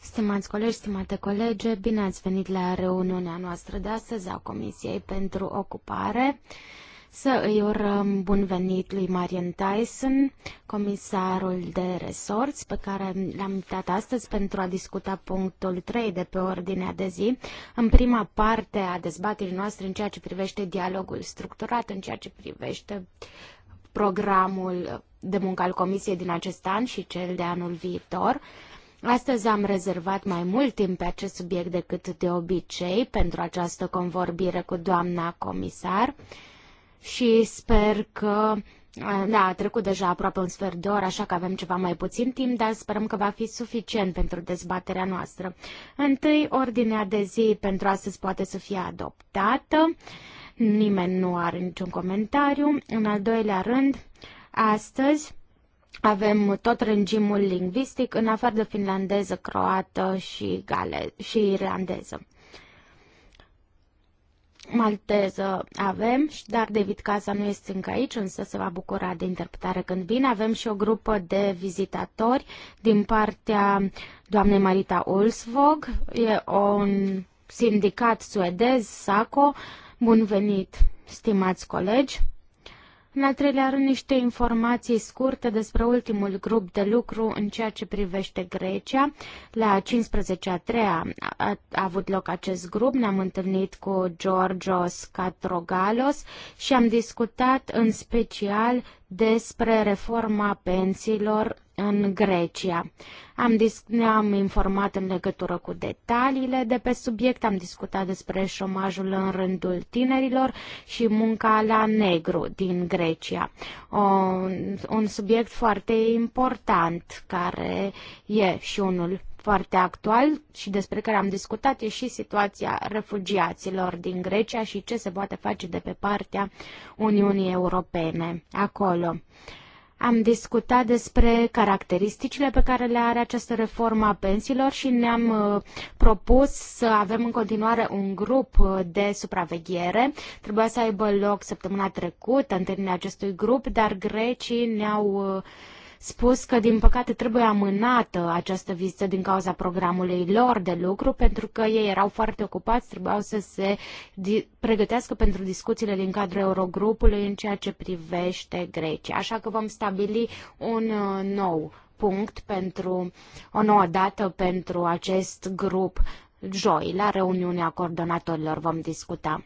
Stimați colegi, stimate colege, bine ați venit la reuniunea noastră de astăzi a Comisiei pentru Ocupare. Să îi urăm bun venit lui Marian Tyson, comisarul de resorți, pe care l-am invitat astăzi pentru a discuta punctul 3 de pe ordinea de zi, în prima parte a dezbaterii noastre în ceea ce privește dialogul structurat, în ceea ce privește programul de muncă al Comisiei din acest an și cel de anul viitor. Astăzi am rezervat mai mult timp pe acest subiect decât de obicei pentru această convorbire cu doamna comisar și sper că eh, da, a trecut deja aproape un sfert de oră, așa că avem ceva mai puțin timp, dar sperăm că va fi suficient pentru dezbaterea noastră. Întâi, ordinea de zi pentru astăzi poate să fie adoptată. Nimeni nu are niciun comentariu. În al doilea rând, astăzi avem tot regimul lingvistic, în afară de finlandeză, croată și, gale- și irlandeză. Malteză avem, dar David Casa nu este încă aici, însă se va bucura de interpretare când vine. Avem și o grupă de vizitatori din partea doamnei Marita Ulsvog, e un sindicat suedez, SACO. Bun venit, stimați colegi! În al treilea rând, niște informații scurte despre ultimul grup de lucru în ceea ce privește Grecia. La 15 a treia a avut loc acest grup. Ne-am întâlnit cu Georgios Catrogalos și am discutat în special despre reforma pensiilor în Grecia. Am dis- ne-am informat în legătură cu detaliile de pe subiect, am discutat despre șomajul în rândul tinerilor și munca la negru din Grecia. O, un subiect foarte important care e și unul foarte actual și despre care am discutat e și situația refugiaților din Grecia și ce se poate face de pe partea Uniunii Europene acolo. Am discutat despre caracteristicile pe care le are această reformă a pensiilor și ne-am uh, propus să avem în continuare un grup uh, de supraveghere. Trebuia să aibă loc săptămâna trecută întâlnirea acestui grup, dar grecii ne-au uh, spus că, din păcate, trebuie amânată această vizită din cauza programului lor de lucru, pentru că ei erau foarte ocupați, trebuiau să se pregătească pentru discuțiile din cadrul Eurogrupului în ceea ce privește Grecia. Așa că vom stabili un uh, nou punct pentru o nouă dată pentru acest grup. Joi, la reuniunea coordonatorilor vom discuta.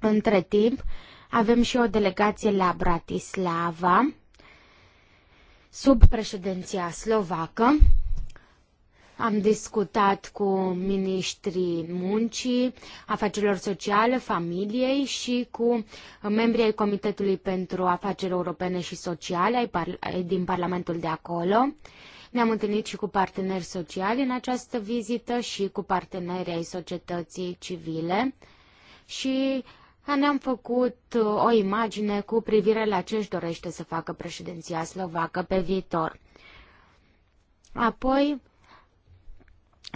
Între timp, avem și o delegație la Bratislava Sub președinția slovacă am discutat cu ministrii muncii, afacerilor sociale, familiei și cu membrii ai Comitetului pentru Afaceri Europene și Sociale din Parlamentul de acolo. Ne-am întâlnit și cu parteneri sociali în această vizită și cu partenerii ai societății civile și ne-am făcut uh, o imagine cu privire la ce își dorește să facă președinția slovacă pe viitor. Apoi,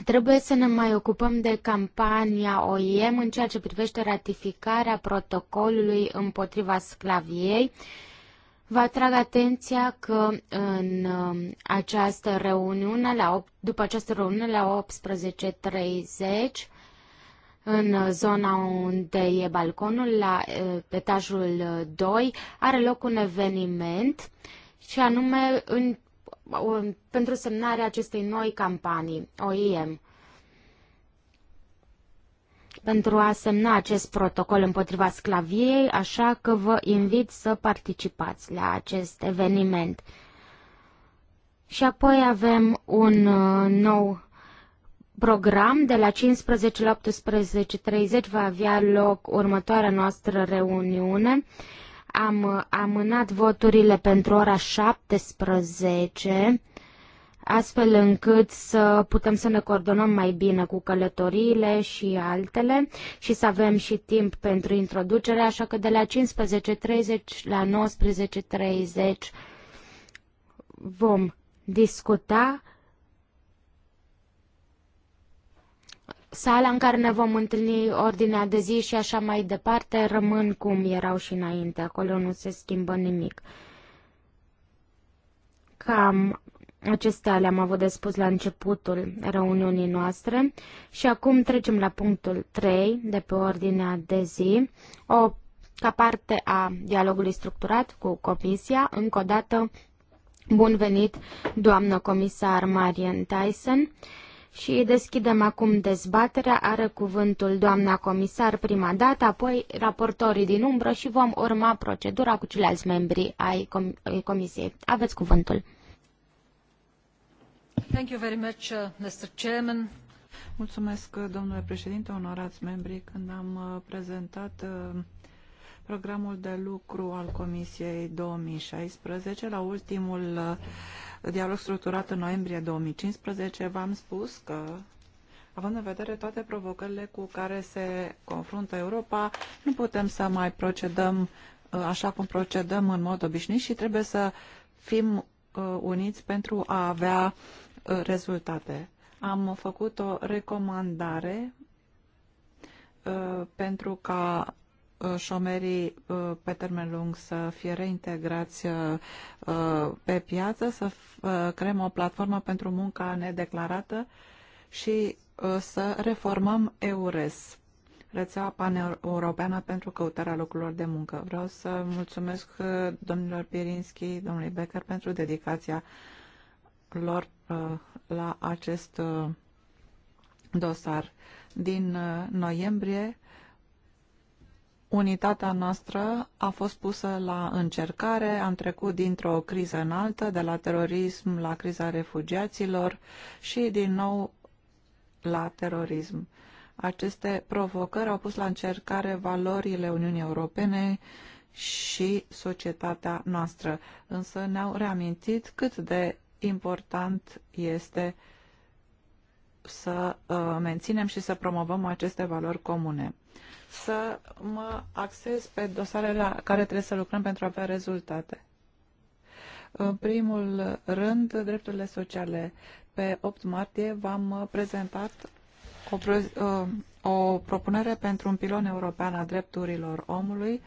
Trebuie să ne mai ocupăm de campania OIM în ceea ce privește ratificarea protocolului împotriva sclaviei. Vă atrag atenția că în um, această reuniune, la 8, după această reuniune la 18.30, în zona unde e balconul, la etajul 2, are loc un eveniment și anume în, pentru semnarea acestei noi campanii, OIM pentru a semna acest protocol împotriva sclaviei, așa că vă invit să participați la acest eveniment. Și apoi avem un uh, nou program de la 15 la 18.30 va avea loc următoarea noastră reuniune. Am amânat voturile pentru ora 17 astfel încât să putem să ne coordonăm mai bine cu călătoriile și altele și să avem și timp pentru introducere, așa că de la 15.30 la 19.30 vom discuta sala în care ne vom întâlni, ordinea de zi și așa mai departe, rămân cum erau și înainte. Acolo nu se schimbă nimic. Cam acestea le-am avut de spus la începutul reuniunii noastre și acum trecem la punctul 3 de pe ordinea de zi, o, ca parte a dialogului structurat cu Comisia. Încă o dată, bun venit, doamnă comisar Marian Tyson. Uh, și deschidem acum dezbaterea, are cuvântul doamna comisar prima dată, apoi raportorii din umbră și vom urma procedura cu ceilalți membri ai comisiei. Aveți cuvântul. Thank you very much, uh, Mr. Chairman. Mulțumesc, domnule președinte, onorați membri, când am uh, prezentat uh, programul de lucru al Comisiei 2016 la ultimul dialog structurat în noiembrie 2015, v-am spus că Având în vedere toate provocările cu care se confruntă Europa, nu putem să mai procedăm uh, așa cum procedăm în mod obișnuit și trebuie să fim uh, uniți pentru a avea uh, rezultate. Am făcut o recomandare pentru ca Uh, șomerii uh, pe termen lung să fie reintegrați uh, pe piață, să creăm o platformă pentru munca nedeclarată și să reformăm EURES, rețeaua paneuropeană pentru căutarea locurilor de muncă. Vreau să mulțumesc domnilor Pirinski, domnului Becker pentru dedicația lor la acest dosar. Din noiembrie Unitatea noastră a fost pusă la încercare, am trecut dintr-o criză în altă, de la terorism la criza refugiaților și din nou la terorism. Aceste provocări au pus la încercare valorile Uniunii Europene și societatea noastră, însă ne-au reamintit cât de important este să uh, menținem și să promovăm aceste valori comune să mă axez pe dosarele la care trebuie să lucrăm pentru a avea rezultate. În primul rând, drepturile sociale. Pe 8 martie v-am prezentat o, uh, o propunere pentru un pilon european a drepturilor omului,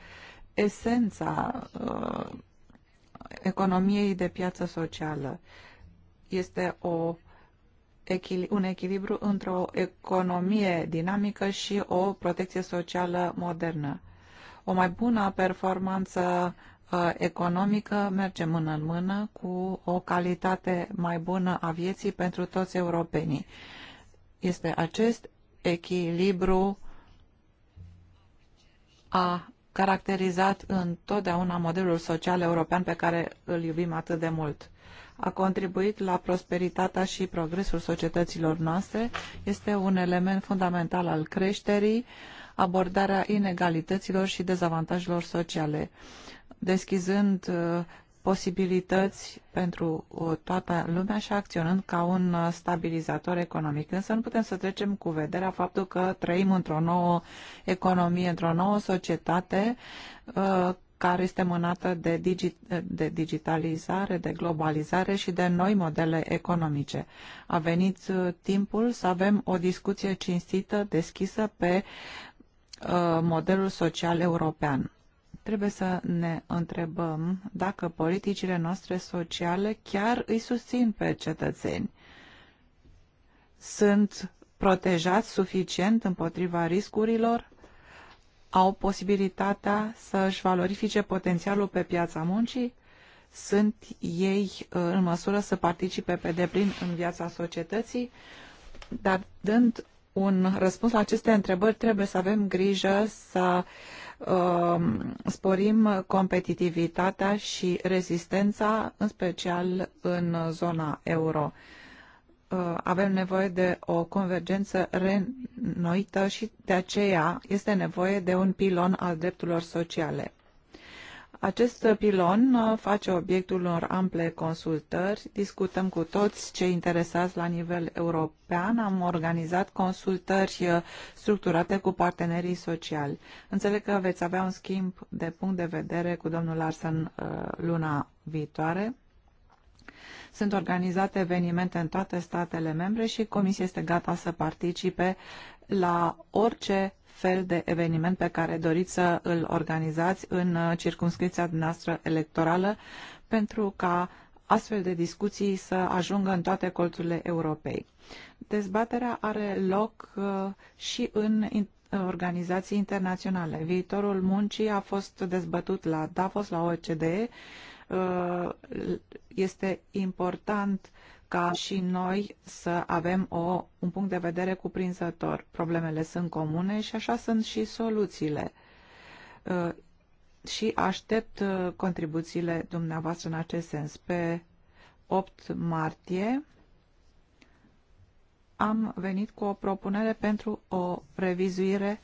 esența uh, economiei de piață socială. Este o un echilibru între o economie dinamică și o protecție socială modernă. O mai bună performanță uh, economică merge mână în mână cu o calitate mai bună a vieții pentru toți europenii. Este acest echilibru a caracterizat întotdeauna modelul social european pe care îl iubim atât de mult a contribuit la prosperitatea și progresul societăților noastre, este un element fundamental al creșterii, abordarea inegalităților și dezavantajelor sociale, deschizând uh, posibilități pentru uh, toată lumea și acționând ca un uh, stabilizator economic. Însă nu putem să trecem cu vederea faptul că trăim într-o nouă economie, într-o nouă societate care este mânată de, digi, de digitalizare, de globalizare și de noi modele economice. A venit uh, timpul să avem o discuție cinstită, deschisă pe uh, modelul social european. Trebuie să ne întrebăm dacă politicile noastre sociale chiar îi susțin pe cetățeni. Sunt protejați suficient împotriva riscurilor? au posibilitatea să își valorifice potențialul pe piața muncii? Sunt ei uh, în măsură să participe pe deplin în viața societății? Dar dând un răspuns la aceste întrebări, trebuie să avem grijă să um, sporim competitivitatea și rezistența, în special în zona euro. Uh, avem nevoie de o convergență renoită și de aceea este nevoie de un pilon al drepturilor sociale. Acest pilon uh, face obiectul unor ample consultări. Discutăm cu toți cei interesați la nivel european. Am organizat consultări uh, structurate cu partenerii sociali. Înțeleg că veți avea un schimb de punct de vedere cu domnul Larsen luna viitoare. Sunt organizate evenimente în toate statele membre și Comisia este gata să participe la orice fel de eveniment pe care doriți să îl organizați în uh, circunscripția noastră electorală pentru ca astfel de discuții să ajungă în toate colțurile Europei. Dezbaterea are loc uh, și în organizații internaționale. Viitorul muncii a fost dezbătut la Davos, la OECD. Uh, este important ca și noi să avem o, un punct de vedere cuprinzător. Problemele sunt comune și așa sunt și soluțiile. Uh, și aștept uh, contribuțiile dumneavoastră în acest sens. Pe 8 martie am venit cu o propunere pentru o revizuire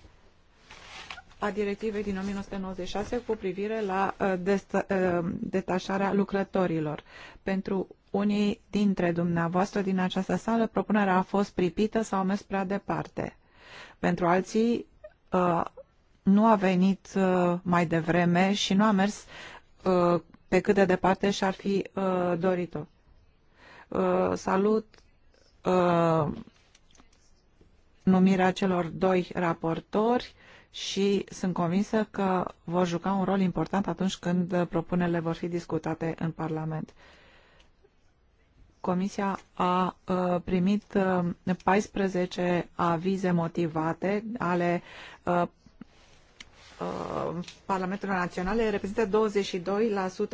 a directivei din 1996 cu privire la uh, uh, detașarea lucrătorilor. Pentru unii dintre dumneavoastră din această sală, propunerea a fost pripită sau a mers prea departe. Pentru alții, uh, nu a venit mai devreme și nu a mers pe cât de departe și-ar fi dorit-o. Salut numirea celor doi raportori și sunt convinsă că vor juca un rol important atunci când propunerile vor fi discutate în Parlament. Comisia a uh, primit 14 uh, avize motivate ale uh, Parlamentului Național. reprezintă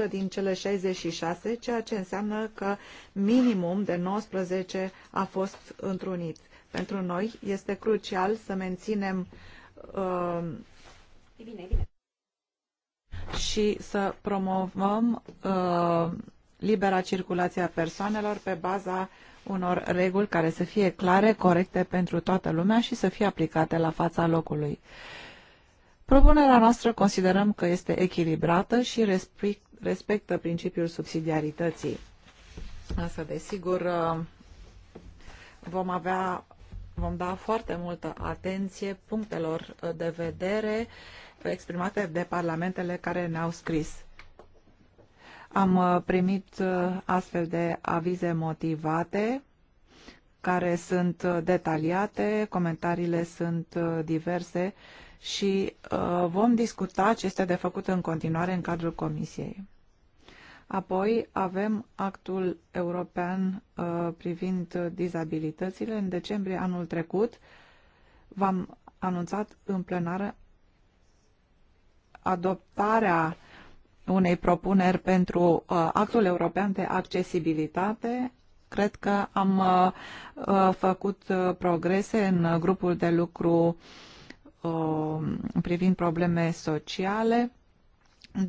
22% din cele 66, ceea ce înseamnă că minimum de 19 a fost întrunit. Pentru noi este crucial să menținem uh, Um, e bine, e bine. și să promovăm uh, libera circulație a persoanelor pe baza unor reguli care să fie clare, corecte pentru toată lumea și să fie aplicate la fața locului. Propunerea noastră considerăm că este echilibrată și respectă principiul subsidiarității. Însă, desigur, um, vom avea Vom da foarte multă atenție punctelor de vedere exprimate de parlamentele care ne-au scris. Am uh, primit uh, astfel de avize motivate care sunt uh, detaliate, comentariile sunt diverse și vom discuta ce este de făcut în continuare în cadrul comisiei. Apoi avem actul european uh, privind dizabilitățile. În decembrie anul trecut v-am anunțat în plenară adoptarea unei propuneri pentru uh, actul european de accesibilitate. Cred că am uh, făcut progrese în grupul de lucru privind probleme sociale.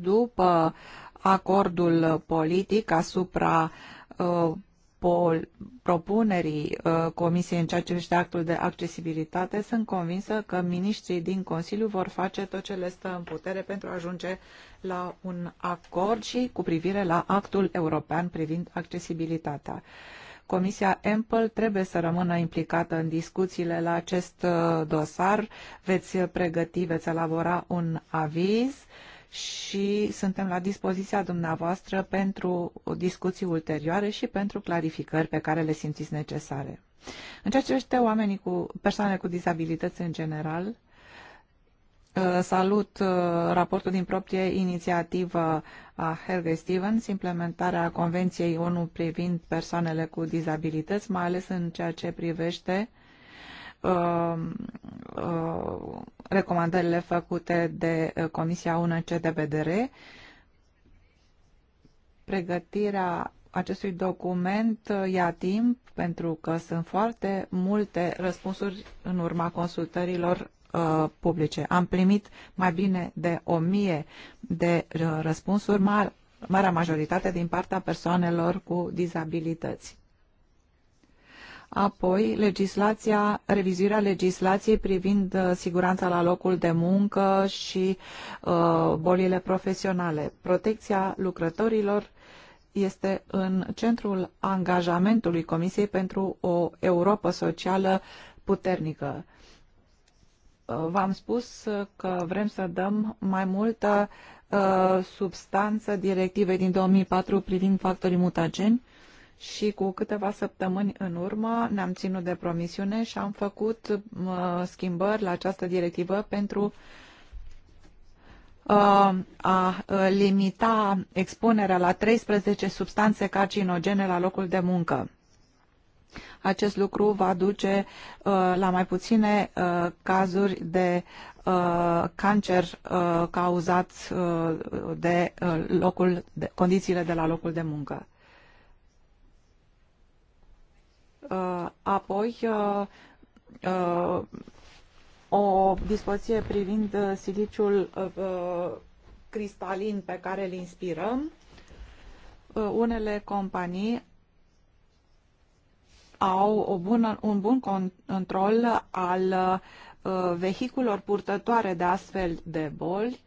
După uh, acordul politic asupra uh, pol, propunerii uh, Comisiei în ceea ce privește actul de accesibilitate, sunt convinsă că ministrii din Consiliu vor face tot ce le stă în putere pentru a ajunge la un acord și cu privire la actul european privind accesibilitatea. Comisia EMPL trebuie să rămână implicată în discuțiile la acest uh, dosar. Veți pregăti, veți elabora un aviz uh, și suntem la dispoziția dumneavoastră pentru discuții ulterioare și pentru clarificări pe care le simțiți necesare. În ceea ce privește oamenii cu persoane cu dizabilități în general, uh, Salut uh, raportul din proprie inițiativă a Helge Stevens, implementarea Convenției ONU privind persoanele cu dizabilități, mai ales în ceea ce privește Um, uh, recomandările făcute de uh, Comisia UNCDBDR. Pregătirea acestui document uh, ia timp pentru că sunt foarte multe răspunsuri în urma consultărilor uh, publice. Am primit mai bine de o mie de răspunsuri, mar, marea majoritate din partea persoanelor cu dizabilități. Apoi, legislația, revizuirea legislației privind uh, siguranța la locul de muncă și uh, bolile profesionale. Protecția lucrătorilor este în centrul angajamentului Comisiei pentru o Europă socială puternică. Uh, v-am spus uh, că vrem să dăm mai multă uh, substanță directivei din 2004 privind factorii mutageni și cu câteva săptămâni în urmă ne-am ținut de promisiune și am făcut uh, schimbări la această directivă pentru uh, a uh, limita expunerea la 13 substanțe carcinogene la locul de muncă. Acest lucru va duce uh, la mai puține uh, cazuri de uh, cancer uh, cauzat uh, de, uh, locul de condițiile de la locul de muncă. Uh, apoi, uh, uh, o dispoziție privind siliciul cristalin pe care îl inspirăm. Unele companii au o bună, un bun control al vehiculor purtătoare de astfel de boli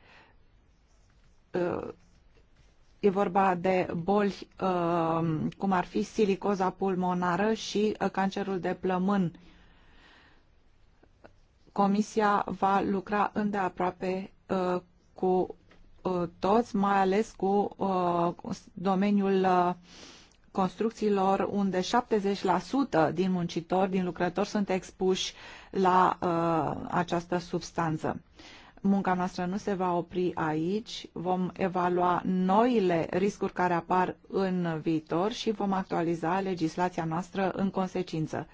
E vorba de boli uh, cum ar fi silicoza pulmonară și uh, cancerul de plămân. Comisia va lucra îndeaproape uh, cu toți, mai ales cu domeniul construcțiilor, unde 70% din muncitori, din lucrători sunt expuși la această substanță munca noastră nu se va opri aici, vom evalua noile riscuri care apar în viitor și vom actualiza legislația noastră în consecință.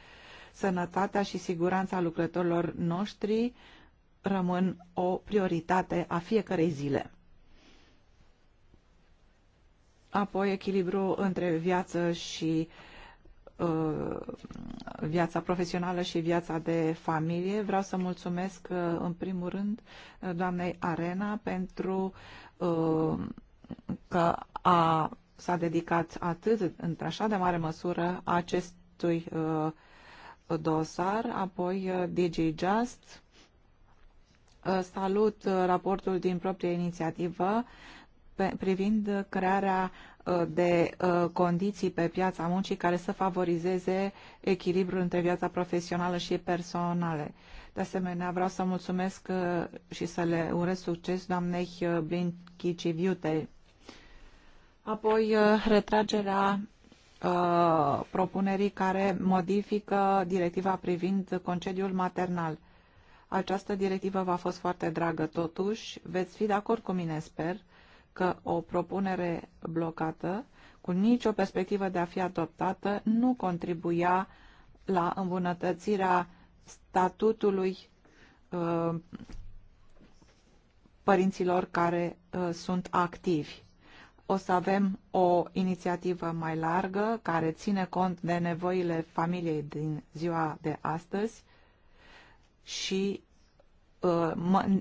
Sănătatea și siguranța lucrătorilor noștri rămân o prioritate a fiecărei zile. Apoi echilibru între viață și uh, Uh, viața profesională și viața de familie. Vreau să mulțumesc uh, în primul rând uh, doamnei Arena pentru că a, s-a dedicat atât, într-așa de mare măsură, acestui dosar, apoi DJ Just. Salut raportul din proprie inițiativă privind crearea Uh, de uh, condiții pe piața muncii care să favorizeze echilibrul între viața profesională și personală. De asemenea, vreau să mulțumesc uh, și să le urez succes doamnei Viute. Apoi, retragerea propunerii care modifică directiva privind concediul maternal. Această directivă v-a fost foarte dragă, totuși veți fi de acord cu mine, sper, că o propunere blocată, cu nicio perspectivă de a fi adoptată, nu contribuia la îmbunătățirea statutului uh, părinților care uh, sunt activi. O să avem o inițiativă mai largă care ține cont de nevoile familiei din ziua de astăzi și uh,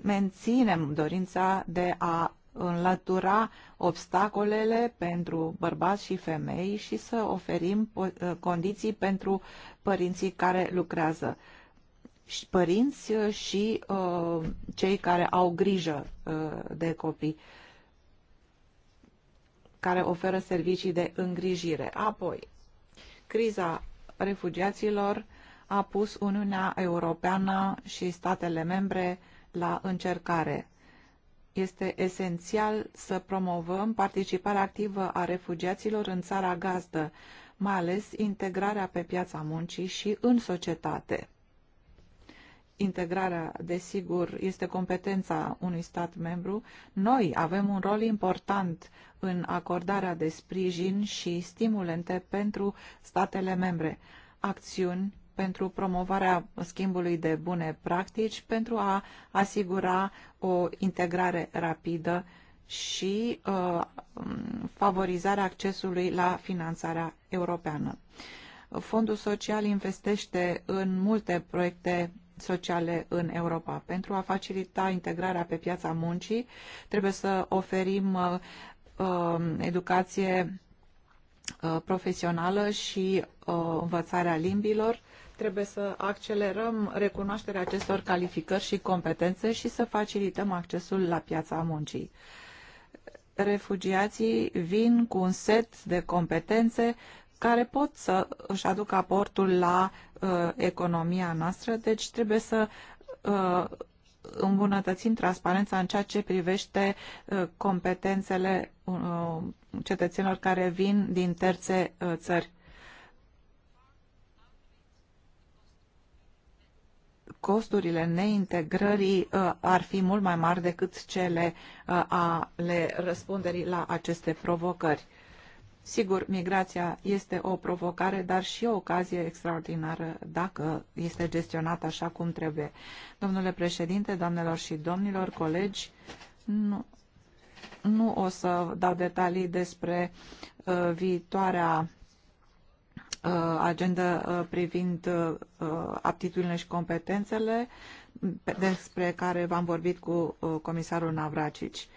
menținem dorința de a înlătura obstacolele pentru bărbați și femei și să oferim uh, condiții pentru părinții care lucrează. Și părinți uh, și uh, cei care au grijă de copii, care oferă servicii de îngrijire. Apoi, criza refugiaților a pus Uniunea Europeană și statele membre la încercare este esențial să promovăm participarea activă a refugiaților în țara gazdă, mai ales integrarea pe piața muncii și în societate. Integrarea, desigur, este competența unui stat membru. Noi avem un rol important în acordarea de sprijin și stimulente pentru statele membre. Acțiuni pentru promovarea schimbului de bune practici, pentru a asigura o integrare rapidă și uh, favorizarea accesului la finanțarea europeană. Fondul social investește în multe proiecte sociale în Europa. Pentru a facilita integrarea pe piața muncii, trebuie să oferim uh, uh educație uh, profesională și uh, învățarea limbilor, Trebuie să accelerăm recunoașterea acestor calificări și competențe și să facilităm accesul la piața muncii. Refugiații vin cu un set de competențe care pot să își aducă aportul la uh, economia noastră, deci trebuie să uh, îmbunătățim transparența în ceea ce privește uh, competențele uh, cetățenilor care vin din terțe uh, țări. costurile neintegrării uh, ar fi mult mai mari decât cele uh, ale răspunderii la aceste provocări. Sigur, migrația este o provocare, dar și o ocazie extraordinară dacă este gestionată așa cum trebuie. Domnule președinte, doamnelor și domnilor, colegi, nu, nu o să dau detalii despre uh, viitoarea Uh, agenda uh, privind uh, aptitudinile și competențele, despre care v-am vorbit cu comisarul Navracici.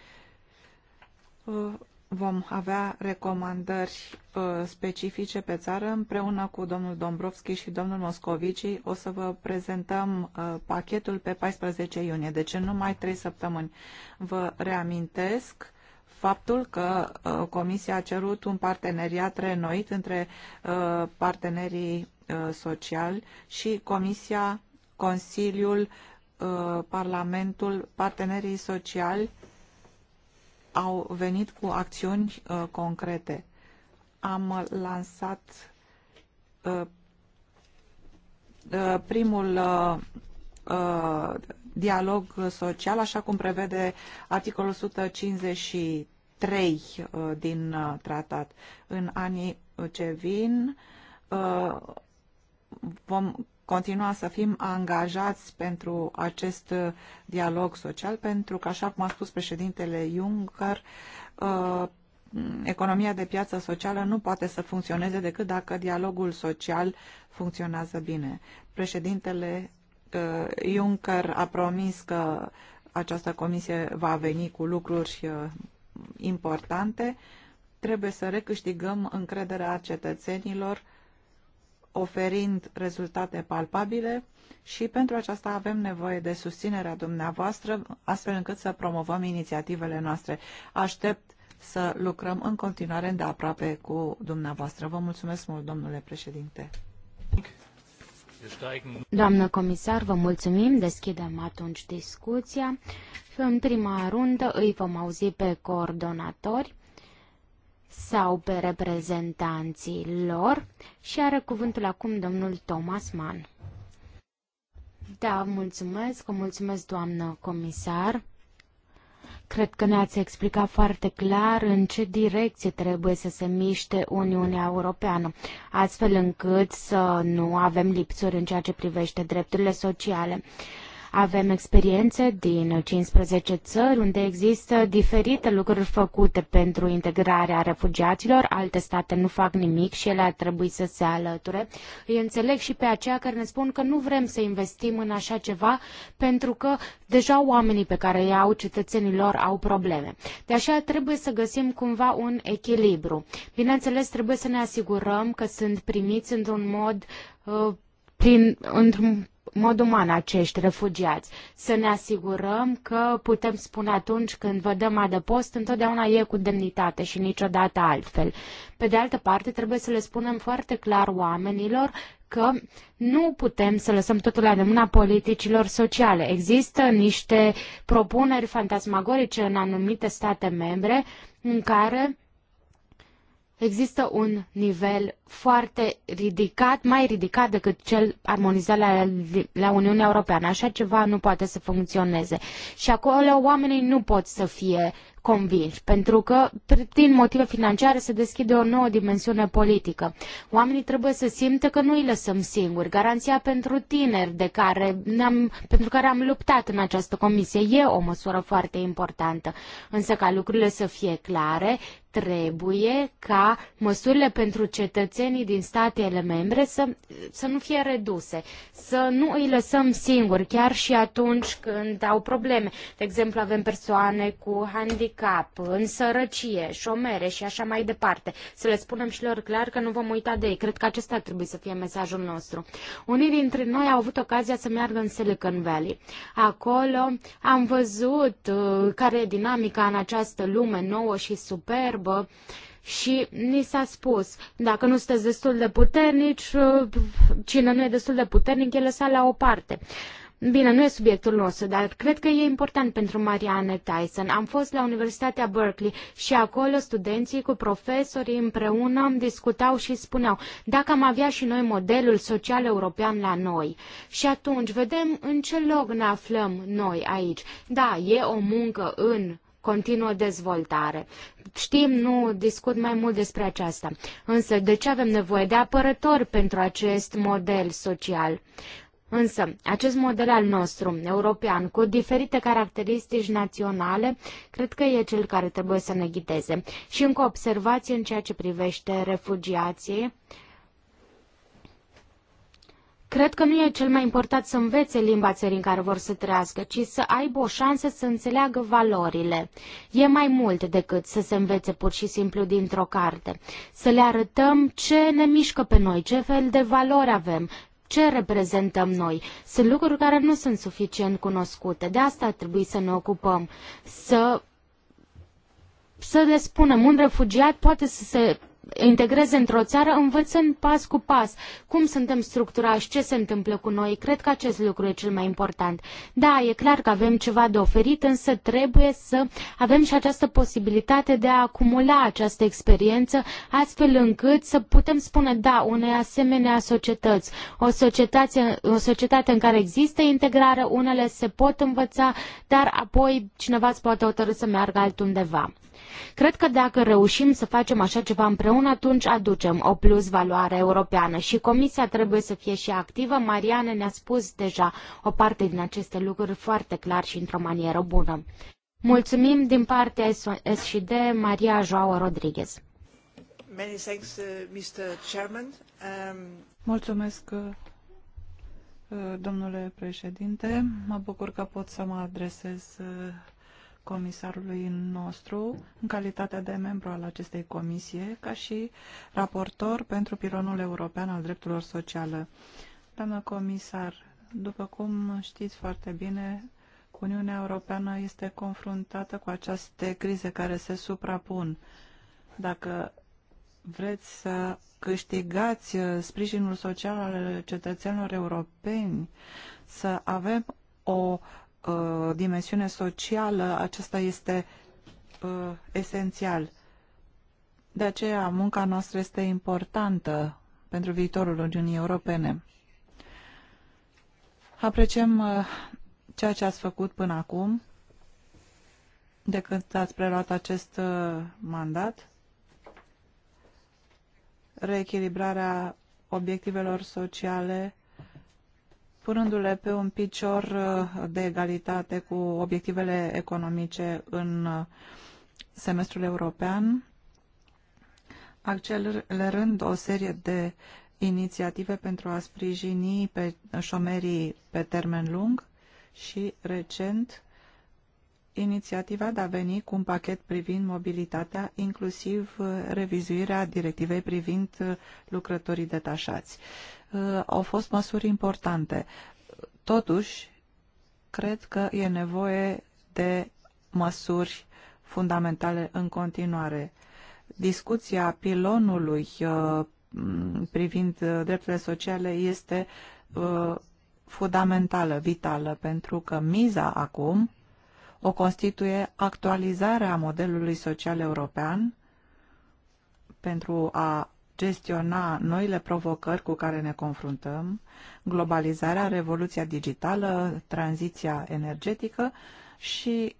Vom avea recomandări specifice pe țară împreună cu domnul Dombrovski și domnul Moscovici. O să vă prezentăm pachetul pe 14 iunie, deci în numai 3 săptămâni. Vă reamintesc faptul că uh, Comisia a cerut un parteneriat renoit între uh, partenerii uh, sociali și Comisia, Consiliul, Parlamentul, partenerii sociali au venit cu acțiuni concrete. Am lansat primul dialog social, așa cum prevede articolul 153 uh, din uh, tratat. În anii uh, ce vin vom continua să fim angajați pentru acest dialog social, pentru că, așa cum a spus președintele Juncker, economia de piață socială nu poate să funcționeze decât dacă dialogul social funcționează bine. Președintele Uh, Juncker a promis că această comisie va veni cu lucruri uh, importante, trebuie să recâștigăm încrederea cetățenilor oferind rezultate palpabile și pentru aceasta avem nevoie de susținerea dumneavoastră astfel încât să promovăm inițiativele noastre. Aștept să lucrăm în continuare îndeaproape cu dumneavoastră. Vă mulțumesc mult, domnule președinte. Doamnă comisar, vă mulțumim. Deschidem atunci discuția. În prima rundă îi vom auzi pe coordonatori sau pe reprezentanții lor și are cuvântul acum domnul Thomas Mann. Da, mulțumesc, mulțumesc doamnă comisar. Cred că ne-ați explicat foarte clar în ce direcție trebuie să se miște Uniunea Europeană, astfel încât să nu avem lipsuri în ceea ce privește drepturile sociale. Uh, avem experiențe din 15 țări unde există diferite lucruri făcute pentru integrarea refugiaților, alte state nu fac nimic și ele ar trebui să se alăture. Îi înțeleg și pe aceea care ne spun că nu vrem să investim în așa ceva pentru că deja oamenii pe care îi au cetățenilor au probleme. De așa trebuie să găsim cumva un echilibru. Bineînțeles, trebuie să ne asigurăm că sunt primiți într-un mod uh, prin, într-un mod uman acești refugiați. Să ne asigurăm că putem spune atunci când vă dăm adăpost, întotdeauna e cu demnitate și niciodată altfel. Pe de altă parte, trebuie să le spunem foarte clar oamenilor că nu putem să lăsăm totul la mâna politicilor sociale. Există niște propuneri fantasmagorice în anumite state membre în care există un nivel foarte ridicat, mai ridicat decât cel armonizat la, la Uniunea Europeană. Așa ceva nu poate să funcționeze. Și acolo oamenii nu pot să fie convinși, pentru că din motive financiare se deschide o nouă dimensiune politică. Oamenii trebuie să simtă că nu îi lăsăm singuri. Garanția pentru tineri de care am pentru care am luptat în această comisie e o măsură foarte importantă. Însă ca lucrurile să fie clare, trebuie ca măsurile pentru cetățenii din statele membre să, să nu fie reduse, să nu îi lăsăm singuri, chiar și atunci când au probleme. De exemplu, avem persoane cu handicap, în sărăcie, șomere și așa mai departe. Să le spunem și lor clar că nu vom uita de ei. Cred că acesta trebuie să fie mesajul nostru. Unii dintre noi au avut ocazia să meargă în Silicon Valley. Acolo am văzut uh, care e dinamica în această lume nouă și superbă vorbă și ni s-a spus, dacă nu sunteți destul de puternici, uh, cine nu e destul de puternic, e lăsat la o parte. Bine, nu e subiectul nostru, dar cred că e important pentru Marianne Tyson. Am fost la Universitatea Berkeley și acolo studenții cu profesorii împreună discutau și spuneau dacă am avea și noi modelul social european la noi. Și atunci vedem în ce loc ne aflăm noi aici. Da, e o muncă în continuă dezvoltare. Știm, nu discut mai mult despre aceasta. Însă, de ce avem nevoie de apărători pentru acest model social? Însă, acest model al nostru, european, cu diferite caracteristici naționale, cred că e cel care trebuie să ne ghideze. Și încă observație în ceea ce privește refugiații. Cred că nu e cel mai important să învețe limba țării în care vor să trăiască, ci să aibă o șansă să înțeleagă valorile. E mai mult decât să se învețe pur și simplu dintr-o carte. Să le arătăm ce ne mișcă pe noi, ce fel de valori avem, ce reprezentăm noi. Sunt lucruri care nu sunt suficient cunoscute. De asta ar trebui să ne ocupăm. Să să le spunem, un refugiat poate să se integreze într-o țară, învățând pas cu pas cum suntem structurați, ce se întâmplă cu noi. Cred că acest lucru e cel mai important. Da, e clar că avem ceva de oferit, însă trebuie să avem și această posibilitate de a acumula această experiență, astfel încât să putem spune da unei asemenea societăți. O societate, o societate în care există integrare, unele se pot învăța, dar apoi cineva îți poate hotărâ să meargă altundeva. Cred că dacă reușim să facem așa ceva împreună, atunci aducem o plus valoare europeană și Comisia trebuie să fie și activă. Marianne ne-a spus deja o parte din aceste lucruri foarte clar și într-o manieră bună. Mulțumim din partea SD Maria Joao Rodriguez. Many thanks, uh, Mr. Chairman. Um, Mulțumesc, uh, uh, domnule președinte. Mă bucur că pot să mă adresez comisarului nostru în calitate de membru al acestei comisie, ca și raportor pentru pilonul european al drepturilor sociale. Doamnă comisar, după cum știți foarte bine, Uniunea Europeană este confruntată cu aceste crize care se suprapun. Dacă vreți să câștigați uh, sprijinul social al cetățenilor europeni, să avem o Uh, dimensiune socială, acesta este uh, esențial. De aceea, munca noastră este importantă pentru viitorul Uniunii Europene. Apreciem uh, ceea ce ați făcut până acum, de când ați preluat acest uh, mandat, reechilibrarea obiectivelor sociale punându-le pe un picior uh, de egalitate cu obiectivele economice în uh, semestrul european, accelerând o serie de inițiative pentru a sprijini pe șomerii pe termen lung și, recent, inițiativa de a veni cu un pachet privind mobilitatea, inclusiv uh, revizuirea directivei privind lucrătorii detașați. Uh, au fost măsuri importante. Totuși, cred că e nevoie de măsuri fundamentale în continuare. Discuția pilonului uh, privind uh, drepturile sociale este fundamentală, vitală, pentru că miza acum o constituie actualizarea modelului social european pentru a gestiona noile provocări cu care ne confruntăm, globalizarea, revoluția digitală, tranziția energetică și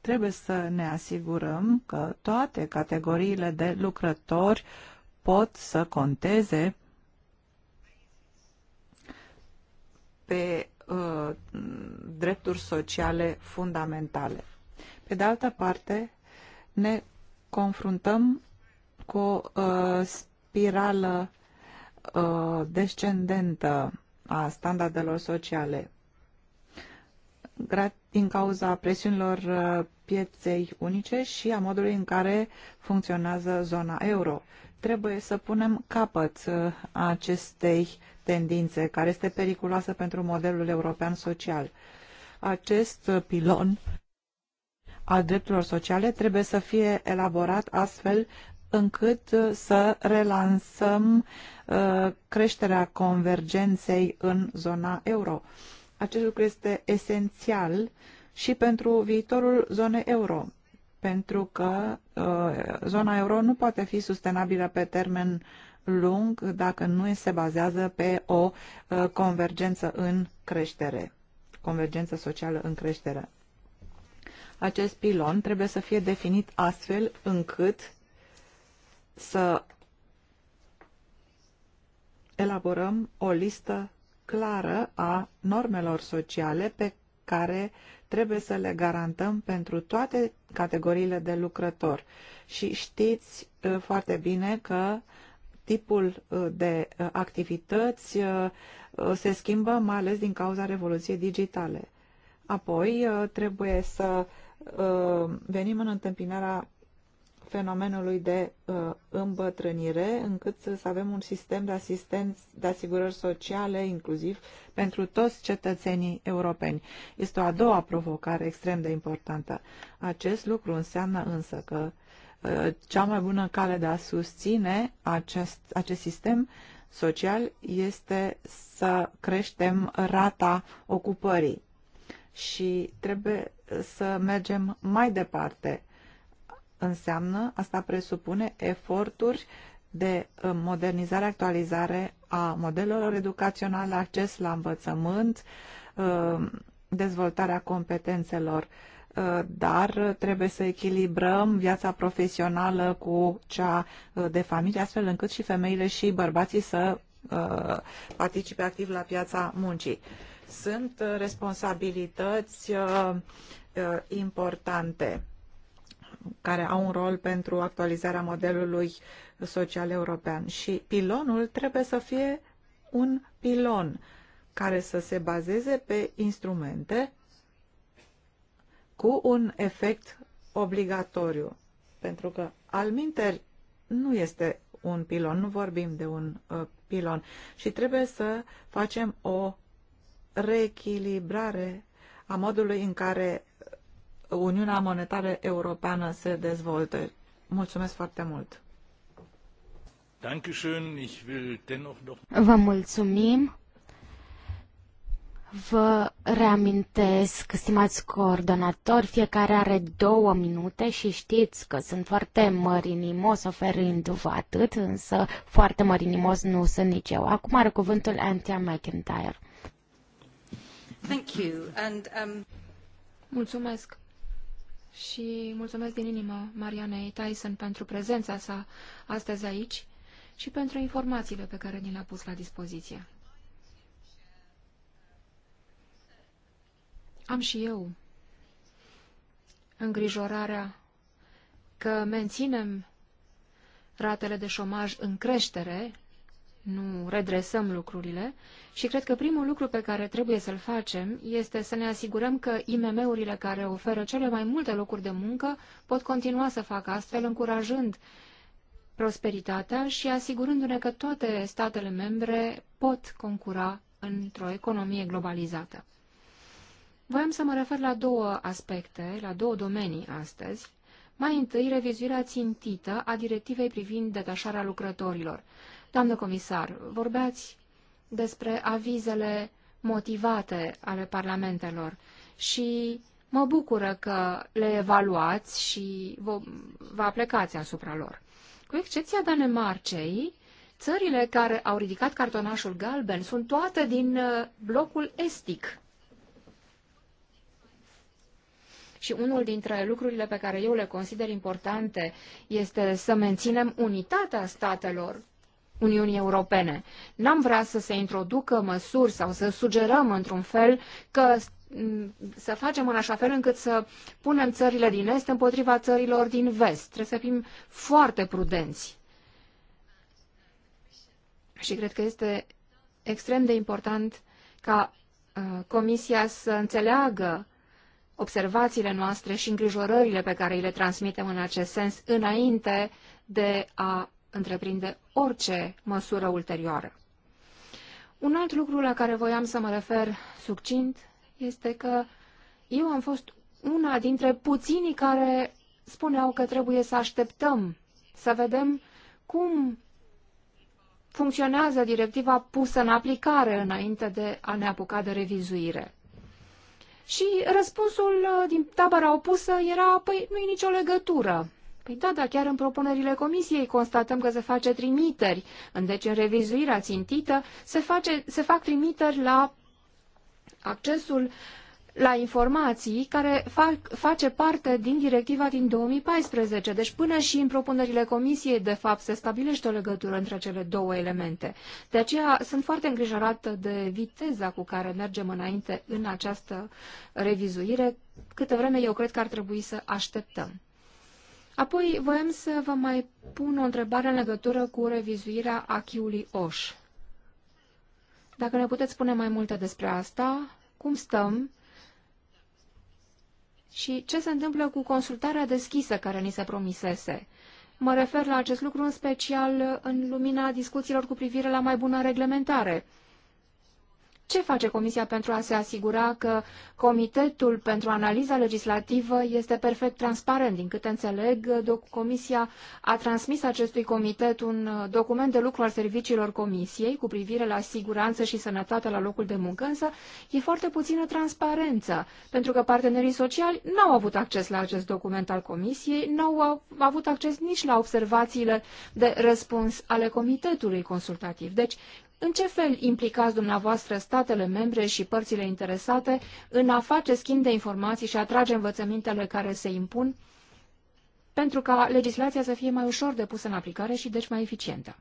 trebuie să ne asigurăm că toate categoriile de lucrători pot să conteze pe uh, drepturi sociale fundamentale. Pe de altă parte, ne confruntăm cu o uh, spirală uh, descendentă a standardelor sociale. din cauza presiunilor uh, pieței unice și a modului în care funcționează zona euro. Trebuie să punem capăt uh, acestei tendințe care este periculoasă pentru modelul european social. Acest pilon al drepturilor sociale trebuie să fie elaborat astfel încât uh, să relansăm uh, creșterea convergenței în zona euro. Acest lucru este esențial și pentru viitorul zonei euro, pentru că uh, zona euro nu poate fi sustenabilă pe termen lung dacă nu se bazează pe o convergență în creștere, convergență socială în creștere. Acest pilon trebuie să fie definit astfel încât să elaborăm o listă clară a normelor sociale pe care trebuie să le garantăm pentru toate categoriile de lucrători. Și știți uh, foarte bine că tipul uh, de uh, activități se schimbă mai ales din cauza revoluției digitale. Apoi trebuie să venim în întâmpinarea fenomenului de uh, îmbătrânire, încât să avem un sistem de asistență, de asigurări sociale, inclusiv pentru toți cetățenii europeni. Este o a doua provocare extrem de importantă. Acest lucru înseamnă însă că uh, cea mai bună cale de a susține acest, acest sistem social este să creștem rata ocupării și trebuie să mergem mai departe înseamnă, asta presupune eforturi de uh, modernizare, actualizare a modelelor educaționale, acces la învățământ, uh, dezvoltarea competențelor, uh, dar trebuie să echilibrăm viața profesională cu cea de familie, astfel încât și femeile și bărbații să participe activ la piața muncii. Sunt responsabilități importante care au un rol pentru actualizarea modelului social european. Și pilonul trebuie să fie un pilon care să se bazeze pe instrumente cu un efect obligatoriu. Pentru că minteri nu este un pilon, nu vorbim de un uh, pilon și trebuie să facem o reechilibrare a modului în care Uniunea Monetară Europeană se dezvolte. Mulțumesc foarte mult! Vă mulțumim! Vă reamintesc, stimați coordonatori, fiecare are două minute și știți că sunt foarte mărinimos oferindu-vă atât, însă foarte mărinimos nu sunt nici eu. Acum are cuvântul Antia McIntyre. Thank you. And, um... Mulțumesc și mulțumesc din inimă Marianei Tyson pentru prezența sa astăzi aici și pentru informațiile pe care ni le-a pus la dispoziție. Am și eu îngrijorarea că menținem ratele de șomaj în creștere nu redresăm lucrurile și cred că primul lucru pe care trebuie să-l facem este să ne asigurăm că IMM-urile care oferă cele mai multe locuri de muncă pot continua să facă astfel, încurajând prosperitatea și asigurându-ne că toate statele membre pot concura într-o economie globalizată. Voiam să mă refer la două aspecte, la două domenii astăzi. Mai întâi, revizuirea țintită a directivei privind detașarea lucrătorilor. Doamnă comisar, vorbeați despre avizele motivate ale parlamentelor și mă bucură că le evaluați și vă, vă aplecați asupra lor. Cu excepția Danemarcei, țările care au ridicat cartonașul galben sunt toate din uh, blocul estic. Și unul dintre lucrurile pe care eu le consider importante este să menținem unitatea statelor Uniunii Europene. N-am vrea să se introducă măsuri sau să sugerăm într-un fel că să facem în așa fel încât să punem țările din Est împotriva țărilor din Vest. Trebuie să fim foarte prudenți. Și cred că este extrem de important ca uh, Comisia să înțeleagă observațiile noastre și îngrijorările pe care le transmitem în acest sens înainte de a întreprinde orice măsură ulterioară. Un alt lucru la care voiam să mă refer succint este că eu am fost una dintre puținii care spuneau că trebuie să așteptăm, să vedem cum funcționează directiva pusă în aplicare înainte de a ne apuca de revizuire. Și răspunsul uh, din tabăra opusă era, păi nu i nicio legătură. Păi da, dar chiar în propunerile comisiei constatăm că se face trimiteri. în Deci în revizuirea țintită se, face, se fac trimiteri la accesul la informații care fac, face parte din directiva din 2014. Deci până și în propunerile comisiei, de fapt, se stabilește o legătură între cele două elemente. De aceea sunt foarte îngrijorată de viteza cu care mergem înainte în această revizuire, Câte vreme eu cred că ar trebui să așteptăm. Apoi voiam să vă mai pun o întrebare în legătură cu revizuirea achiului OSH. Dacă ne puteți spune mai multe despre asta, cum stăm și ce se întâmplă cu consultarea deschisă care ni se promisese. Mă refer la acest lucru în special în lumina discuțiilor cu privire la mai bună reglementare. Ce face Comisia pentru a se asigura că Comitetul pentru Analiza Legislativă este perfect transparent? Din câte înțeleg, Comisia a transmis acestui comitet un uh, document de lucru al serviciilor Comisiei cu privire la siguranță și sănătate la locul de muncă, însă e foarte puțină transparență, pentru că partenerii sociali n-au avut acces la acest document al Comisiei, n-au avut acces nici la observațiile de răspuns ale Comitetului Consultativ. Deci, în ce fel implicați dumneavoastră statele membre și părțile interesate în a face schimb de informații și a trage învățămintele care se impun pentru ca legislația să fie mai ușor de pusă în aplicare și deci mai eficientă?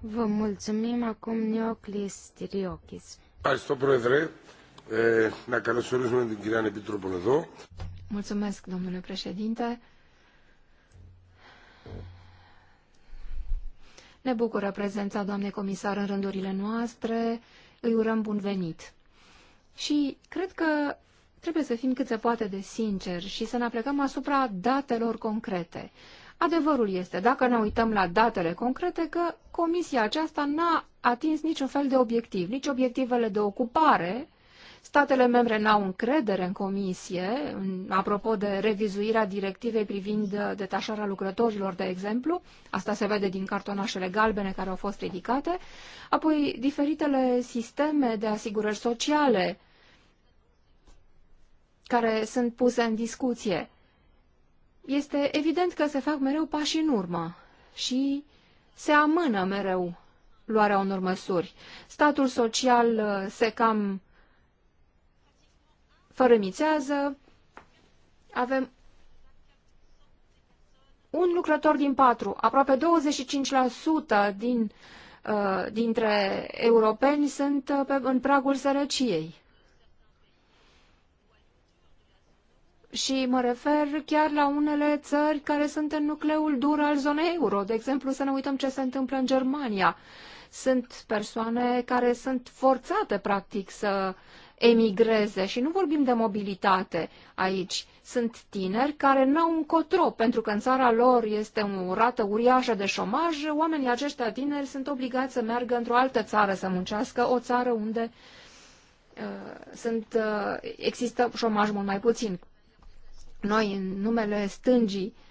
Vă mulțumim acum Neoclis Stiriokis. Ευχαριστώ, Πρόεδρε. Ε, να καλωσορίσουμε την κυρία Επίτροπο Mulțumesc, domnule președinte. Ne bucură prezența doamnei comisar în rândurile noastre, îi urăm bun venit. Și cred că trebuie să fim cât se poate de sinceri și să ne aplecăm asupra datelor concrete. Adevărul este, dacă ne uităm la datele concrete, că comisia aceasta n-a atins niciun fel de obiectiv, nici obiectivele de ocupare, Statele membre n-au încredere în comisie, apropo de revizuirea directivei privind uh, detașarea lucrătorilor, de exemplu, asta se vede din cartonașele galbene care au fost ridicate, apoi diferitele sisteme de asigurări sociale care sunt puse în discuție. Este evident că se fac mereu pași în urmă și se amână mereu luarea unor măsuri. Statul social uh, se cam fărâmițează. Avem un lucrător din patru, aproape 25% din, uh, dintre europeni sunt uh, pe, în pragul sărăciei. Și mă refer chiar la unele țări care sunt în nucleul dur al zonei euro. De exemplu, să ne uităm ce se întâmplă în Germania. Sunt persoane care sunt forțate, practic, să emigreze și nu vorbim de mobilitate aici. Sunt tineri care n-au încotro, pentru că în țara lor este o rată uriașă de șomaj, oamenii aceștia tineri sunt obligați să meargă într-o altă țară să muncească, o țară unde uh, sunt, uh, există șomaj mult mai puțin. Noi, în numele stângii, uh,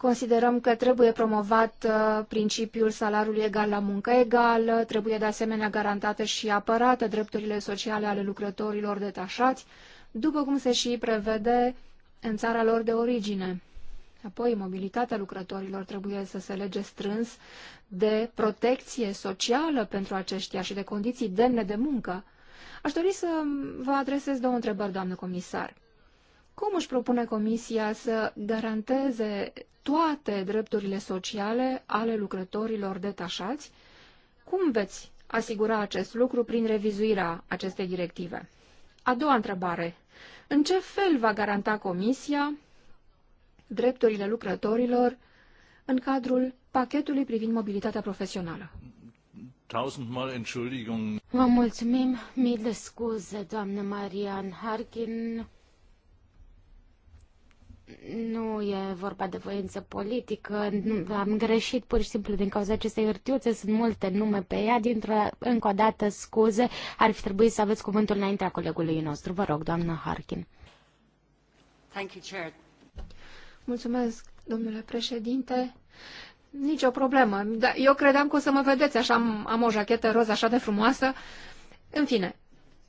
Considerăm că trebuie promovat uh, principiul salariului egal la muncă egală, trebuie de asemenea garantate și apărate drepturile sociale ale lucrătorilor detașați, după cum se și prevede în țara lor de origine. Apoi, mobilitatea lucrătorilor trebuie să se lege strâns de protecție socială pentru aceștia și de condiții demne de muncă. Aș dori să vă adresez două întrebări, doamnă comisar. Cum își propune Comisia să garanteze toate drepturile sociale ale lucrătorilor detașați? Cum veți asigura acest lucru prin revizuirea acestei directive? A doua întrebare. În ce fel va garanta Comisia drepturile lucrătorilor în cadrul pachetului privind mobilitatea profesională? Vă mulțumim, mii de scuze, doamnă Marian Harkin nu e vorba de voință politică, nu, am greșit pur și simplu din cauza acestei hârtiuțe, sunt multe nume pe ea, dintr-o, încă o dată scuze, ar fi trebuit să aveți cuvântul înaintea colegului nostru. Vă rog, doamnă Harkin. Thank you, Chair. Mulțumesc, domnule președinte. Nici o problemă. Da, eu credeam că o să mă vedeți, așa am, am o jachetă roz așa de frumoasă. În fine,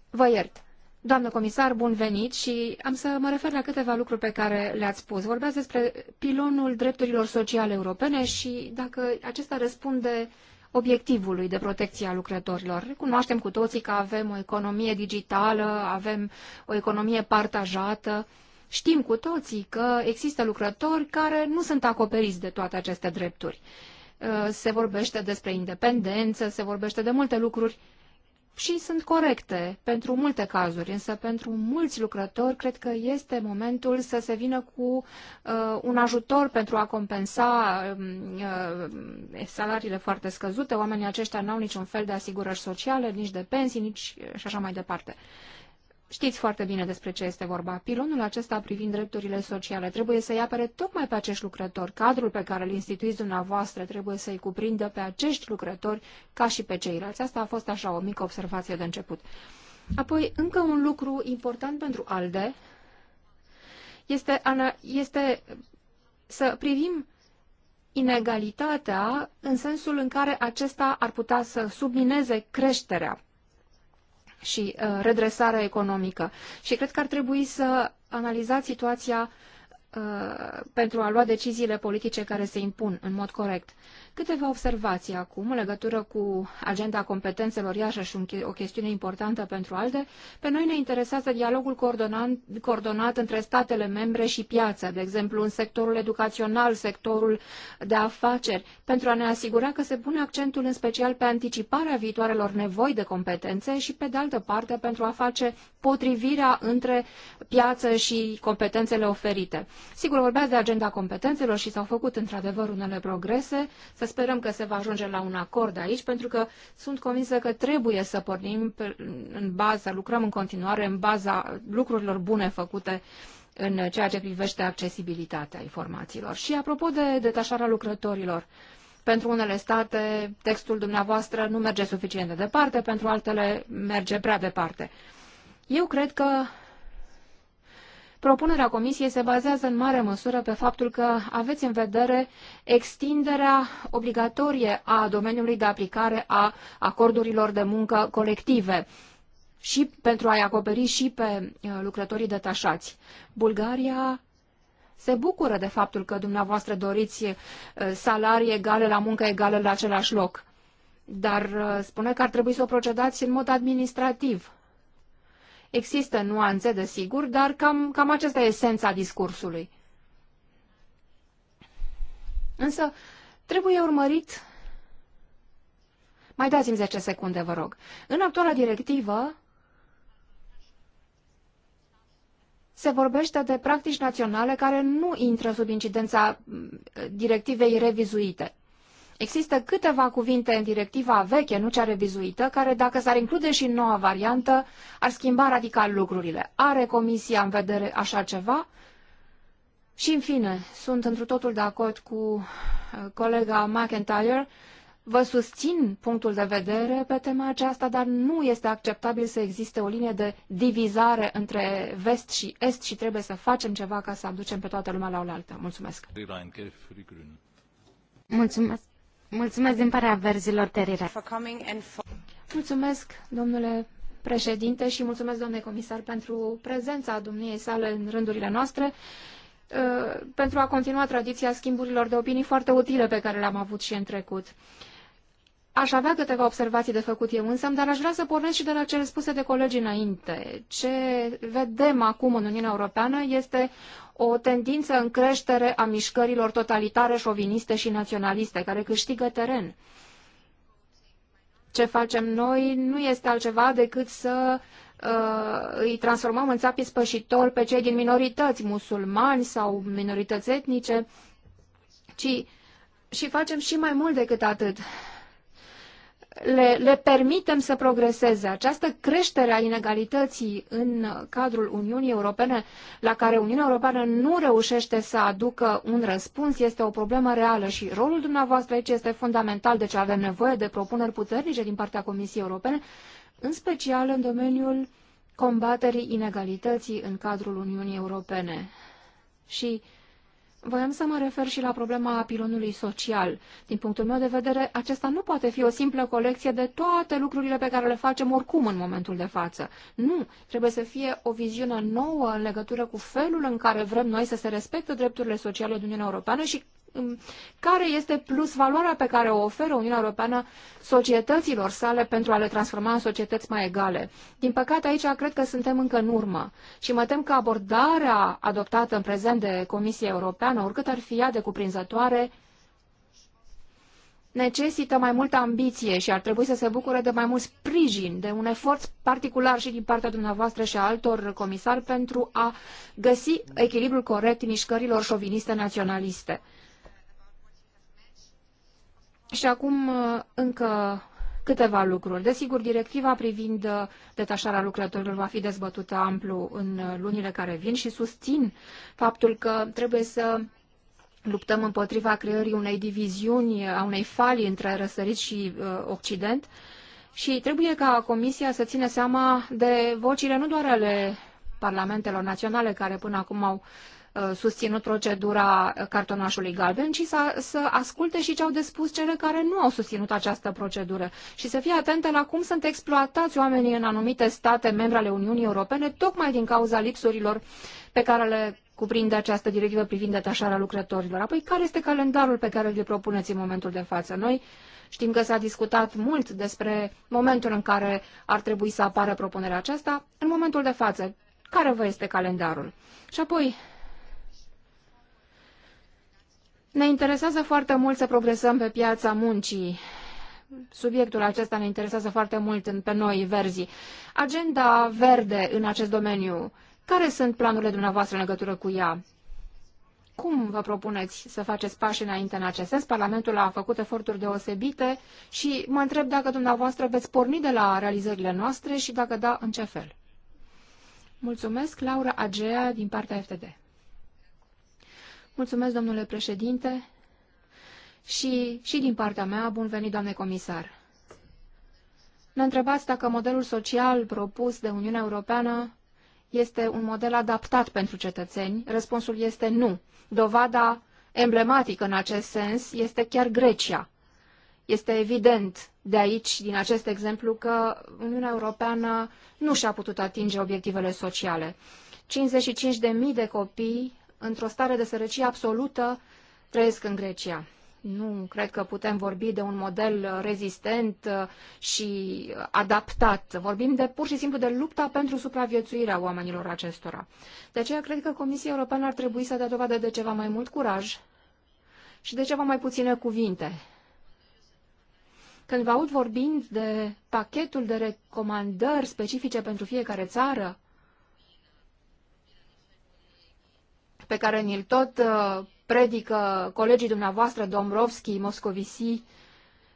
vă iert. Doamnă comisar, bun venit și am să mă refer la câteva lucruri pe care le-ați spus. Vorbeați despre pilonul drepturilor sociale europene și dacă acesta răspunde obiectivului de protecție a lucrătorilor. Recunoaștem cu toții că avem o economie digitală, avem o economie partajată. Știm cu toții că există lucrători care nu sunt acoperiți de toate aceste drepturi. Se vorbește despre independență, se vorbește de multe lucruri și sunt corecte pentru multe cazuri, însă pentru mulți lucrători cred că este momentul să se vină cu uh, un ajutor pentru a compensa um, uh, salariile foarte scăzute. Oamenii aceștia n-au niciun fel de asigurări sociale, nici de pensii, nici uh, și așa mai departe. Uh, Știți foarte bine despre ce este vorba. Pilonul acesta privind drepturile sociale trebuie să-i apere tocmai pe acești lucrători. Cadrul pe care îl instituiți dumneavoastră trebuie să-i cuprindă pe acești lucrători ca și pe ceilalți. Asta a fost așa o mică observație de început. Apoi, încă un lucru important pentru ALDE este, ana, este să privim inegalitatea în sensul în care acesta ar putea să submineze creșterea și uh, redresarea economică. Și cred că ar trebui să analizați situația uh, pentru a lua deciziile politice care se impun în mod corect. Câteva observații acum în legătură cu agenda competențelor, iarăși o chestiune importantă pentru ALDE. Pe noi ne interesează dialogul coordonat, coordonat între statele membre și piață, de exemplu în sectorul educațional, sectorul de afaceri, pentru a ne asigura că se pune accentul în special pe anticiparea viitoarelor nevoi de competențe și, pe de altă parte, pentru a face potrivirea între piață și competențele oferite. Sigur, vorbeați de agenda competențelor și s-au făcut într-adevăr unele progrese, să sperăm că se va ajunge la un acord aici, pentru că sunt convinsă că trebuie să pornim pe, în baza, lucrăm în continuare în baza lucrurilor bune făcute în ceea ce privește accesibilitatea informațiilor. Și apropo de detașarea lucrătorilor, pentru unele state textul dumneavoastră nu merge suficient de departe, pentru altele merge prea departe. Eu cred că Propunerea Comisiei se bazează în mare măsură pe faptul că aveți în vedere extinderea obligatorie a domeniului de aplicare a acordurilor de muncă colective și pentru a-i acoperi și pe uh, lucrătorii detașați. Bulgaria se bucură de faptul că dumneavoastră doriți uh, salarii egale la muncă egală la același loc, dar uh, spune că ar trebui să o procedați în mod administrativ. Există nuanțe, desigur, dar cam, cam aceasta e esența discursului. Însă, trebuie urmărit... Mai dați-mi 10 secunde, vă rog. În actuala directivă se vorbește de practici naționale care nu intră sub incidența mm, directivei revizuite. Există câteva cuvinte în directiva veche, nu cea revizuită, care, dacă s-ar include și în noua variantă, ar schimba radical lucrurile. Are Comisia în vedere așa ceva? Și, în fine, sunt întru totul de acord cu uh, colega McIntyre. Vă susțin punctul de vedere pe tema aceasta, dar nu este acceptabil să existe o linie de divizare între vest și est și trebuie să facem ceva ca să aducem pe toată lumea la oaltă. Mulțumesc! Mulțumesc! Mulțumesc din partea verzilor terire. Mulțumesc, domnule președinte, și mulțumesc, domnule comisar, pentru prezența dumneiei sale în rândurile noastre uh, pentru a continua tradiția schimburilor de opinii foarte utile pe care le-am avut și în trecut. Aș avea câteva observații de făcut eu însă, dar aș vrea să pornesc și de la cele spuse de colegi înainte. Ce vedem acum în Uniunea Europeană este o tendință în creștere a mișcărilor totalitare, șoviniste și naționaliste, care câștigă teren. Ce facem noi nu este altceva decât să uh, îi transformăm în țapii spășitori pe cei din minorități, musulmani sau minorități etnice, ci și facem și mai mult decât atât le, le permitem să progreseze. Această creștere a inegalității în cadrul Uniunii Europene, la care Uniunea Europeană nu reușește să aducă un răspuns, este o problemă reală și rolul dumneavoastră aici este fundamental, deci avem nevoie de propuneri puternice din partea Comisiei Europene, în special în domeniul combaterii inegalității în cadrul Uniunii Europene. Și Voiam să mă refer și la problema pilonului social. Din punctul meu de vedere, acesta nu poate fi o simplă colecție de toate lucrurile pe care le facem oricum în momentul de față. Nu, trebuie să fie o viziune nouă în legătură cu felul în care vrem noi să se respecte drepturile sociale din Uniunea Europeană și Um, care este plus valoarea pe care o oferă Uniunea Europeană societăților sale pentru a le transforma în societăți mai egale. Din păcate, aici cred că suntem încă în urmă și mă tem că abordarea adoptată în prezent de Comisia Europeană, oricât ar fi ea de cuprinzătoare, necesită mai multă ambiție și ar trebui să se bucure de mai mult sprijin, de un efort particular și din partea dumneavoastră și a altor comisari pentru a găsi echilibrul corect mișcărilor șoviniste naționaliste. Și acum uh, încă câteva lucruri. Desigur, directiva privind uh, detașarea lucrătorilor va fi dezbătută amplu în uh, lunile care vin și susțin faptul că trebuie să luptăm împotriva creării unei diviziuni, a unei falii între răsărit și uh, Occident și trebuie ca Comisia să țină seama de vocile nu doar ale parlamentelor naționale care până acum au uh, Uh, susținut procedura cartonașului galben, ci să, să asculte și ce au de spus cele care nu au susținut această procedură și să fie atentă la cum sunt exploatați oamenii în anumite state membre ale Uniunii Europene, tocmai din cauza lipsurilor pe care le cuprinde această directivă privind detașarea lucrătorilor. Apoi, care este calendarul pe care îl propuneți în momentul de față? Noi știm că s-a discutat mult despre momentul în care ar trebui să apară propunerea aceasta. În momentul de față, care vă este calendarul? Și apoi, ne interesează foarte mult să progresăm pe piața muncii. Subiectul acesta ne interesează foarte mult în, pe noi, verzii. Agenda verde în acest domeniu, care sunt planurile dumneavoastră în legătură cu ea? Cum vă propuneți să faceți pași înainte în acest sens? Parlamentul a făcut eforturi deosebite și mă întreb dacă dumneavoastră veți porni de la realizările noastre și dacă da, în ce fel? Mulțumesc, Laura Agea, din partea FTD. Mulțumesc, domnule președinte, și, și din partea mea, bun venit, doamne comisar. Ne întrebați dacă modelul social propus de Uniunea Europeană este un model adaptat pentru cetățeni. Răspunsul este nu. Dovada emblematică în acest sens este chiar Grecia. Este evident de aici, din acest exemplu, că Uniunea Europeană nu și-a putut atinge obiectivele sociale. 55.000 de copii într-o stare de sărăcie absolută trăiesc în Grecia. Nu cred că putem vorbi de un model rezistent uh, și adaptat. Vorbim de pur și simplu de lupta pentru supraviețuirea oamenilor acestora. De aceea cred că Comisia Europeană ar trebui să dea dovadă de ceva mai mult curaj și de ceva mai puține cuvinte. Când vă aud vorbind de pachetul de recomandări specifice pentru fiecare țară, pe care ni-l tot uh, predică colegii dumneavoastră, Dombrovski, Moscovici,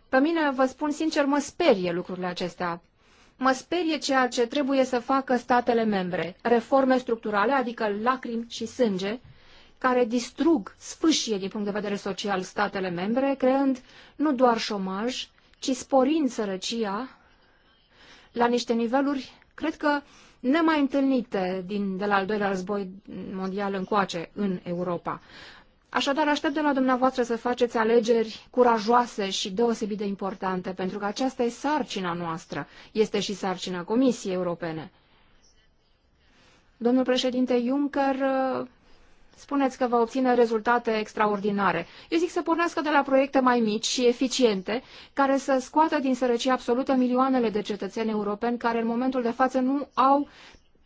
pe mine, vă spun sincer, mă sperie lucrurile acestea. Mă sperie ceea ce trebuie să facă statele membre, reforme structurale, adică lacrimi și sânge, care distrug, sfâșie din punct de vedere social statele membre, creând nu doar șomaj, ci sporind sărăcia la niște niveluri, cred că nemai întâlnite din, de la al doilea război mondial încoace în Europa. Așadar, aștept de la dumneavoastră să faceți alegeri curajoase și deosebit de importante, pentru că aceasta e sarcina noastră, este și sarcina Comisiei Europene. Domnul președinte Juncker spuneți că va obține rezultate extraordinare. Eu zic să pornească de la proiecte mai mici și eficiente, care să scoată din sărăcie absolută milioanele de cetățeni europeni care în momentul de față nu au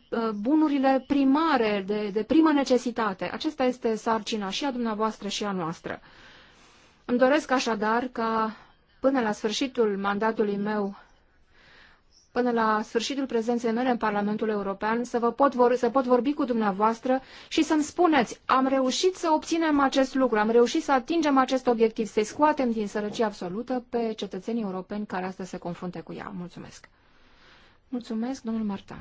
uh, bunurile primare, de, de primă necesitate. Acesta este sarcina și a dumneavoastră și a noastră. Îmi doresc așadar ca până la sfârșitul mandatului meu până la sfârșitul prezenței mele în Parlamentul European, să, vă pot, vor, să pot vorbi cu dumneavoastră și să-mi spuneți, am reușit să obținem acest lucru, am reușit să atingem acest obiectiv, să-i scoatem din sărăcie absolută pe cetățenii europeni care astăzi se confrunte cu ea. Mulțumesc. Mulțumesc, domnul Marta.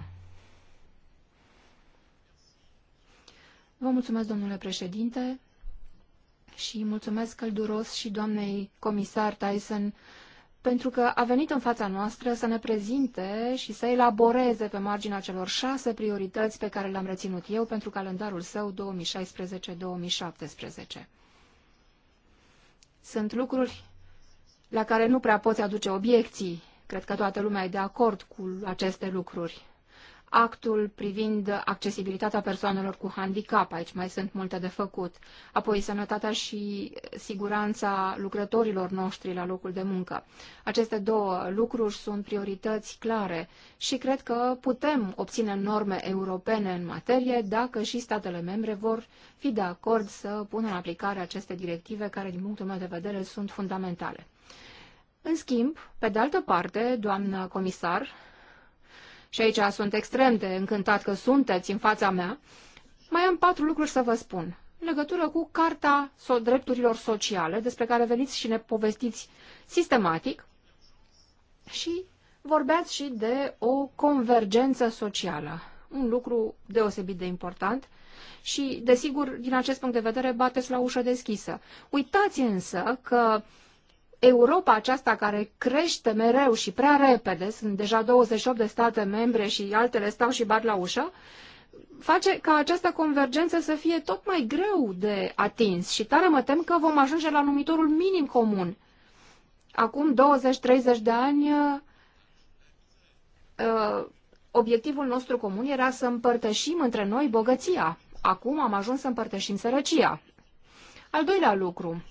Vă mulțumesc, domnule președinte, și mulțumesc călduros și doamnei comisar Tyson pentru că a venit în fața noastră să ne prezinte și să elaboreze pe marginea celor șase priorități pe care le-am reținut eu pentru calendarul său 2016-2017. Sunt lucruri la care nu prea poți aduce obiecții. Cred că toată lumea e de acord cu aceste lucruri actul privind accesibilitatea persoanelor cu handicap, aici mai sunt multe de făcut, apoi sănătatea și siguranța lucrătorilor noștri la locul de muncă. Aceste două lucruri sunt priorități clare și cred că putem obține norme europene în materie dacă și statele membre vor fi de acord să pună în aplicare aceste directive care, din punctul meu de vedere, sunt fundamentale. În schimb, pe de altă parte, doamnă comisar, și aici sunt extrem de încântat că sunteți în fața mea, mai am patru lucruri să vă spun în legătură cu Carta Drepturilor Sociale, despre care veniți și ne povestiți sistematic și vorbeați și de o convergență socială, un lucru deosebit de important și, desigur, din acest punct de vedere, bateți la ușă deschisă. Uitați însă că uh, Europa aceasta care crește mereu și prea repede, sunt deja 28 de state membre și altele stau și bat la ușă, face ca această convergență să fie tot mai greu de atins și tare mă tem că vom ajunge la numitorul minim comun. Acum 20-30 de ani, uh, uh, obiectivul nostru comun era să împărtășim între noi bogăția. Acum am ajuns să împărtășim sărăcia. Al doilea lucru,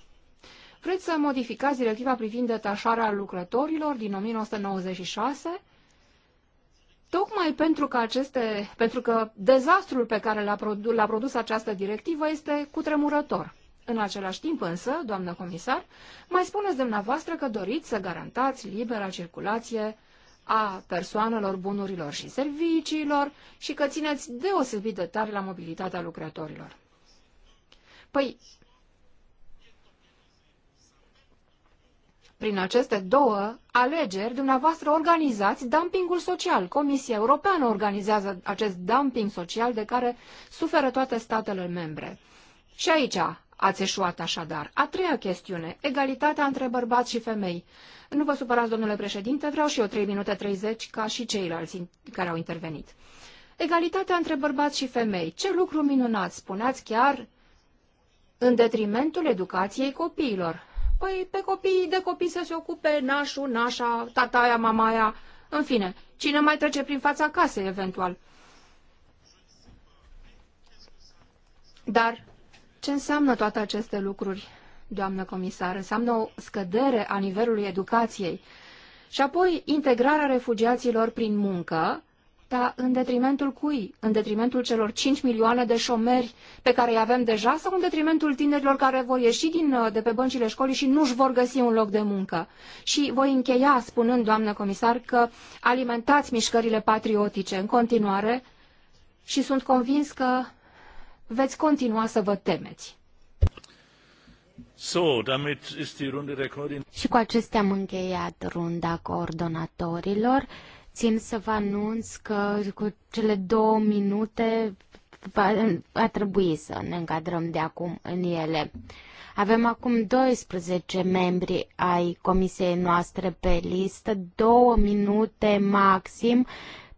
vreți să modificați directiva privind detașarea lucrătorilor din 1996, tocmai pentru că, aceste, pentru că dezastrul pe care l-a produs, l-a produs această directivă este cutremurător. În același timp însă, doamnă comisar, mai spuneți dumneavoastră că doriți să garantați libera circulație a persoanelor, bunurilor și serviciilor și că țineți deosebit de tare la mobilitatea lucrătorilor. Păi, Prin aceste două alegeri, dumneavoastră organizați dumpingul social. Comisia Europeană organizează acest dumping social de care suferă toate statele membre. Și aici ați eșuat așadar. A treia chestiune, egalitatea între bărbați și femei. Nu vă supărați, domnule președinte, vreau și eu 3 minute 30 ca și ceilalți care au intervenit. Egalitatea între bărbați și femei. Ce lucru minunat, spuneați chiar în detrimentul educației copiilor. Păi pe copii, de copii să se ocupe nașul, nașa, tataia, mamaia, în fine, cine mai trece prin fața casei eventual. Dar ce înseamnă toate aceste lucruri, doamnă comisar? Înseamnă o scădere a nivelului educației și apoi integrarea refugiaților prin muncă, dar în detrimentul cui? În detrimentul celor 5 milioane de șomeri pe care îi avem deja sau în detrimentul tinerilor care vor ieși din, uh, de pe băncile școlii și nu-și vor găsi un loc de muncă? Și voi încheia spunând, doamnă comisar, că alimentați mișcările patriotice în continuare și sunt convins că veți continua să vă temeți. So, damit ist die Runde der Și cu acestea am încheiat runda coordonatorilor. Țin să vă anunț că cu cele două minute va, va trebui să ne încadrăm de acum în ele. Avem acum 12 membri ai comisiei noastre pe listă, două minute maxim,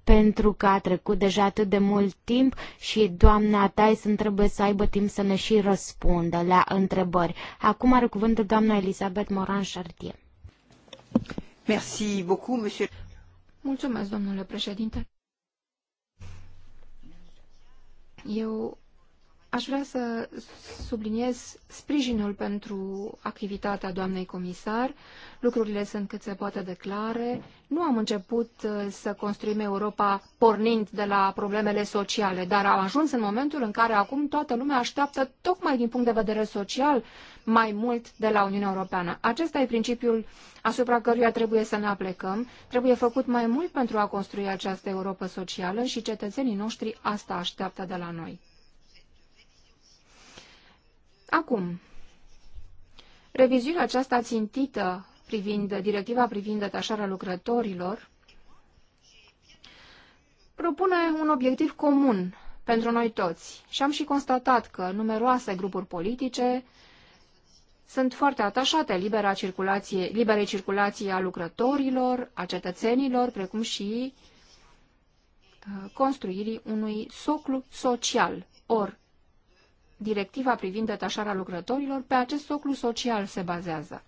pentru că a trecut deja atât de mult timp și doamna Tyson trebuie să aibă timp să ne și răspundă la întrebări. Acum are cuvântul doamna Elisabeth Moran Chartier. Merci beaucoup, monsieur. Mulțumesc, domnule președinte. Eu aș vrea să subliniez sprijinul pentru activitatea doamnei comisar. Lucrurile sunt cât se poate de clare. Nu am început uh, să construim Europa pornind de la problemele sociale, dar am ajuns în momentul în care acum toată lumea așteaptă, tocmai din punct de vedere social, mai mult de la Uniunea Europeană. Acesta e principiul asupra căruia trebuie să ne aplecăm. Trebuie făcut mai mult pentru a construi această Europa socială și cetățenii noștri asta așteaptă de la noi. Acum, revizuirea aceasta țintită privind directiva privind detașarea lucrătorilor propune un obiectiv comun pentru noi toți și am și constatat că numeroase grupuri politice sunt foarte atașate libera circulație, liberei circulații a lucrătorilor, a cetățenilor, precum și uh, construirii unui soclu social. Or, directiva privind detașarea lucrătorilor pe acest soclu social se bazează.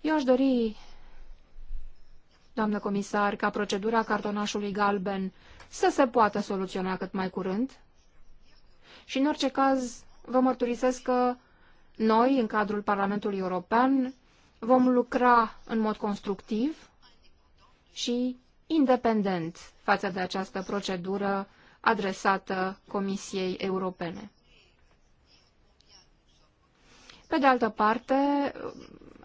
Eu aș dori, doamnă comisar, ca procedura cartonașului galben să se poată soluționa cât mai curând și, în orice caz, vă mărturisesc că noi, în cadrul Parlamentului European, vom lucra în mod constructiv și independent față de această procedură adresată Comisiei Europene. Pe de altă parte,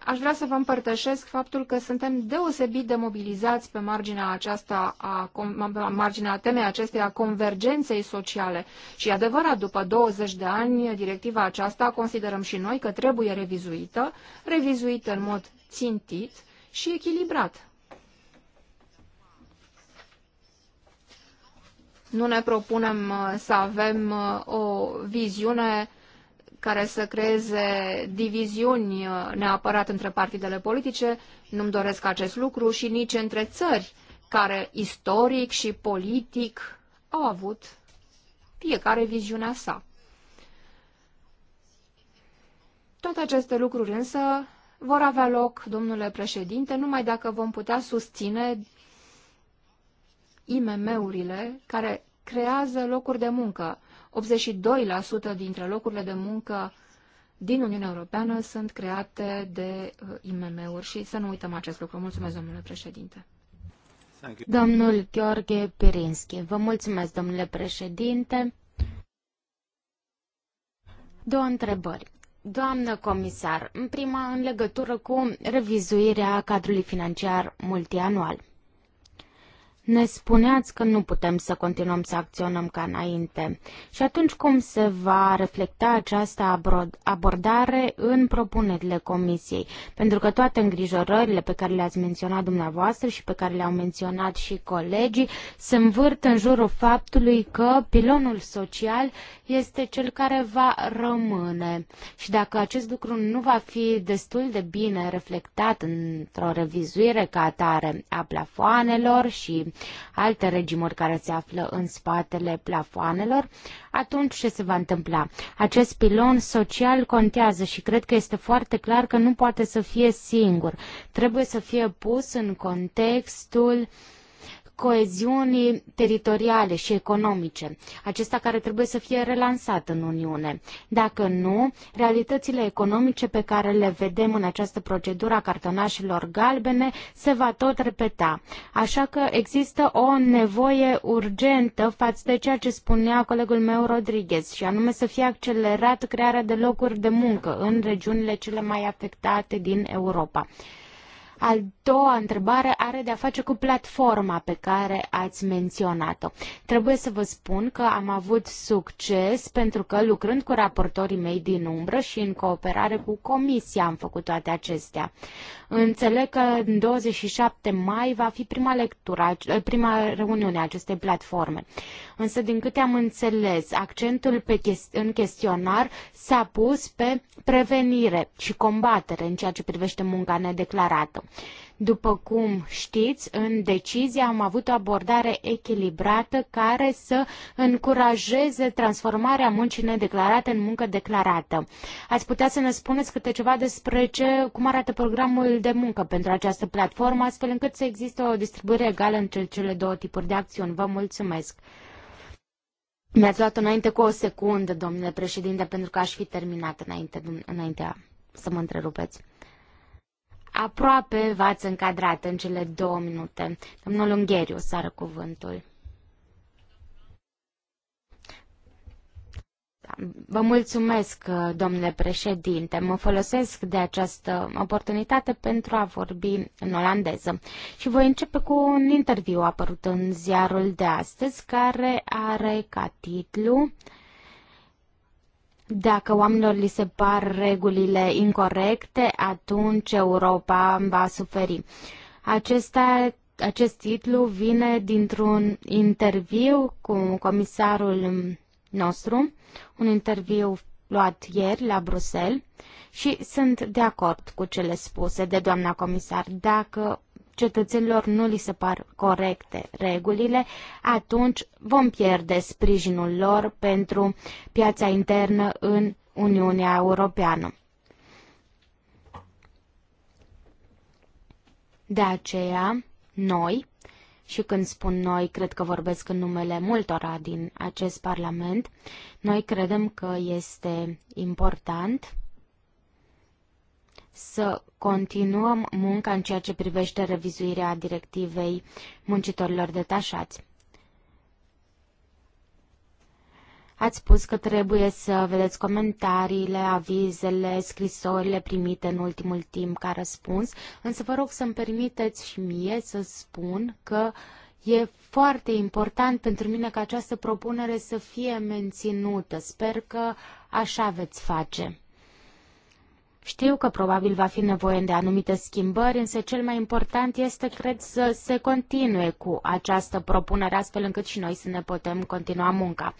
aș vrea să vă împărtășesc faptul că suntem deosebit de mobilizați pe marginea aceasta, a, a marginea temei acesteia convergenței sociale. Și adevărat, după 20 de ani, directiva aceasta considerăm și noi că trebuie revizuită, revizuită în mod țintit și echilibrat. Nu ne propunem uh, să avem uh, o viziune uh, care să creeze diviziuni uh, neapărat între partidele politice. Nu-mi doresc acest lucru și nici între țări care istoric și politic au avut fiecare viziunea sa. Toate aceste lucruri însă vor avea loc, domnule președinte, numai dacă vom putea susține IMM-urile care creează locuri de muncă, 82% dintre locurile de muncă din Uniunea Europeană sunt create de uh, IMM-uri și să nu uităm acest lucru. Mulțumesc, domnule președinte. Domnul Gheorghe Pirinski, vă mulțumesc, domnule președinte. Două întrebări. Doamnă comisar, în prima în legătură cu revizuirea cadrului financiar multianual. Ne spuneați că nu putem să continuăm să acționăm ca înainte. Și atunci cum se va reflecta această abordare în propunerile comisiei? Pentru că toate îngrijorările pe care le-ați menționat dumneavoastră și pe care le-au menționat și colegii se învârt în jurul faptului că pilonul social este cel care va rămâne. Și dacă acest lucru nu va fi destul de bine reflectat într-o revizuire ca atare a plafoanelor și alte regimuri care se află în spatele plafoanelor, atunci ce se va întâmpla? Acest pilon social contează și cred că este foarte clar că nu poate să fie singur. Trebuie să fie pus în contextul uh, coeziunii teritoriale și economice, acesta care trebuie să fie relansat în Uniune. Dacă nu, realitățile economice pe care le vedem în această procedură a cartonașilor galbene se va tot repeta. Așa că există o nevoie urgentă față de ceea ce spunea colegul meu Rodriguez și anume să fie accelerat crearea de locuri de muncă în regiunile cele mai afectate din Europa. Al doua întrebare are de-a face cu platforma pe care ați menționat-o. Trebuie să vă spun că am avut succes pentru că lucrând cu raportorii mei din umbră și în cooperare cu comisia am făcut toate acestea. Înțeleg că în 27 mai va fi prima lectură, prima reuniune a acestei platforme. Însă, din câte am înțeles, accentul pe chesti- în chestionar s-a pus pe prevenire și combatere în ceea ce privește munca nedeclarată. După cum știți, în decizie am avut o abordare echilibrată care să încurajeze transformarea muncii nedeclarate în muncă declarată. Ați putea să ne spuneți câte ceva despre ce, cum arată programul de muncă pentru această platformă, astfel încât să existe o distribuire egală între cele două tipuri de acțiuni. Vă mulțumesc! Mi-ați luat înainte cu o secundă, domnule președinte, pentru că aș fi terminat înainte, înaintea să mă întrerupeți. Aproape v-ați încadrat în cele două minute. Domnul Ungheriu sară cuvântul. Da, vă mulțumesc, domnule președinte. Mă folosesc de această oportunitate pentru a vorbi în olandeză. Și voi începe cu un interviu apărut în ziarul de astăzi, care are ca titlu dacă oamenilor li se par regulile incorrecte, atunci Europa va suferi. Acesta acest titlu vine dintr-un interviu cu comisarul nostru, un interviu luat ieri la Bruxelles și sunt de acord cu cele spuse de doamna comisar. Dacă cetățenilor nu li se par corecte regulile, atunci vom pierde sprijinul lor pentru piața internă în Uniunea Europeană. De aceea, noi, și când spun noi, cred că vorbesc în numele multora din acest Parlament, noi credem că este important să continuăm munca în ceea ce privește revizuirea directivei muncitorilor detașați. Ați spus că trebuie să vedeți comentariile, avizele, scrisorile primite în ultimul timp ca răspuns, însă vă rog să-mi permiteți și mie să spun că e foarte important pentru mine ca această propunere să fie menținută. Sper că așa veți face. Știu că probabil va fi nevoie de anumite schimbări, însă cel mai important este, cred, să se continue cu această propunere, astfel încât și noi să ne putem continua munca.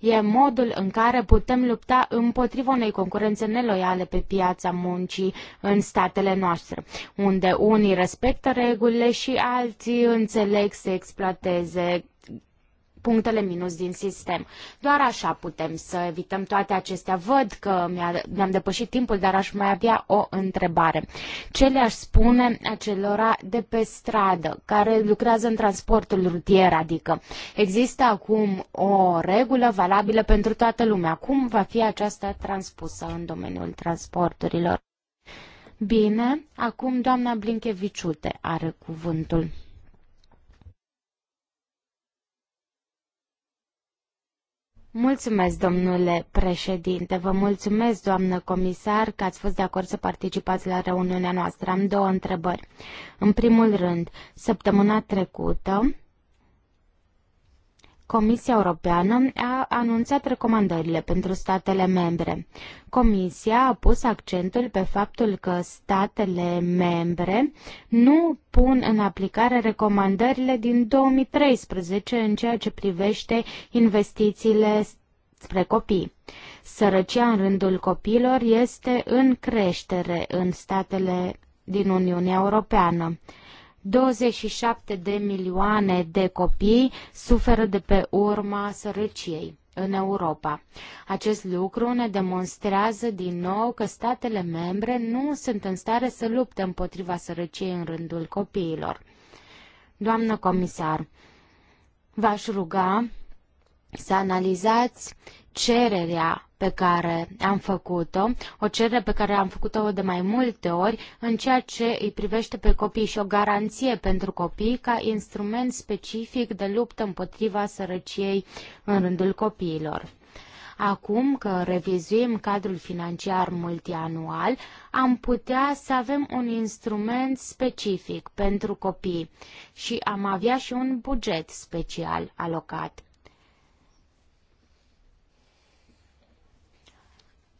E modul în care putem lupta împotriva unei concurențe neloiale pe piața muncii în statele noastre, unde unii respectă regulile și alții înțeleg să exploateze punctele minus din sistem. Doar așa putem să evităm toate acestea. Văd că mi-am depășit timpul, dar aș mai avea o întrebare. Ce le-aș spune acelora de pe stradă, care lucrează în transportul rutier, adică există acum o regulă valabilă pentru toată lumea. Cum va fi aceasta transpusă în domeniul transporturilor? Bine, acum doamna Blinkeviciute are cuvântul. Mulțumesc, domnule președinte. Vă mulțumesc, doamnă comisar, că ați fost de acord să participați la reuniunea noastră. Am două întrebări. În primul rând, săptămâna trecută, Comisia Europeană a anunțat recomandările pentru statele membre. Comisia a pus accentul pe faptul că statele membre nu pun în aplicare recomandările din 2013 în ceea ce privește investițiile spre copii. Sărăcia în rândul copiilor este în creștere în statele din Uniunea Europeană. 27 de milioane de copii suferă de pe urma sărăciei în Europa. Acest lucru ne demonstrează din nou că statele membre nu sunt în stare să lupte împotriva sărăciei în rândul copiilor. Doamnă comisar, v-aș ruga să analizați cererea pe care am făcut-o, o cerere pe care am făcut-o de mai multe ori în ceea ce îi privește pe copii și o garanție pentru copii ca instrument specific de luptă împotriva sărăciei în rândul copiilor. Acum că revizuim cadrul financiar multianual, am putea să avem un instrument specific pentru copii și am avea și un buget special alocat.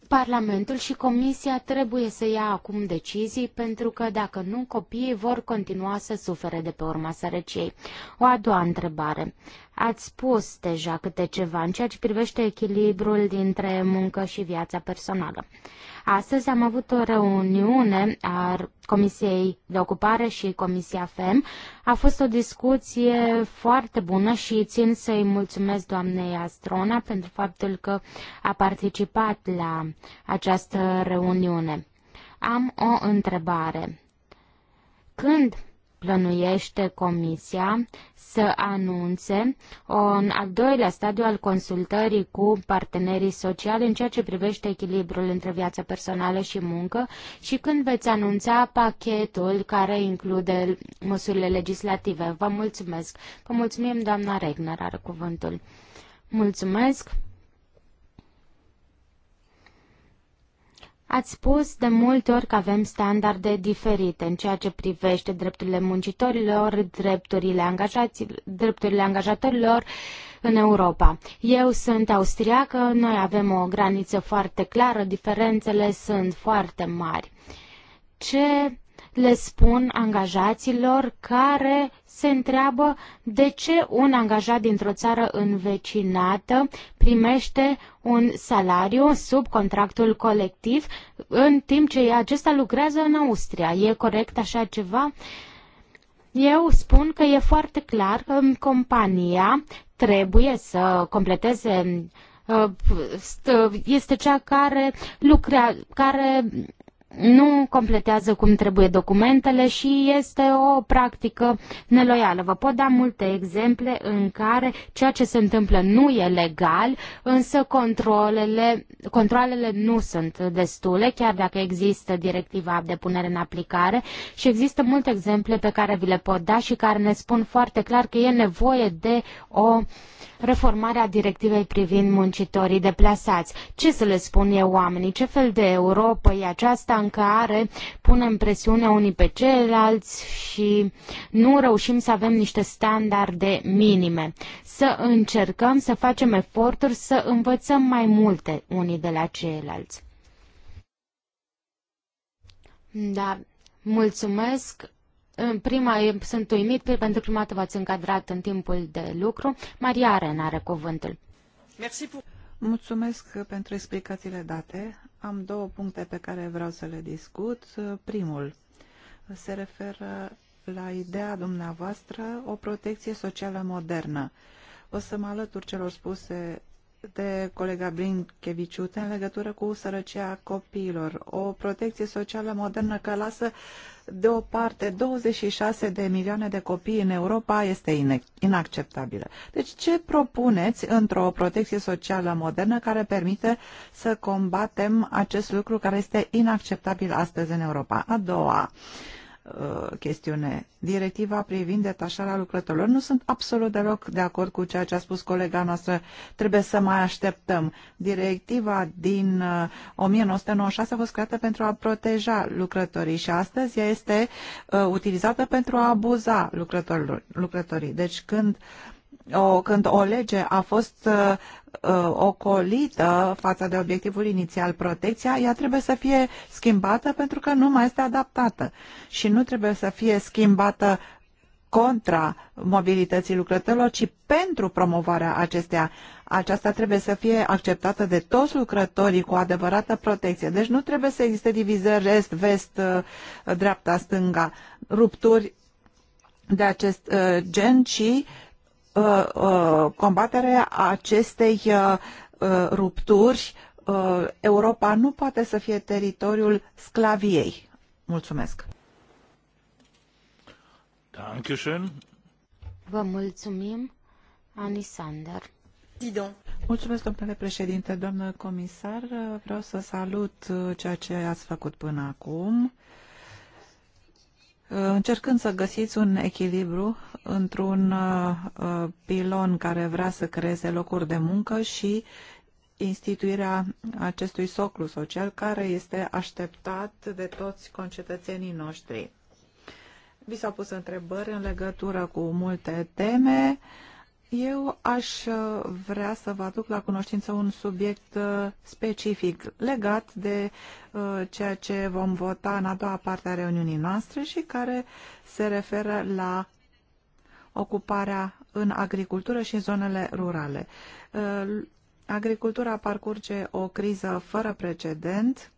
Parlamentul și Comisia trebuie să ia acum decizii pentru că dacă nu, copiii vor continua să sufere de pe urma sărăciei. O a doua întrebare. Ați spus deja câte ceva în ceea ce privește echilibrul dintre muncă și viața personală. Astăzi am avut o reuniune a Comisiei de Ocupare și Comisia FEM. A fost o discuție foarte bună și țin să-i mulțumesc doamnei Astrona pentru faptul că a participat la această reuniune. Am o întrebare. Când plănuiește Comisia să anunțe un al doilea stadiu al consultării cu partenerii sociali în ceea ce privește echilibrul între viața personală și muncă și când veți anunța pachetul care include măsurile legislative. Vă mulțumesc. Vă mulțumim, doamna Regner, are cuvântul. Mulțumesc. Ați spus de multe ori că avem standarde diferite în ceea ce privește drepturile muncitorilor, drepturile, angajaților, drepturile angajatorilor în Europa. Eu sunt austriacă, noi avem o graniță foarte clară, diferențele sunt foarte mari. Ce le spun angajaților care se întreabă de ce un angajat dintr-o țară învecinată primește un salariu sub contractul colectiv în timp ce acesta lucrează în Austria. E corect așa ceva? Eu spun că e foarte clar că compania trebuie să completeze uh, este cea care lucrează, care nu completează cum trebuie documentele și este o practică neloială. Vă pot da multe exemple în care ceea ce se întâmplă nu e legal, însă controlele, controlele nu sunt destule, chiar dacă există directiva de punere în aplicare și există multe exemple pe care vi le pot da și care ne spun foarte clar că e nevoie de o uh, reformarea directivei privind muncitorii deplasați. Ce să le spun eu oamenii? Ce fel de Europa e aceasta în care punem presiune unii pe ceilalți și nu reușim să avem niște standarde minime? Să încercăm să facem eforturi să învățăm mai multe unii de la ceilalți. Da, mulțumesc. În prima, sunt uimit, pentru prima dată v-ați încadrat în timpul de lucru. Maria Arena are cuvântul. Mulțumesc pentru explicațiile date. Am două puncte pe care vreau să le discut. Primul se referă la ideea dumneavoastră o protecție socială modernă. O să mă alătur celor spuse de colega Brinkeviciute în legătură cu sărăcia copiilor. O protecție socială modernă care lasă deoparte 26 de milioane de copii în Europa este inacceptabilă. Deci ce propuneți într-o protecție socială modernă care permite să combatem acest lucru care este inacceptabil astăzi în Europa? A doua, uh, Uh, chestiune. Directiva privind detașarea lucrătorilor. Nu sunt absolut deloc de acord cu ceea ce a spus colega noastră. Trebuie să mai așteptăm. Directiva din 1996 uh, a fost creată pentru a proteja lucrătorii și astăzi ea este uh, utilizată pentru a abuza lucrătorilor, lucrătorii. Deci când uh, o, când o lege a fost uh, uh, ocolită față de obiectivul inițial, protecția, ea trebuie să fie schimbată pentru că nu mai este adaptată și nu trebuie să fie schimbată contra mobilității lucrătorilor, ci pentru promovarea acesteia. Aceasta trebuie să fie acceptată de toți lucrătorii cu adevărată protecție. Deci nu trebuie să existe divizări est-vest, uh, dreapta-stânga, rupturi de acest uh, gen, ci Uh, uh, combaterea acestei uh, rupturi, Europa nu poate să fie teritoriul sclaviei. Mulțumesc! Dankeschön. Vă mulțumim, Anisander. Didon. Mulțumesc, domnule președinte, doamnă comisar. Vreau să salut ceea ce ați făcut până acum încercând să găsiți un echilibru într-un uh, uh, pilon care vrea să creeze locuri de muncă și instituirea acestui soclu social care este așteptat de toți concetățenii noștri. Vi s-au pus întrebări în legătură cu multe teme. Uh, eu aș uh, vrea să vă aduc la cunoștință un subiect uh, specific legat de uh, ceea ce vom vota în a doua parte a reuniunii noastre și care se referă la ocuparea în agricultură și în zonele rurale. Agricultura parcurge o criză fără precedent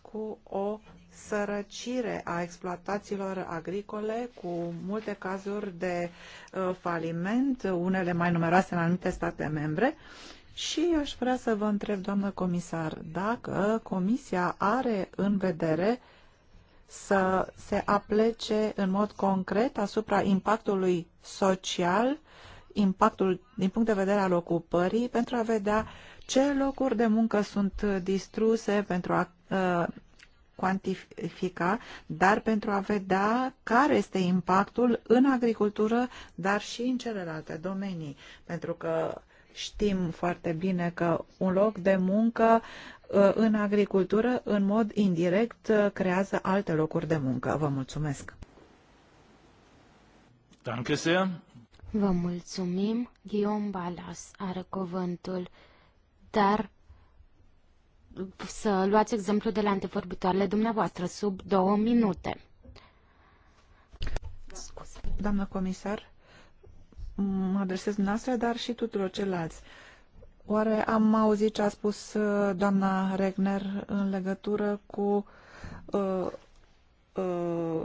cu o sărăcire a exploatațiilor agricole cu multe cazuri de uh, faliment, unele mai numeroase în anumite state membre. Și aș vrea să vă întreb, doamnă comisar, dacă Comisia are în vedere să se aplece în mod concret asupra impactului social, impactul din punct de vedere al ocupării, pentru a vedea ce locuri de muncă sunt distruse, pentru a uh, cuantifica, dar pentru a vedea care este impactul în agricultură, dar și în celelalte domenii. Pentru că știm foarte bine că un loc de muncă uh, în agricultură, în mod indirect, uh, creează alte locuri de muncă. Vă mulțumesc! Danke sehr. Vă mulțumim. Guillaume Balas are cuvântul, dar să luați exemplu de la antevorbitoarele dumneavoastră, sub două minute. Scuze. Doamnă comisar, mă adresez dumneavoastră, dar și tuturor celalți. Oare am auzit ce a spus uh, doamna Regner în legătură cu uh, uh,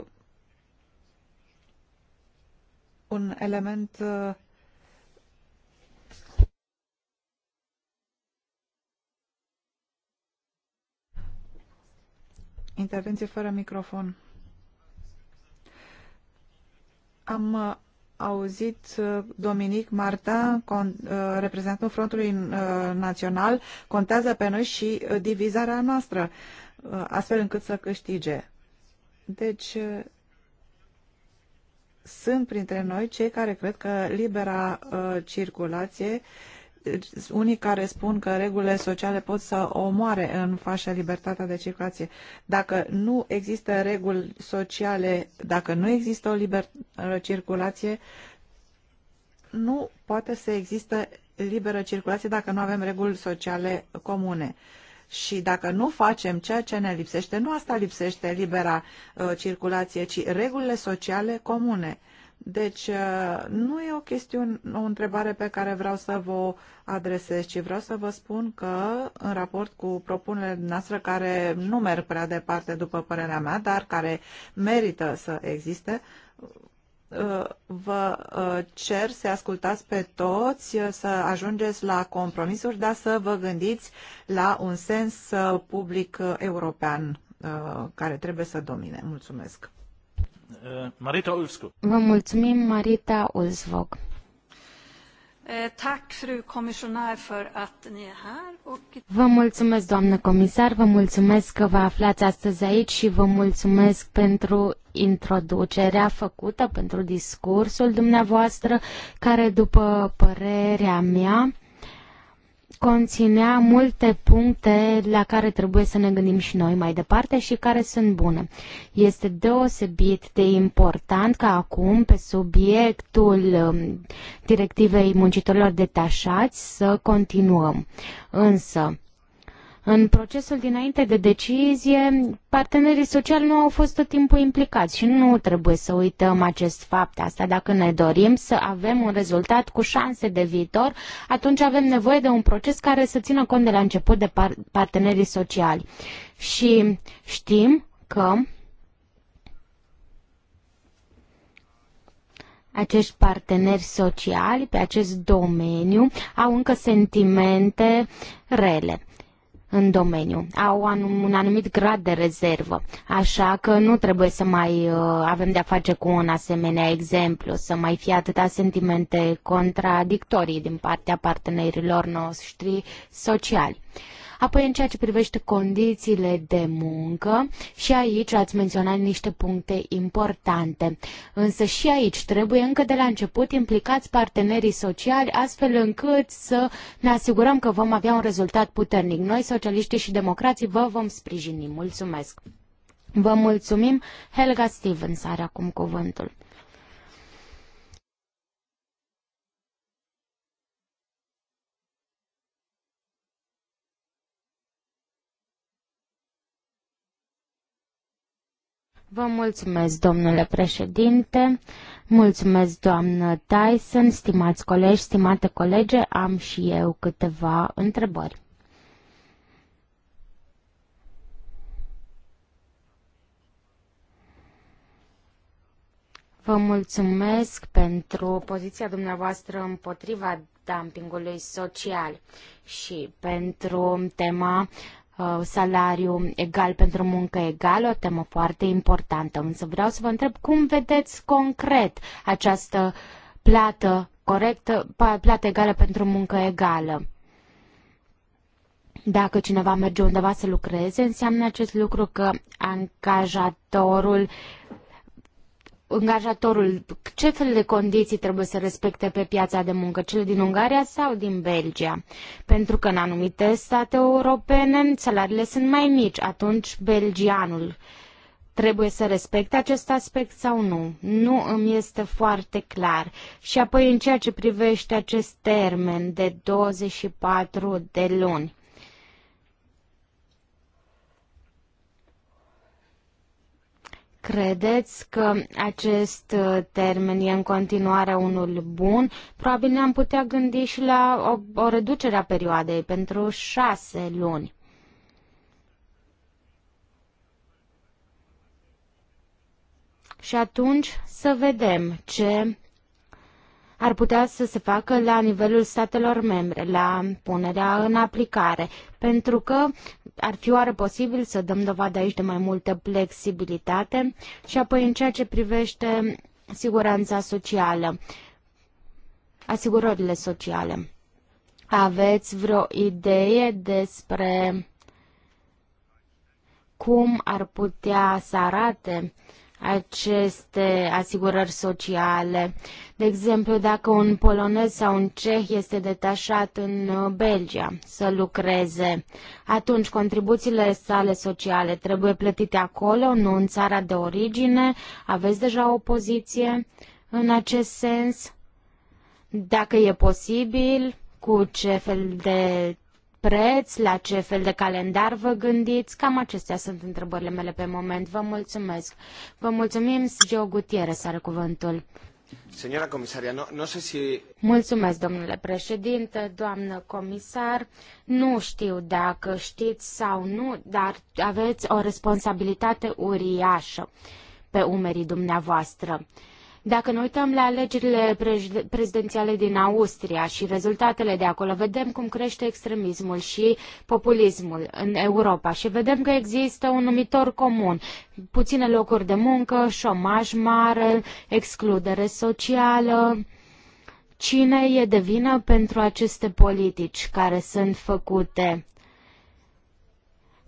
un element uh, Intervenție fără microfon. Am uh, auzit uh, Dominic Marta, uh, reprezentantul Frontului Național, contează pe noi și divizarea noastră, astfel încât să câștige. Deci, sunt printre noi cei care cred că libera circulație unii care spun că regulile sociale pot să omoare în fașa libertatea de circulație. Dacă nu există reguli sociale, dacă nu există o liberă circulație, nu poate să există liberă circulație dacă nu avem reguli sociale comune. Și dacă nu facem ceea ce ne lipsește, nu asta lipsește libera uh, circulație, ci regulile sociale comune. Uh, deci uh, nu e o chestiune, o întrebare pe care vreau să vă adresez, ci vreau să vă spun că în raport cu propunerile noastre care nu merg prea departe după părerea mea, dar care merită să existe, uh, vă uh, cer să ascultați pe toți, să ajungeți la compromisuri, dar să vă gândiți la un sens public european care trebuie să domine. Mulțumesc! Eh, Marita Vă mulțumim, Marita Ulvskog. Eh, vă mulțumesc, doamnă comisar, vă mulțumesc că vă aflați astăzi aici și vă mulțumesc pentru introducerea făcută, pentru discursul dumneavoastră, care, după părerea mea, conținea multe puncte la care trebuie să ne gândim și noi mai departe și care sunt bune. Este deosebit de important ca acum pe subiectul um, directivei muncitorilor detașați să continuăm. Însă, în procesul dinainte de decizie, partenerii sociali nu au fost tot timpul implicați și nu trebuie să uităm acest fapt. Asta dacă ne dorim să avem un rezultat cu șanse de viitor, atunci avem nevoie de un proces care să țină cont de la început de par- partenerii sociali. Și știm că acești parteneri sociali pe acest domeniu au încă sentimente rele în domeniu. Au un anumit grad de rezervă, așa că nu trebuie să mai uh, avem de-a face cu un asemenea exemplu, să mai fie atâta sentimente contradictorii din partea partenerilor noștri sociali. Uh, Apoi, în ceea ce privește condițiile de muncă, și aici ați menționat niște puncte importante. Însă și aici trebuie încă de la început implicați partenerii sociali, astfel încât să ne asigurăm că vom avea un rezultat puternic. Noi, socialiștii și democrații, vă vom sprijini. Mulțumesc! Vă mulțumim! Helga Stevens are acum cuvântul. Vă mulțumesc, domnule președinte. Mulțumesc, doamnă Tyson, stimați colegi, stimate colege, am și eu câteva întrebări. Vă mulțumesc pentru poziția dumneavoastră împotriva dumpingului social și pentru tema Uh, salariu egal pentru muncă egală, o temă foarte importantă. Însă vreau să vă întreb cum vedeți concret această plată corectă, plată egală pentru muncă egală. Dacă cineva merge undeva să lucreze, înseamnă acest lucru că angajatorul angajatorul, ce fel de condiții trebuie să respecte pe piața de muncă, cele din Ungaria sau din Belgia? Pentru că în anumite state europene salariile sunt mai mici, atunci belgianul trebuie să respecte acest aspect sau nu. Nu îmi este foarte clar. Și apoi în ceea ce privește acest termen de 24 de luni. Credeți că acest uh, termen e în continuare unul bun? Probabil ne-am putea gândi și la o, o reducere a perioadei pentru șase luni. Și atunci să vedem ce ar putea să se facă la nivelul statelor membre, la punerea în aplicare, pentru că ar fi oare posibil să dăm dovadă aici de mai multă flexibilitate și apoi în ceea ce privește siguranța socială, asigurările sociale. Aveți vreo idee despre cum ar putea să arate uh, aceste asigurări sociale. De exemplu, dacă un polonez sau un ceh este detașat în uh, Belgia să lucreze, atunci contribuțiile sale sociale trebuie plătite acolo, nu în țara de origine. Aveți deja o poziție în acest sens? Dacă e posibil, cu ce fel de preț, la ce fel de calendar vă gândiți? Cam acestea sunt întrebările mele pe moment. Vă mulțumesc. Vă mulțumim, Geo Gutierrez are cuvântul. Señora comisaria, no, no sé si... Mulțumesc, domnule președinte, doamnă comisar. Nu știu dacă știți sau nu, dar aveți o responsabilitate uriașă pe umerii dumneavoastră. Dacă ne uităm la alegerile prezidențiale din Austria și rezultatele de acolo, vedem cum crește extremismul și populismul în Europa și vedem că există un numitor comun. Puține locuri de muncă, șomaj mare, excludere socială. Cine e de vină pentru aceste politici care sunt făcute?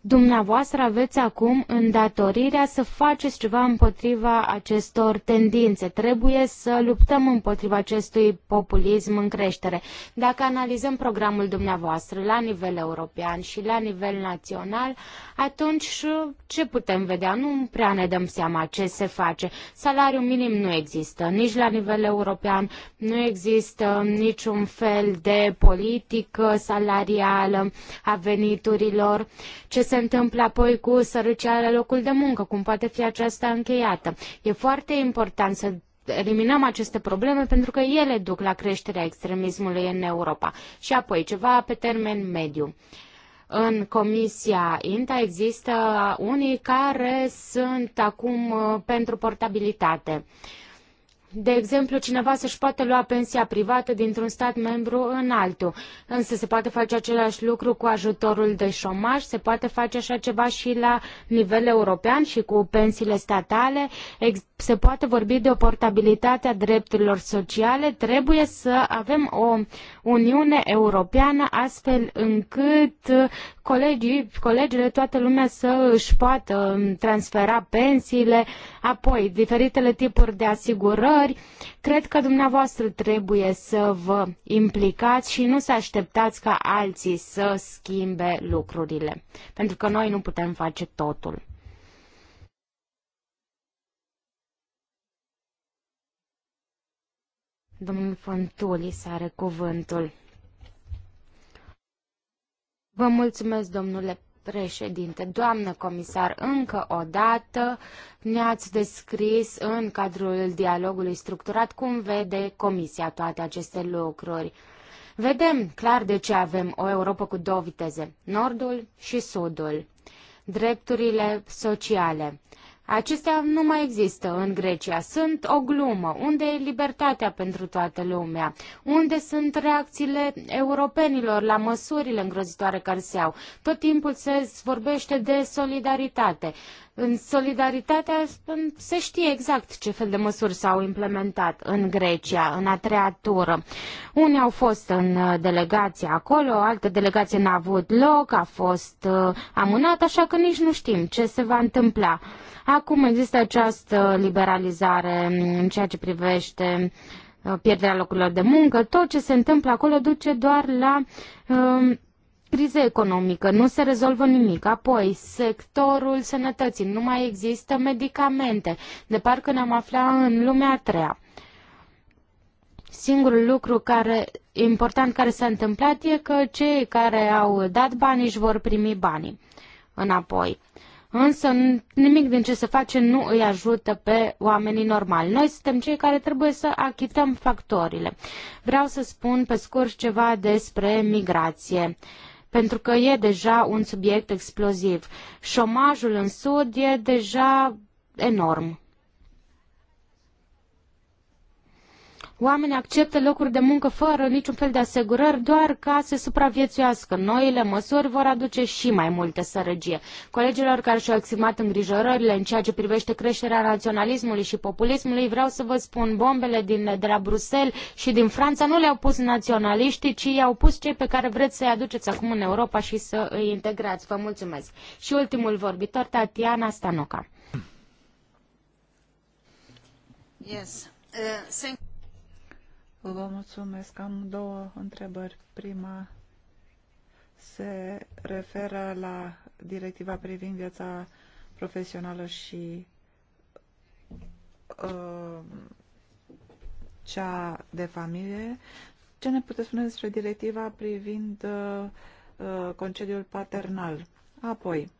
Dumneavoastră aveți acum îndatorirea să faceți ceva împotriva acestor tendințe. Trebuie să luptăm împotriva acestui populism în creștere. Dacă analizăm programul dumneavoastră la nivel european și la nivel național, atunci ce putem vedea? Nu prea ne dăm seama ce se face. Salariul minim nu există, nici la nivel european nu există niciun fel de politică salarială a veniturilor. Ce se se întâmplă apoi cu sărăcia la locul de muncă, cum poate fi aceasta încheiată. E foarte important să eliminăm aceste probleme pentru că ele duc la creșterea extremismului în Europa. Și apoi ceva pe termen mediu în Comisia INTA există unii care sunt acum uh, pentru portabilitate. Uh, de exemplu, cineva să-și poate lua pensia privată dintr-un stat membru în altul. Însă se poate face același lucru cu ajutorul de șomaj, se poate face așa ceva și la nivel european și cu pensiile statale. Se poate vorbi de o portabilitate a drepturilor sociale. Trebuie să avem o Uniune Europeană astfel încât colegii, colegele, toată lumea să își poată transfera pensiile, Apoi, diferitele tipuri de asigurări. Cred că dumneavoastră trebuie să vă implicați și nu să așteptați ca alții să schimbe lucrurile, pentru că noi nu putem face totul. Domnul să are cuvântul. Vă mulțumesc, domnule președinte, doamnă comisar, încă o dată ne-ați descris în cadrul dialogului structurat cum vede Comisia toate aceste lucruri. Vedem clar de ce avem o Europa cu două viteze, nordul și sudul, drepturile sociale, Acestea nu mai există în Grecia. Sunt o glumă. Unde e libertatea pentru toată lumea? Unde sunt reacțiile europenilor la măsurile îngrozitoare care se au? Tot timpul se vorbește de solidaritate. În solidaritatea se știe exact ce fel de măsuri s-au implementat în Grecia, în a treia tură. Unii au fost în uh, delegație acolo, o altă delegație n-a avut loc, a fost uh, amânat, așa că nici nu știm ce se va întâmpla. Acum există această liberalizare în ceea ce privește uh, pierderea locurilor de muncă. Tot ce se întâmplă acolo duce doar la Criza economică, nu se rezolvă nimic. Apoi, sectorul sănătății, nu mai există medicamente, de parcă ne-am afla în lumea a treia. Singurul lucru care important care s-a întâmplat e că cei care au dat bani își vor primi banii înapoi. Însă nimic din ce se face nu îi ajută pe oamenii normali. Noi suntem cei care trebuie să achităm factorile. Vreau să spun pe scurt ceva despre migrație. Uh, pentru că e deja un subiect exploziv. Șomajul în Sud e deja enorm. Oamenii acceptă locuri de muncă fără niciun fel de asigurări doar ca să supraviețuiască. Noile măsuri vor aduce și mai multă sărăgie. Colegilor care și-au exprimat îngrijorările în ceea ce privește creșterea naționalismului și populismului, vreau să vă spun, bombele din, de la Bruxelles și din Franța nu le-au pus naționaliștii, ci i-au pus cei pe care vreți să-i aduceți acum în Europa și să îi integrați. Vă mulțumesc. Și ultimul vorbitor, Tatiana Stanoca. Yes. Uh, Vă mulțumesc. Am două întrebări. Prima se referă la directiva privind viața profesională și uh, cea de familie. Ce ne puteți spune despre directiva privind uh, uh concediul paternal? Apoi,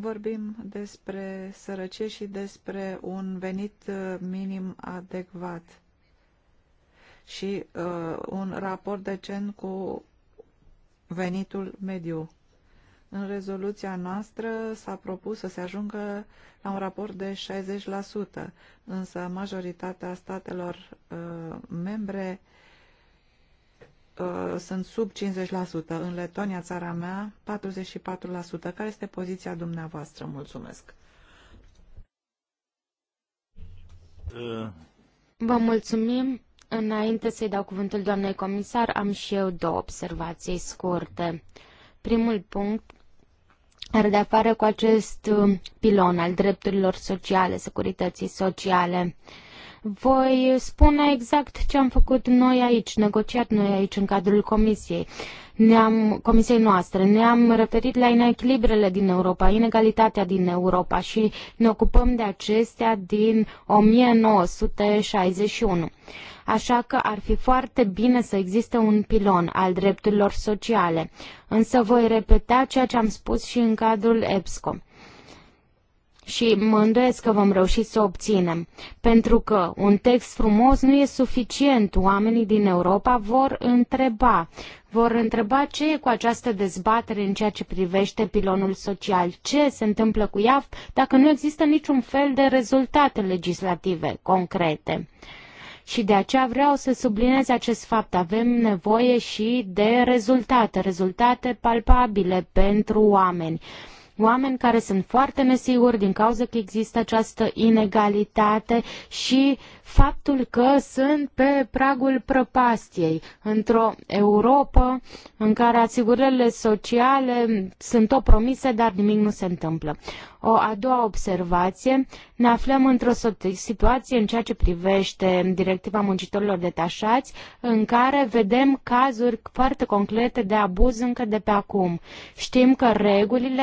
vorbim despre sărăcie și despre un venit uh, minim adecvat și uh, un raport decent cu venitul mediu. În rezoluția noastră s-a propus să se ajungă la un raport de 60%, însă majoritatea statelor uh, membre uh, Uh, sunt sub 50%, în Letonia, țara mea, 44%. Care este poziția dumneavoastră? Mulțumesc! Vă mulțumim! Înainte să-i dau cuvântul doamnei comisar, am și eu două observații scurte. Primul punct are de-a face cu acest uh, pilon al drepturilor sociale, securității sociale. Uh, voi spune exact ce am făcut noi aici, negociat noi aici în cadrul comisiei. Ne-am, comisiei noastre, ne-am referit la inechilibrele din Europa, inegalitatea din Europa și ne ocupăm de acestea din 1961 așa că ar fi foarte bine să existe un pilon al drepturilor sociale. Însă voi repeta ceea ce am spus și în cadrul EPSCO și mă îndoiesc că vom reuși să o obținem, pentru că un text frumos nu e suficient. Oamenii din Europa vor întreba, vor întreba ce e cu această dezbatere în ceea ce privește pilonul social, ce se întâmplă cu ea dacă nu există niciun fel de rezultate legislative concrete și de aceea vreau să subliniez acest fapt. Avem nevoie și de rezultate, rezultate palpabile pentru oameni oameni care sunt foarte nesiguri din cauza că există această inegalitate și faptul că sunt pe pragul prăpastiei, într-o Europa în care asigurările sociale sunt o promise, dar nimic nu se întâmplă. O a doua observație, ne aflăm într-o situație în ceea ce privește directiva muncitorilor detașați, în care vedem cazuri foarte concrete de abuz încă de pe acum. Știm că regulile,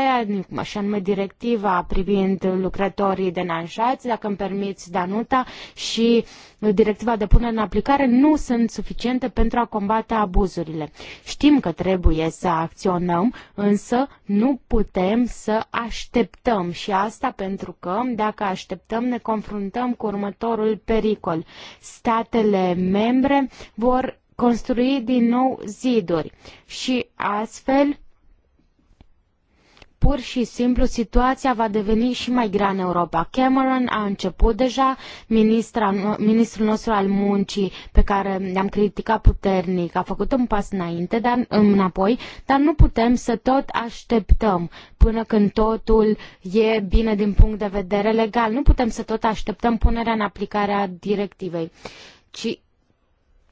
așa anume directiva privind lucrătorii denanșați, dacă îmi permiți, Danuta, și directiva de punere în aplicare nu sunt suficiente pentru a combate abuzurile. Știm că trebuie să acționăm, însă nu putem să așteptăm și asta pentru că dacă așteptăm ne confruntăm cu următorul pericol. Statele membre vor construi din nou ziduri și astfel pur și simplu situația va deveni și mai grea în Europa. Cameron a început deja, ministra, ministrul nostru al muncii, pe care l-am criticat puternic, a făcut un pas înainte, dar înapoi, dar nu putem să tot așteptăm până când totul e bine din punct de vedere legal. Nu putem să tot așteptăm punerea în aplicare a directivei. Ci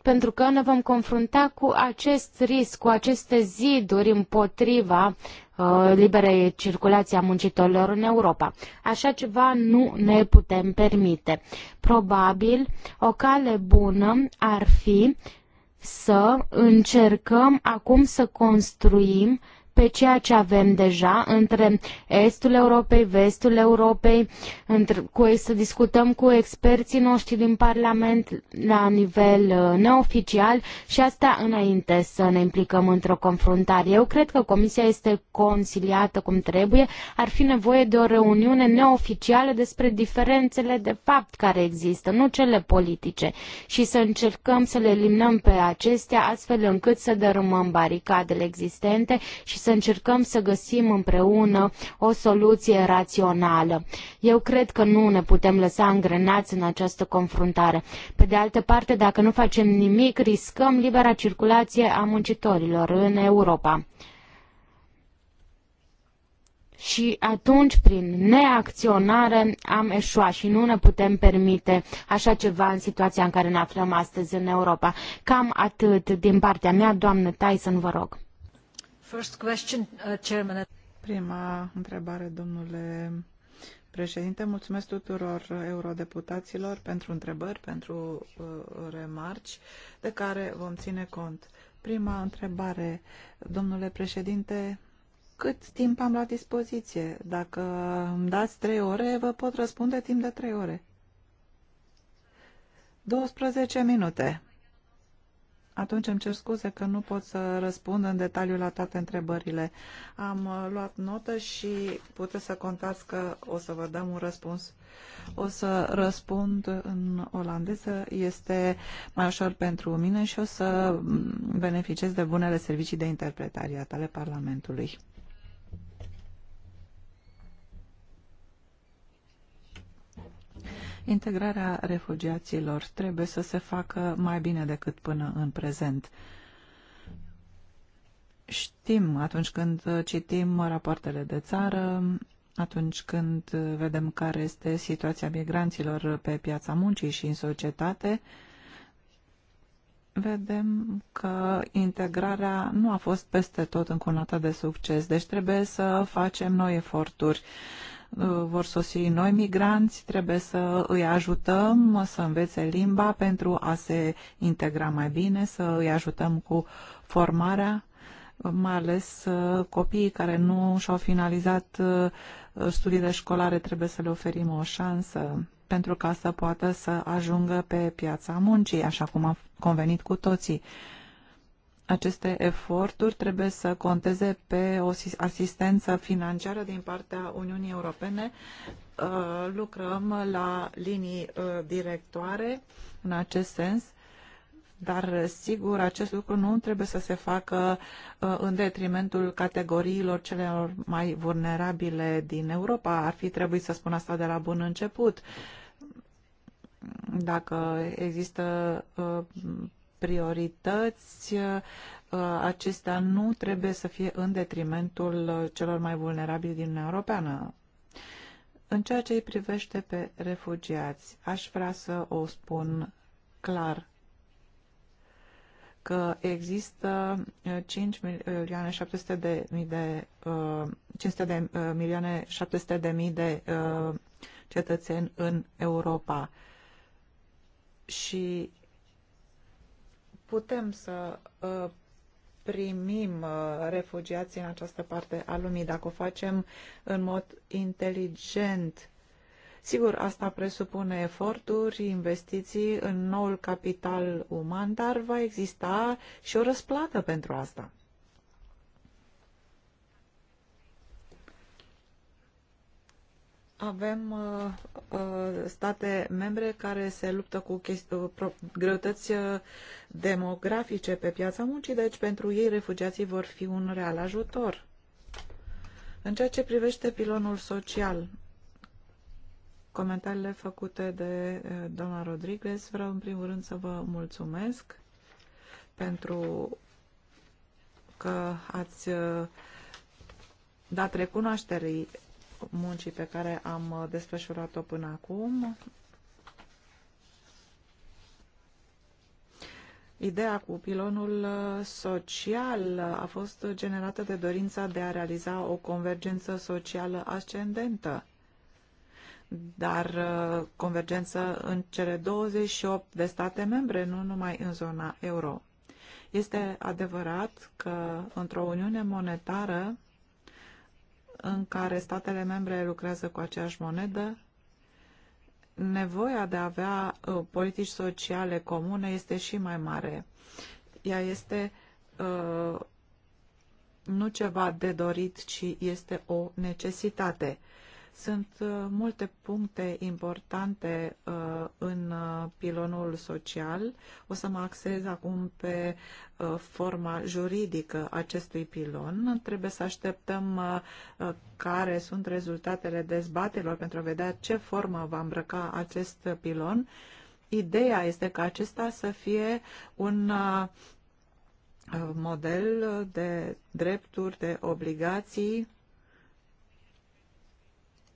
pentru că ne vom confrunta cu acest risc, cu aceste ziduri împotriva libere uh, liberei circulații a muncitorilor în Europa. Așa ceva nu ne putem permite. Probabil o cale bună ar fi să încercăm acum să construim pe ceea ce avem deja între estul Europei, vestul Europei, între, cu, să discutăm cu experții noștri din Parlament la nivel uh, neoficial și asta înainte să ne implicăm într-o confruntare. Eu cred că Comisia este consiliată cum trebuie. Ar fi nevoie de o reuniune neoficială despre diferențele de fapt care există, nu cele politice, și să încercăm să le eliminăm pe acestea astfel încât să dărâmăm baricadele existente și să încercăm să găsim împreună o soluție rațională. Eu cred că nu ne putem lăsa îngrenați în această confruntare. Pe de altă parte, dacă nu facem nimic, riscăm libera circulație a muncitorilor în Europa. Și atunci, prin neacționare, am eșuat și nu ne putem permite așa ceva în situația în care ne aflăm astăzi în Europa. Cam atât din partea mea, doamnă Tyson, vă rog. Uh, Prima întrebare, domnule președinte. Mulțumesc tuturor eurodeputaților pentru întrebări, pentru uh, remarci, de care vom ține cont. Prima întrebare, domnule președinte, cât timp am la dispoziție? Dacă îmi dați trei ore, vă pot răspunde timp de trei ore. 12 minute. Atunci îmi cer scuze că nu pot să răspund în detaliu la toate întrebările. Am uh, luat notă și puteți să contați că o să vă dăm un răspuns. O să răspund în olandeză, este mai ușor pentru mine și o să mm, beneficiez de bunele servicii de interpretariat ale Parlamentului. Integrarea refugiaților trebuie să se facă mai bine decât până în prezent. Știm atunci când citim rapoartele de țară, atunci când vedem care este situația migranților pe piața muncii și în societate, vedem că integrarea nu a fost peste tot încunată de succes, deci trebuie să facem noi eforturi Uh, vor sosi noi migranți, trebuie să îi ajutăm să învețe limba pentru a se integra mai bine, să îi ajutăm cu formarea, mai ales uh, copiii care nu și-au finalizat uh, studiile școlare, trebuie să le oferim o șansă pentru ca să poată să ajungă pe piața muncii, așa cum am convenit cu toții aceste eforturi trebuie să conteze pe o asistență financiară din partea Uniunii Europene. Uh, lucrăm la linii uh, directoare în acest sens, dar sigur acest lucru nu trebuie să se facă uh, în detrimentul categoriilor celor mai vulnerabile din Europa. Ar fi trebuit să spun asta de la bun început. Dacă există priorități, uh, acestea nu trebuie să fie în detrimentul celor mai vulnerabili din Uniunea Europeană. În ceea ce îi privește pe refugiați, aș vrea să o spun clar că există 5 milioane 700 de mii de 500 uh, de uh, milioane 700 de mii de cetățeni în Europa și putem să uh, primim uh, refugiații în această parte a lumii, dacă o facem în mod inteligent. Sigur, asta presupune eforturi, investiții în noul capital uman, dar va exista și o răsplată pentru asta. Avem uh, uh, state membre care se luptă cu uh, greutăți uh, demografice pe piața muncii, deci pentru ei refugiații vor fi un real ajutor. În ceea ce privește pilonul social, comentariile făcute de doamna Rodriguez, vreau în primul rând să vă mulțumesc pentru că ați dat recunoașterii muncii pe care am uh, desfășurat-o până acum. Ideea cu pilonul uh, social uh, a fost generată de dorința de a realiza o convergență socială ascendentă, dar convergență în cele 28 de state membre, nu numai în zona euro. Este adevărat că într-o uniune monetară în care statele membre lucrează cu aceeași monedă, nevoia de a avea uh, politici sociale comune este și mai mare. Ea este uh, nu ceva de dorit, ci este o necesitate. Sunt uh, multe puncte importante uh, în uh, pilonul social. O să mă axez acum pe forma juridică acestui pilon. Trebuie să așteptăm care sunt rezultatele dezbatelor pentru a vedea ce formă va îmbrăca acest pilon. Ideea este ca acesta să fie un model de drepturi, de obligații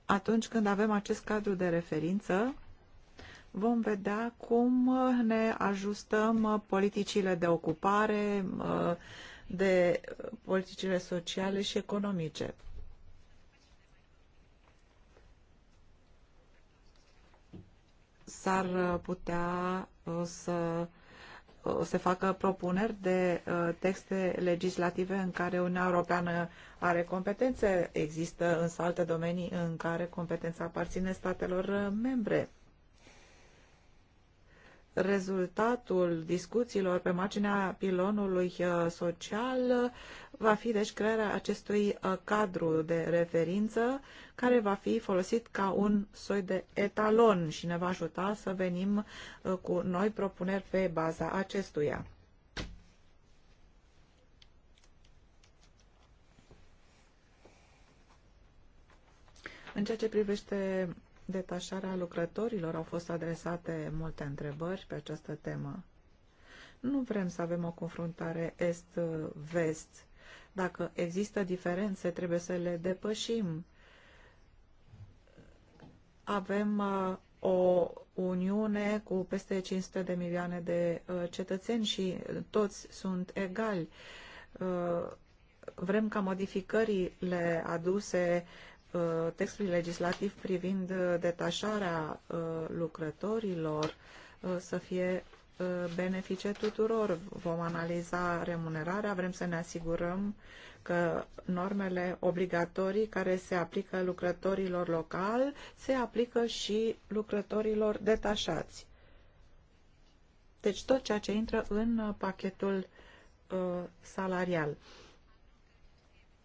atunci când avem acest cadru de referință, vom vedea cum ne ajustăm politicile de ocupare, de politicile sociale și economice. S-ar putea uh, să se facă propuneri de uh, texte legislative în care Uniunea Europeană are competențe. Există însă alte domenii în care competența aparține statelor uh, membre. Rezultatul discuțiilor pe marginea pilonului uh, social uh, va fi deci crearea acestui uh, cadru de referință care va fi folosit ca un soi de etalon și ne va ajuta să venim cu noi propuneri pe baza acestuia. În ceea ce privește detașarea lucrătorilor au fost adresate multe întrebări pe această temă. Nu vrem să avem o confruntare est-vest. Dacă există diferențe, trebuie să le depășim. Avem uh, o Uniune cu peste 500 de milioane de uh, cetățeni și toți sunt egali uh, vrem ca modificările aduse Uh, textului legislativ privind uh, detașarea uh, lucrătorilor să fie benefice tuturor. Vom analiza remunerarea, vrem să ne asigurăm că normele obligatorii care se aplică lucrătorilor local se aplică și lucrătorilor detașați. Deci tot ceea ce intră în pachetul uh, salarial.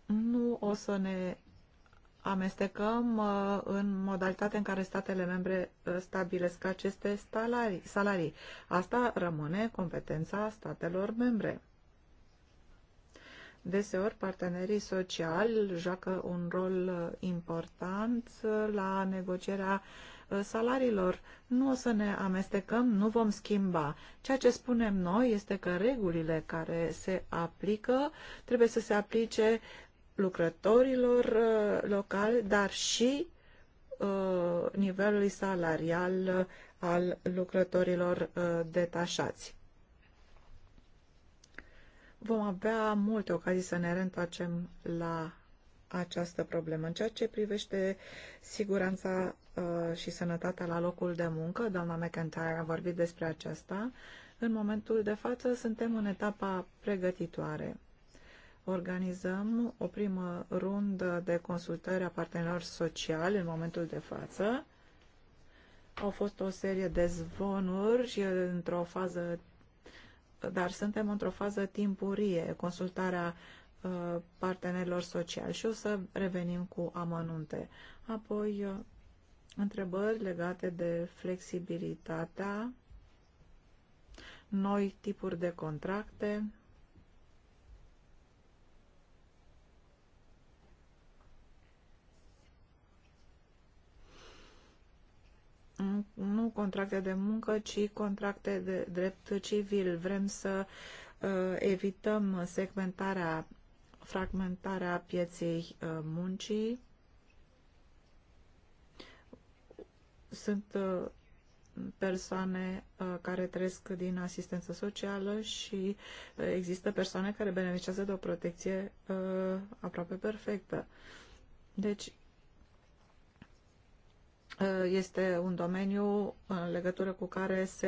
Nu o să ne amestecăm uh, în modalitatea în care statele membre uh, stabilesc aceste salarii. Asta rămâne competența statelor membre. Deseori, partenerii sociali joacă un rol uh, important la negocierea salariilor. Nu o să ne amestecăm, nu vom schimba. Ceea ce spunem noi este că regulile care se aplică trebuie să se aplice lucrătorilor uh, locali, dar și uh, nivelului salarial uh, al lucrătorilor detașați. Vom avea multe ocazii să ne reîntoarcem la această problemă. În ceea ce privește siguranța și sănătatea la locul de muncă, doamna McIntyre a vorbit despre aceasta, în momentul de față suntem în etapa pregătitoare organizăm o primă rundă de consultări a partenerilor sociali în momentul de față. Au fost o serie de zvonuri și într-o fază, dar suntem într-o fază timpurie, consultarea uh, partenerilor sociali și o să revenim cu amănunte. Apoi, uh, întrebări legate de flexibilitatea, noi tipuri de contracte, nu contracte de muncă, ci contracte de drept civil. Vrem să uh, evităm segmentarea, fragmentarea pieței uh, muncii. Sunt uh, persoane care trăiesc din asistență socială și există persoane care beneficiază de o protecție aproape perfectă. Deci, Eh, este un domeniu în legătură cu care se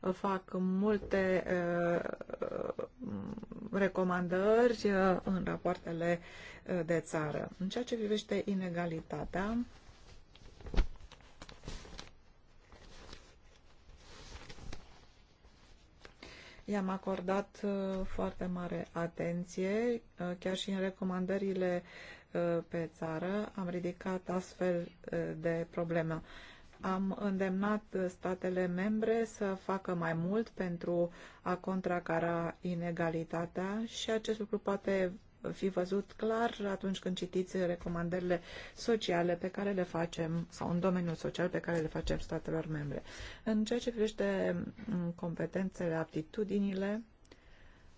eh, fac multe eh, recomandări în rapoartele de țară. În ceea ce privește inegalitatea, i-am acordat foarte mare atenție, chiar și în recomandările Uh, pe țară, am ridicat astfel uh, de problemă. Am îndemnat statele membre să facă mai mult pentru a contracara inegalitatea și acest lucru poate fi văzut clar atunci când citiți recomandările sociale pe care le facem sau în domeniul social pe care le facem statelor membre. În ceea ce privește mm, competențele, aptitudinile,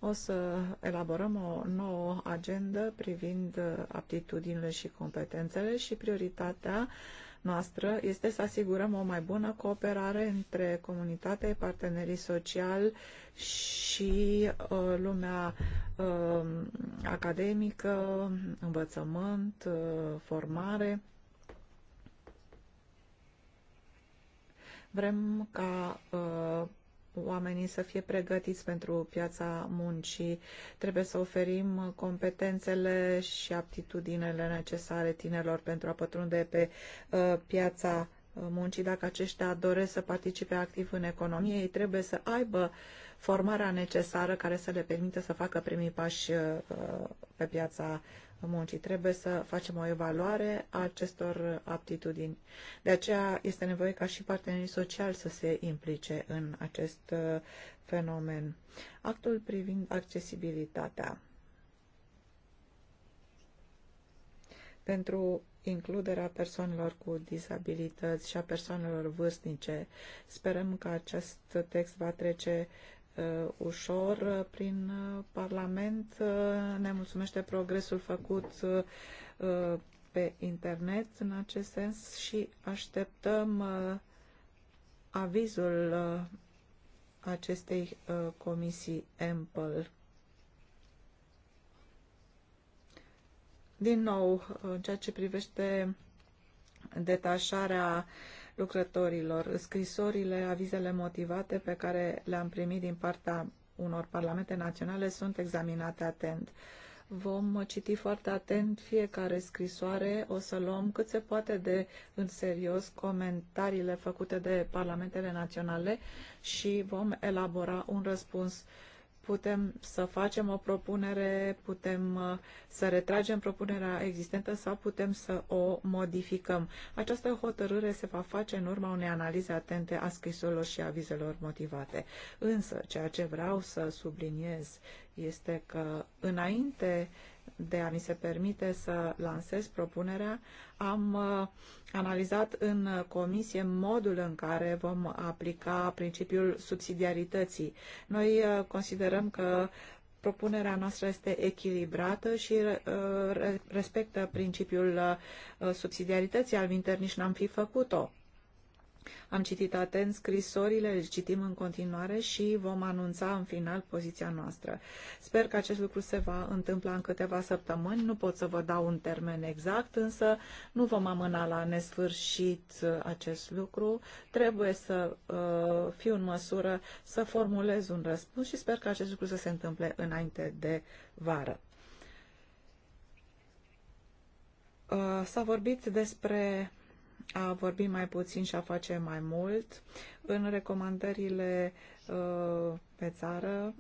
o să elaborăm o nouă agendă privind uh, aptitudinile și competențele și prioritatea noastră este să asigurăm o mai bună cooperare între comunitate, partenerii sociali și uh, lumea uh, academică, învățământ, uh, formare. Vrem ca uh, oamenii să fie pregătiți pentru piața muncii. Trebuie să oferim competențele și aptitudinile necesare tinerilor pentru a pătrunde pe uh, piața uh, muncii. Dacă aceștia doresc să participe activ în economie, ei trebuie să aibă formarea necesară care să le permită să facă primii pași uh, pe piața muncii. Trebuie să facem o evaluare a acestor aptitudini. De aceea este nevoie ca și partenerii sociali să se implice în acest uh, fenomen. Actul privind accesibilitatea. Pentru includerea persoanelor cu dizabilități și a persoanelor vârstnice. Sperăm că acest text va trece Uh, ușor uh, prin uh, Parlament. Ne mulțumește progresul făcut pe internet în acest sens și așteptăm avizul acestei comisii Ample. Din nou, în ceea ce privește detașarea uh, lucrătorilor. Scrisorile, avizele motivate pe care le-am primit din partea unor parlamente naționale sunt examinate atent. Vom citi foarte atent fiecare scrisoare, o să luăm cât se poate de în serios comentariile făcute de parlamentele naționale și vom elabora un răspuns uh, putem să facem o propunere, putem uh, să retragem propunerea existentă sau putem să o modificăm. Această hotărâre se va face în urma unei analize atente a scrisorilor și avizelor motivate. Însă, ceea ce vreau să subliniez este că înainte de a mi se permite să lansez propunerea, am uh, analizat în comisie modul în care vom aplica principiul subsidiarității. Noi uh, considerăm că propunerea noastră este echilibrată și uh, respectă principiul subsidiarității, al nici n-am fi făcut-o. Am citit atent scrisorile, le citim în continuare și vom anunța în final poziția noastră. Sper că acest lucru se va întâmpla în câteva săptămâni. Nu pot să vă dau un termen exact, însă nu vom amâna la nesfârșit uh, acest lucru. Trebuie să uh, fiu în măsură să formulez un răspuns și sper că acest lucru să se întâmple înainte de vară. Uh, s-a vorbit despre a vorbi mai puțin și a face mai mult. În recomandările uh, pe țară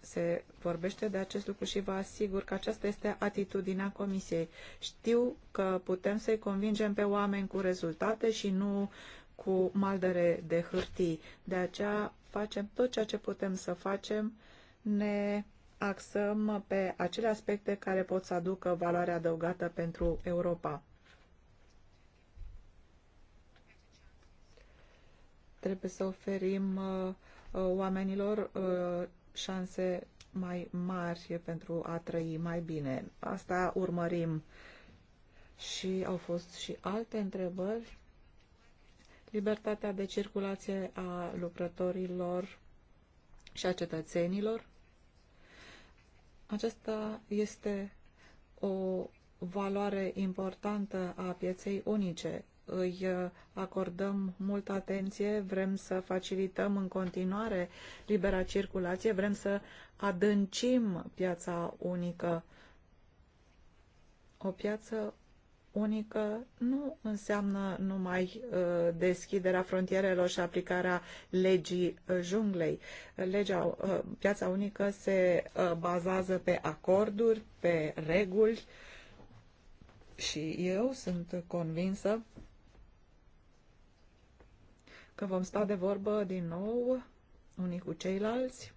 se vorbește de acest lucru și vă asigur că aceasta este atitudinea Comisiei. Știu că putem să-i convingem pe oameni cu rezultate și nu cu maldere de hârtii. De aceea facem tot ceea ce putem să facem, ne axăm pe acele aspecte care pot să aducă valoare adăugată pentru Europa. Trebuie să oferim uh, uh, oamenilor uh, șanse mai mari pentru a trăi mai bine. Asta urmărim. Și au fost și alte întrebări. Libertatea de circulație a lucrătorilor și a cetățenilor. Aceasta este o valoare importantă a pieței unice îi uh, acordăm multă atenție, vrem să facilităm în continuare libera circulație, vrem să adâncim piața unică. O piață unică nu înseamnă numai uh, deschiderea frontierelor și aplicarea legii uh, junglei. Legea, piața unică se bazează pe acorduri, pe reguli și eu sunt convinsă că vom sta de vorbă din nou unii cu ceilalți.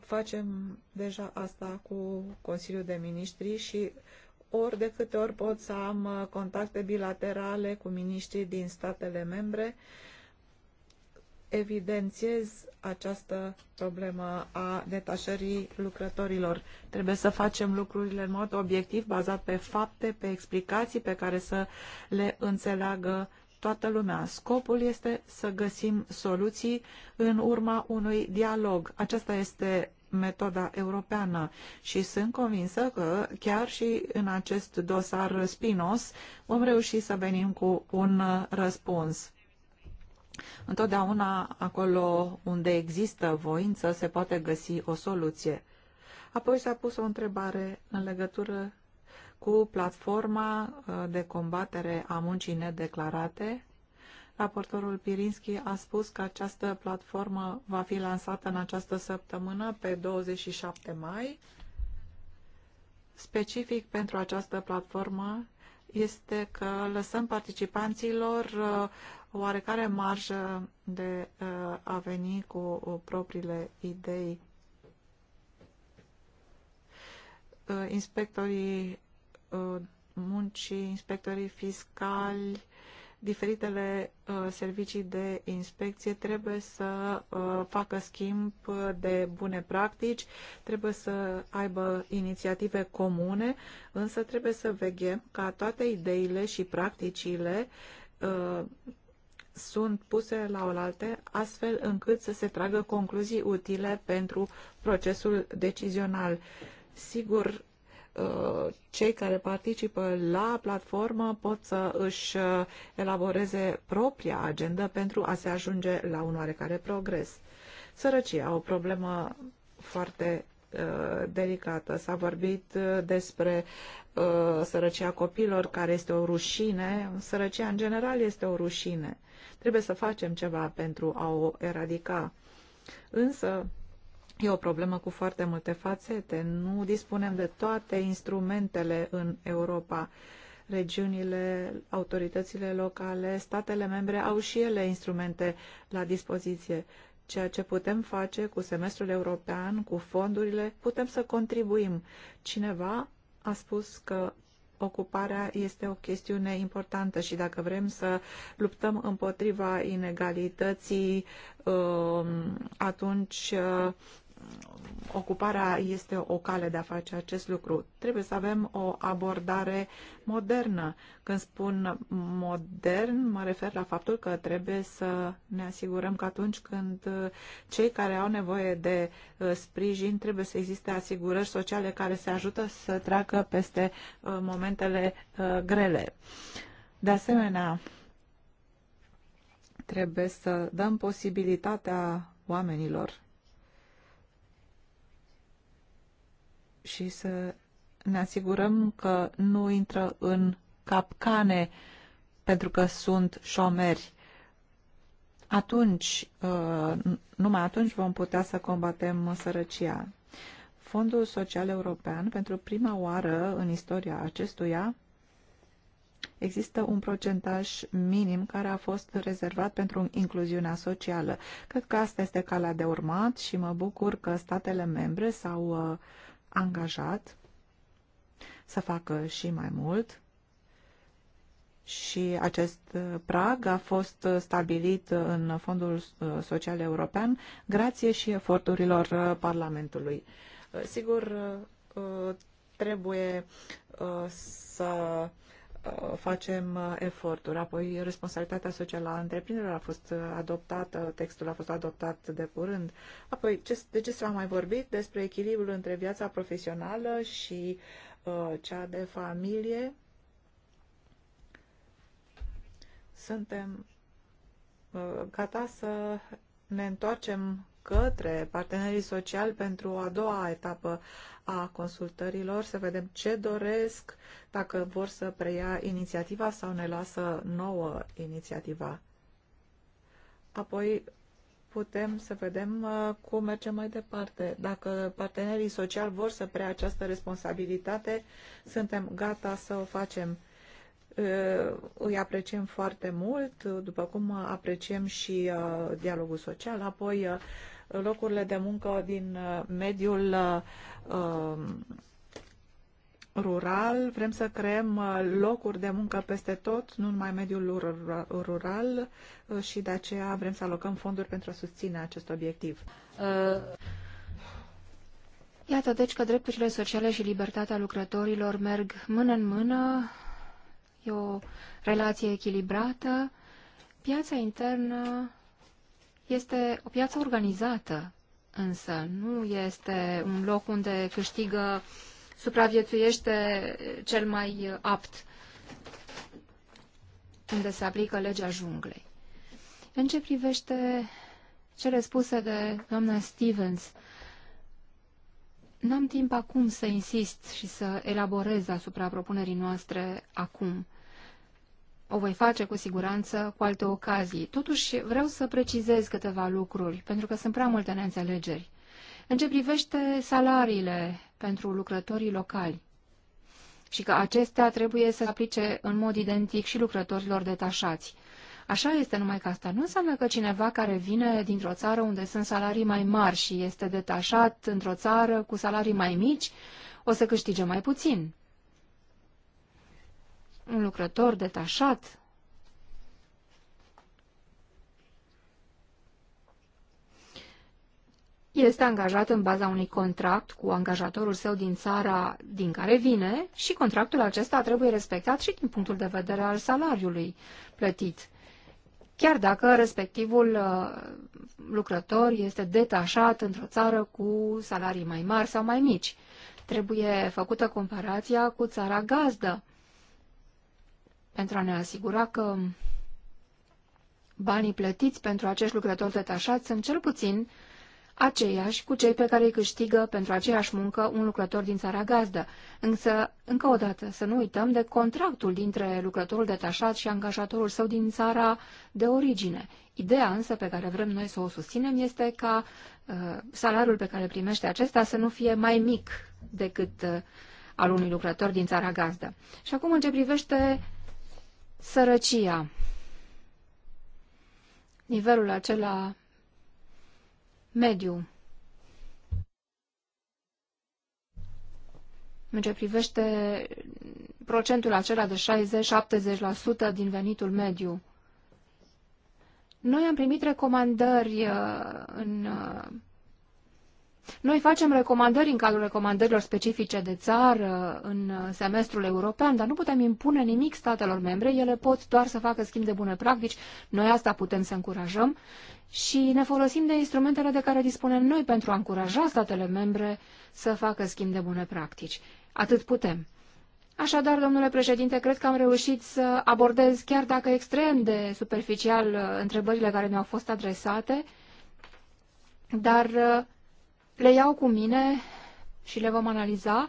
Facem deja asta cu Consiliul de Ministri și ori de câte ori pot să am contacte bilaterale cu miniștrii din statele membre, uh, evidențiez această problemă a detașării lucrătorilor. Trebuie să facem lucrurile în mod obiectiv, bazat pe fapte, pe explicații pe care să le înțeleagă toată lumea. Scopul este să găsim soluții în urma unui dialog. Aceasta este metoda europeană și sunt convinsă că chiar și în acest dosar spinos vom reuși să venim cu un răspuns Întotdeauna acolo unde există voință se poate găsi o soluție. Apoi s-a pus o întrebare în legătură cu platforma uh, de combatere a muncii nedeclarate. Raportorul Pirinski a spus că această platformă va fi lansată în această săptămână, pe 27 mai. Specific pentru această platformă este că lăsăm participanților uh, oarecare marjă de uh, a veni cu uh, propriile idei. Uh, inspectorii muncii, inspectorii fiscali, diferitele servicii de inspecție trebuie să facă schimb de bune practici, trebuie să aibă inițiative comune, însă trebuie să veghem ca toate ideile și practicile sunt puse la oaltă astfel încât să se tragă concluzii utile pentru procesul decizional. Sigur, uh, cei care participă la platformă pot să își uh, elaboreze propria agendă pentru a se ajunge la un oarecare progres. Sărăcia, o problemă foarte uh, delicată. S-a vorbit despre uh, sărăcia copilor, care este o rușine. Sărăcia, în general, este o rușine. Trebuie să facem ceva pentru a o eradica. Însă, E o problemă cu foarte multe fațete. Nu dispunem de toate instrumentele în Europa. Regiunile, autoritățile locale, statele membre au și ele instrumente la dispoziție. Ceea ce putem face cu semestrul european, cu fondurile, putem să contribuim. Cineva a spus că ocuparea este o chestiune importantă și dacă vrem să luptăm împotriva inegalității, um, atunci uh, ocuparea este o cale de a face acest lucru. Trebuie să avem o abordare modernă. Când spun modern, mă refer la faptul că trebuie să ne asigurăm că atunci când uh, cei care au nevoie de uh, sprijin, trebuie să existe asigurări sociale care se ajută să treacă peste uh, momentele grele. De asemenea, trebuie să dăm posibilitatea oamenilor și să ne asigurăm că nu intră în capcane pentru că sunt șomeri. Atunci, uh, numai atunci vom putea să combatem sărăcia. Fondul Social European, pentru prima oară în istoria acestuia, există un procentaj minim care a fost rezervat pentru incluziunea socială. Cred că asta este calea de urmat și mă bucur că statele membre s-au uh, angajat să facă și mai mult și acest prag a fost stabilit în Fondul Social European grație și eforturilor Parlamentului. Sigur, trebuie uh, să Uh, facem uh, eforturi. Apoi, responsabilitatea socială a întreprinderilor a fost uh, adoptată, textul a fost adoptat de curând. Apoi, ce, de ce s-a mai vorbit? Despre echilibrul între viața profesională și uh, cea de familie. Suntem uh, gata să ne întoarcem către partenerii sociali pentru a doua etapă a consultărilor, să vedem ce doresc, dacă vor să preia inițiativa sau ne lasă nouă inițiativa. Apoi putem să vedem uh, cum mergem mai departe. Dacă partenerii sociali vor să preia această responsabilitate, suntem gata să o facem uh, îi apreciem foarte mult, după cum apreciem și uh, dialogul social, apoi locurile de muncă din uh, mediul uh, um, rural, vrem să creăm uh, locuri de muncă peste tot, nu numai mediul rural și de aceea vrem să alocăm fonduri pentru a susține acest obiectiv. Iată deci că drepturile sociale și libertatea lucrătorilor merg mână în mână, e o relație echilibrată, piața internă este o piață organizată, însă nu este un loc unde câștigă, supraviețuiește cel mai apt, unde se aplică legea junglei. În ce privește cele spuse de doamna Stevens, n-am timp acum să insist și să elaborez asupra propunerii noastre acum – o voi face cu siguranță cu alte ocazii. Totuși, vreau să precizez câteva lucruri, pentru că sunt prea multe neînțelegeri. În ce privește salariile pentru lucrătorii locali și că acestea trebuie să se aplice în mod identic și lucrătorilor detașați. Așa este numai că asta nu înseamnă că cineva care vine dintr-o țară unde sunt salarii mai mari și este detașat într-o țară cu salarii mai mici, o să câștige mai puțin un lucrător detașat este angajat în baza unui contract cu angajatorul său din țara din care vine și contractul acesta trebuie respectat și din punctul de vedere al salariului plătit. Chiar dacă respectivul uh, lucrător este detașat într-o țară cu salarii mai mari sau mai mici, trebuie făcută comparația cu țara gazdă pentru a ne asigura că banii plătiți pentru acești lucrători detașați sunt cel puțin aceiași cu cei pe care îi câștigă pentru aceeași muncă un lucrător din țara gazdă. Însă, încă o dată, să nu uităm de contractul dintre lucrătorul detașat și angajatorul său din țara de origine. Ideea însă pe care vrem noi să o susținem este ca uh, salariul pe care primește acesta să nu fie mai mic decât uh, al unui lucrător din țara gazdă. Și acum, în ce privește Sărăcia. Nivelul acela mediu. În ce privește procentul acela de 60-70% din venitul mediu. Noi am primit recomandări uh, în uh, noi facem recomandări în cadrul recomandărilor specifice de țară în semestrul european, dar nu putem impune nimic statelor membre, ele pot doar să facă schimb de bune practici, noi asta putem să încurajăm și ne folosim de instrumentele de care dispunem noi pentru a încuraja statele membre să facă schimb de bune practici. Atât putem. Așadar, domnule președinte, cred că am reușit să abordez, chiar dacă extrem de superficial, întrebările care mi-au fost adresate, dar le iau cu mine și le vom analiza,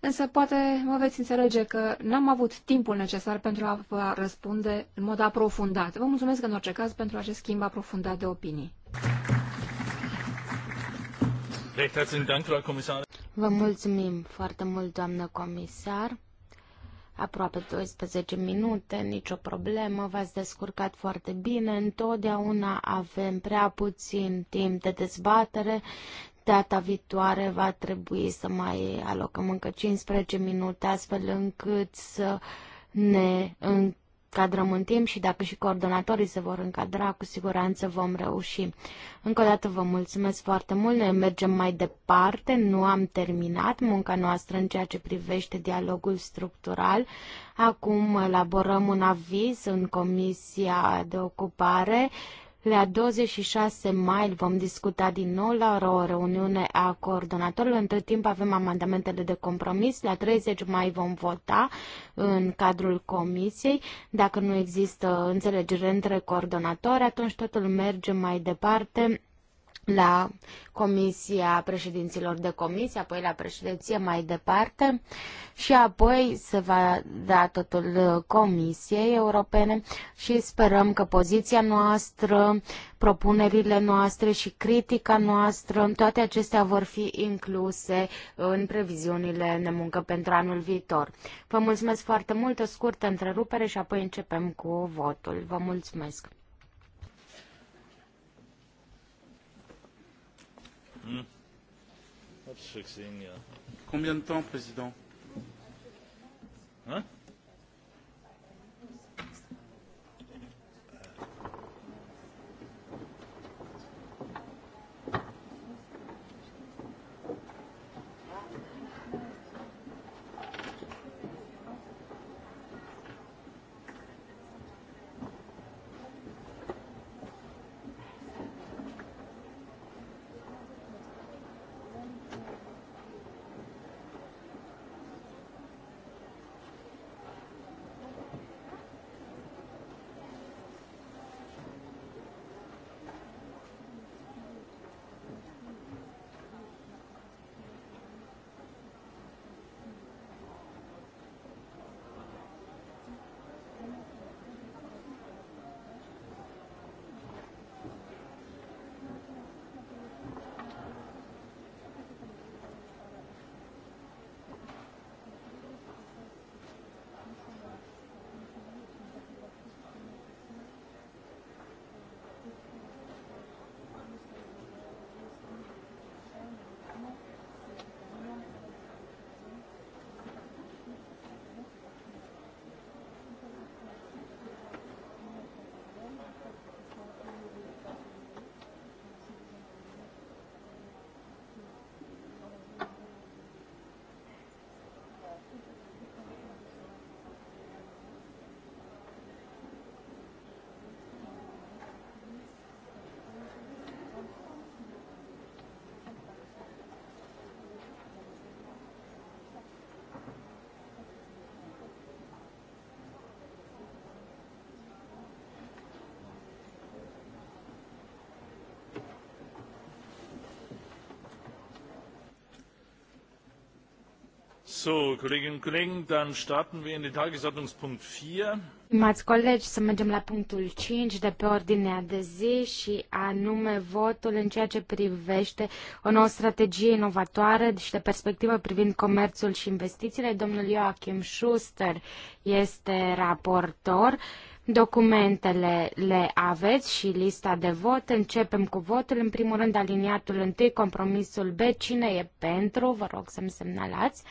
însă poate mă veți înțelege că n-am avut timpul necesar pentru a vă răspunde în mod aprofundat. Vă mulțumesc în orice caz pentru acest schimb aprofundat de opinii. Vă mulțumim foarte mult, doamnă comisar. Aproape 12 minute, nicio problemă, v-ați descurcat foarte bine. Întotdeauna avem prea puțin timp de dezbatere, Data viitoare va trebui să mai alocăm încă 15 minute astfel încât să ne încadrăm în timp și dacă și coordonatorii se vor încadra, cu siguranță vom reuși. Încă o dată vă mulțumesc foarte mult, noi mergem mai departe, nu am terminat munca noastră în ceea ce privește dialogul structural. Acum elaborăm un aviz în Comisia de Ocupare la 26 mai vom discuta din nou la o reuniune a coordonatorilor. Între timp avem amendamentele de compromis. La 30 mai vom vota în cadrul comisiei. Dacă nu există înțelegere între coordonatori, atunci totul merge mai departe la Comisia Președinților de Comisie, apoi la președinție mai departe și apoi se va da totul Comisiei Europene și sperăm că poziția noastră, propunerile noastre și critica noastră, toate acestea vor fi incluse în previziunile de muncă pentru anul viitor. Vă mulțumesc foarte mult, o scurtă întrerupere și apoi începem cu votul. Vă mulțumesc! Euh, Combien de temps, président Hein So, Kolleginnen und Kollegen, dann starten wir in den Tagesordnungspunkt 4. Stimați colegi, să mergem la punctul 5 de pe ordinea de zi și anume votul în ceea ce privește o nouă strategie inovatoare și de perspectivă privind comerțul și investițiile. Domnul Joachim Schuster este raportor. Documentele le aveți și lista de vot. Începem cu votul. În primul rând, aliniatul 1, compromisul B. Cine e pentru? Vă rog să-mi semnalați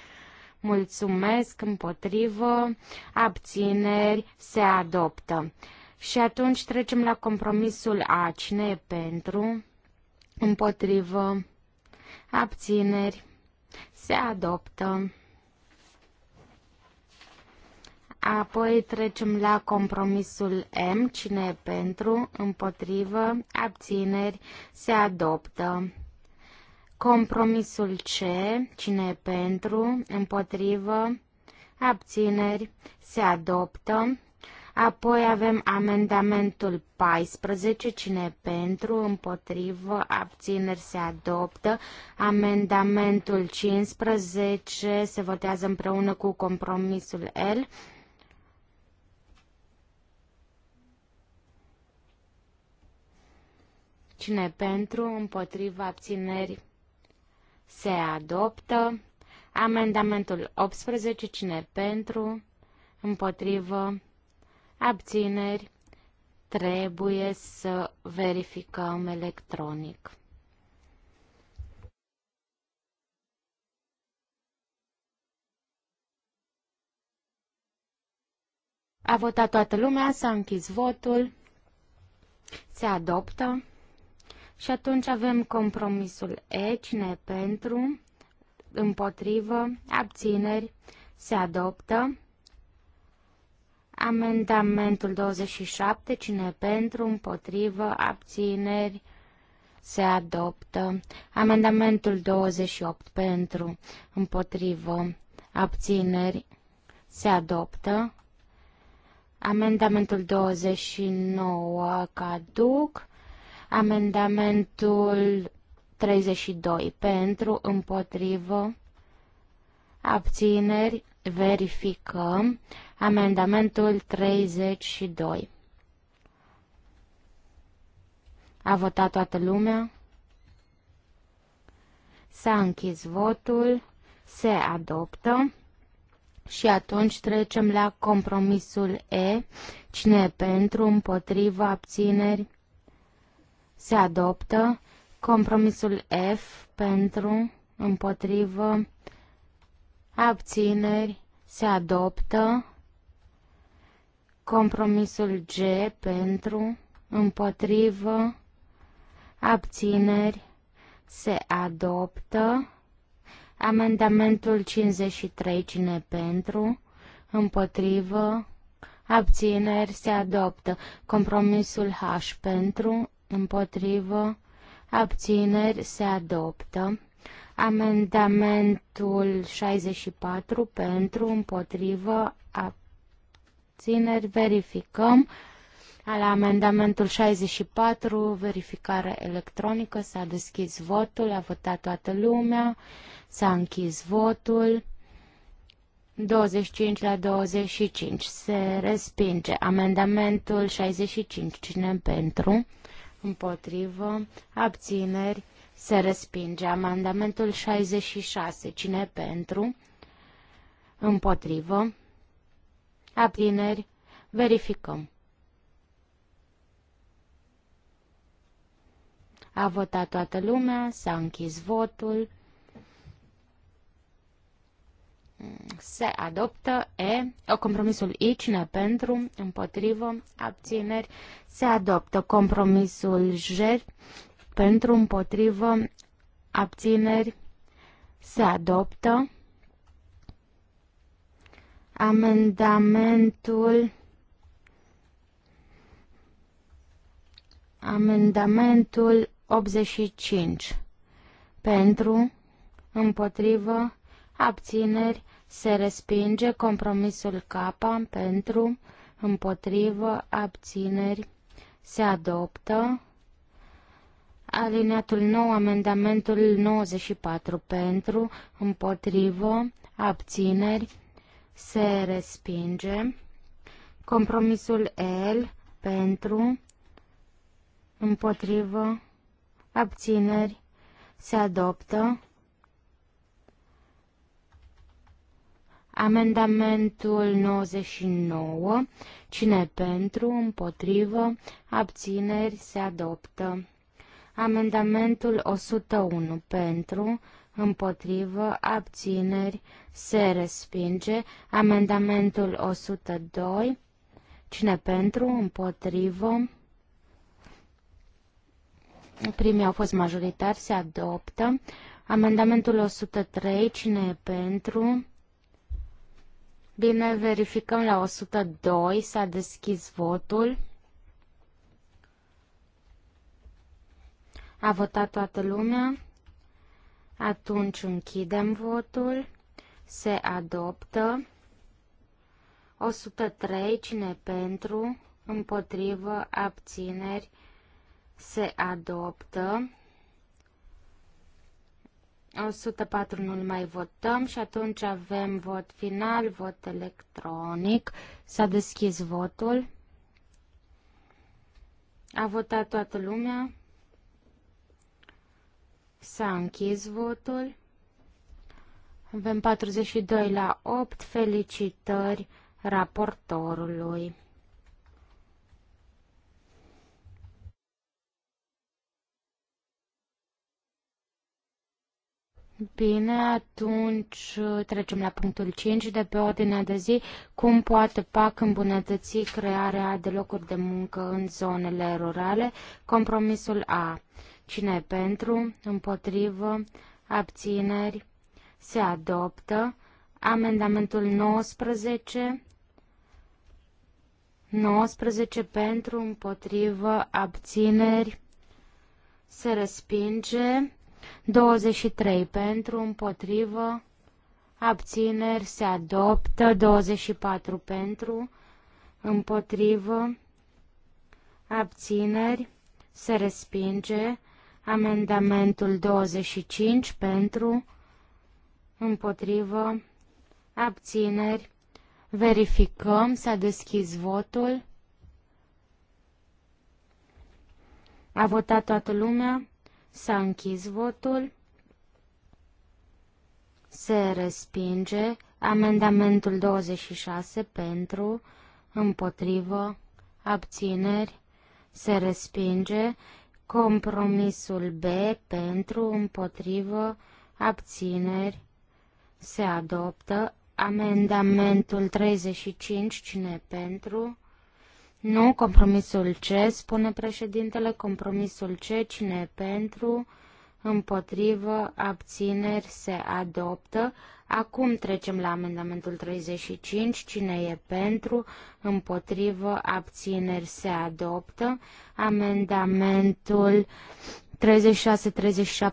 mulțumesc, împotrivă, abțineri, se adoptă. Și atunci trecem la compromisul A. Cine e pentru? Împotrivă. Abțineri. Se adoptă. Apoi trecem la compromisul M. Cine e pentru? Împotrivă. Abțineri. Se adoptă. Compromisul C, cine e pentru, împotrivă, abțineri, se adoptă. Apoi avem amendamentul 14, cine e pentru, împotrivă, abțineri se adoptă. Amendamentul 15 se votează împreună cu compromisul L. Cine e pentru, împotrivă, abțineri se adoptă. Amendamentul 18, cine pentru, împotrivă, abțineri, trebuie să verificăm electronic. A votat toată lumea, s-a închis votul, se adoptă. Și atunci avem compromisul E, cine pentru, împotrivă, abțineri, se adoptă. Amendamentul 27, cine pentru, împotrivă, abțineri, se adoptă. Amendamentul 28, pentru, împotrivă, abțineri, se adoptă. Amendamentul 29, caduc. Amendamentul 32 pentru, împotrivă, abțineri, verificăm. Amendamentul 32. A votat toată lumea? S-a închis votul, se adoptă și atunci trecem la compromisul E. Cine e pentru, împotriva, abțineri? se adoptă. Compromisul F pentru, împotrivă, abțineri, se adoptă. Compromisul G pentru, împotrivă, abțineri, se adoptă. Amendamentul 53, cine pentru, împotrivă, abțineri, se adoptă. Compromisul H pentru, împotrivă, abțineri se adoptă. Amendamentul 64 pentru, împotrivă, abțineri, verificăm. al amendamentul 64, verificare electronică, s-a deschis votul, a votat toată lumea, s-a închis votul. 25 la 25 se respinge. Amendamentul 65, cine pentru? împotrivă, abțineri, se respinge. Amendamentul 66, cine pentru, împotrivă, abțineri, verificăm. A votat toată lumea, s-a închis votul se adoptă E, compromisul I, cine pentru, împotrivă, abțineri, se adoptă compromisul J, pentru, împotrivă, abțineri, se adoptă amendamentul amendamentul 85 pentru, împotrivă, abțineri, se respinge compromisul K pentru, împotrivă, abțineri. Se adoptă. Alineatul 9, amendamentul 94 pentru, împotrivă, abțineri. Se respinge. Compromisul L pentru, împotrivă, abțineri. Se adoptă. Amendamentul 99. Cine pentru, împotrivă, abțineri se adoptă. Amendamentul 101 pentru, împotrivă, abțineri se respinge. Amendamentul 102. Cine pentru, împotrivă, primii au fost majoritari, se adoptă. Amendamentul 103, cine e pentru, Bine, verificăm la 102. S-a deschis votul. A votat toată lumea. Atunci închidem votul. Se adoptă. 103. Cine pentru? Împotrivă? Abțineri? Se adoptă. 104 nu mai votăm și atunci avem vot final, vot electronic. S-a deschis votul. A votat toată lumea. S-a închis votul. Avem 42 la 8. Felicitări raportorului. Bine, atunci uh, trecem la punctul 5 de pe ordinea de zi. Cum poate PAC îmbunătăți crearea de locuri de muncă în zonele rurale? Compromisul A. Cine e pentru, împotrivă, abțineri, se adoptă. Amendamentul 19. 19 pentru, împotrivă, abțineri, se respinge. 23 pentru, împotrivă, abțineri se adoptă, 24 pentru, împotrivă, abțineri se respinge, amendamentul 25 pentru, împotrivă, abțineri, verificăm, s-a deschis votul, a votat toată lumea, S-a închis votul. Se respinge amendamentul 26 pentru, împotrivă, abțineri. Se respinge compromisul B pentru, împotrivă, abțineri. Se adoptă amendamentul 35, cine pentru, nu, compromisul C, spune președintele, compromisul C, cine e pentru, împotrivă, abțineri, se adoptă. Acum trecem la amendamentul 35, cine e pentru, împotrivă, abțineri, se adoptă. Amendamentul 36-37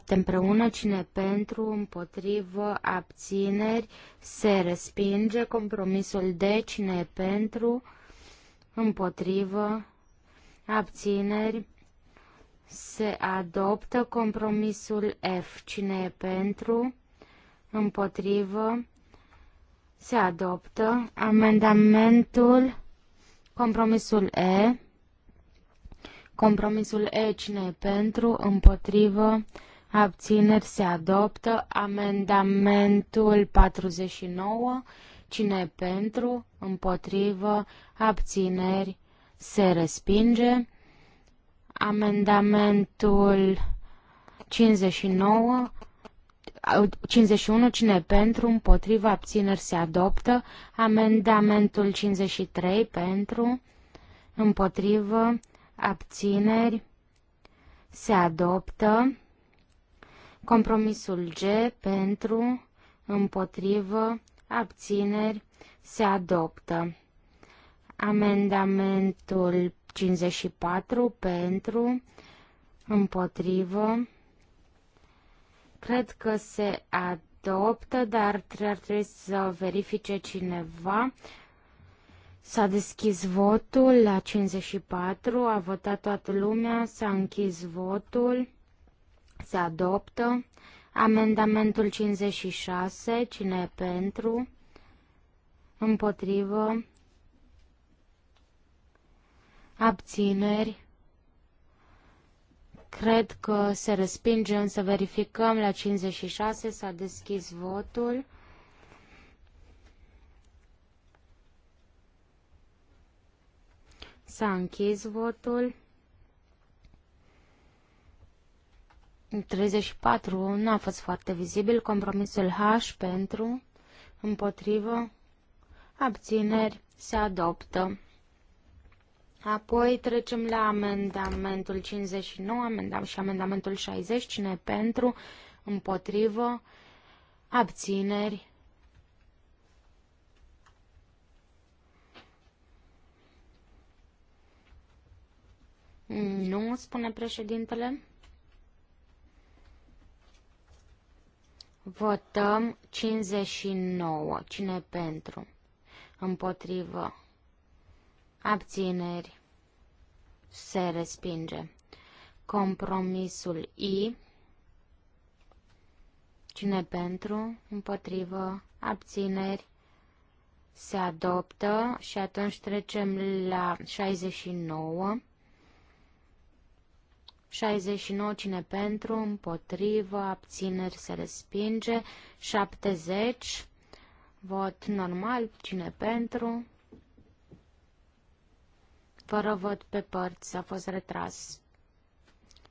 împreună, cine pentru, împotrivă, abțineri, se respinge. Compromisul D, cine e pentru, împotrivă, împotrivă, abțineri, se adoptă compromisul F. Cine e pentru, împotrivă, se adoptă amendamentul, compromisul E. Compromisul E. Cine e pentru, împotrivă, abțineri, se adoptă amendamentul 49 Cine pentru, împotrivă, abțineri, se respinge. Amendamentul 59 51, cine pentru, împotriva, abțineri se adoptă. Amendamentul 53, pentru, împotrivă, abțineri se adoptă. Compromisul G, pentru, împotrivă, abțineri, se adoptă. Amendamentul 54 pentru, împotrivă, cred că se adoptă, dar trebuie să verifice cineva. S-a deschis votul la 54, a votat toată lumea, s-a închis votul, se adoptă. Amendamentul 56, cine e pentru? Împotrivă? Abțineri? Cred că se respinge, însă verificăm la 56, s-a deschis votul. S-a închis votul. 34 nu a fost foarte vizibil. Compromisul H pentru, împotrivă, abțineri, se adoptă. Apoi trecem la amendamentul 59 amendam și amendamentul 60. Cine pentru, împotrivă, abțineri, Nu, spune președintele. Votăm 59. Cine pentru? Împotrivă. Abțineri. Se respinge. Compromisul I. Cine pentru? Împotrivă. Abțineri. Se adoptă și atunci trecem la 69. 69 cine pentru, împotrivă, abțineri se respinge, 70, vot normal, cine pentru, fără vot pe părți, a fost retras.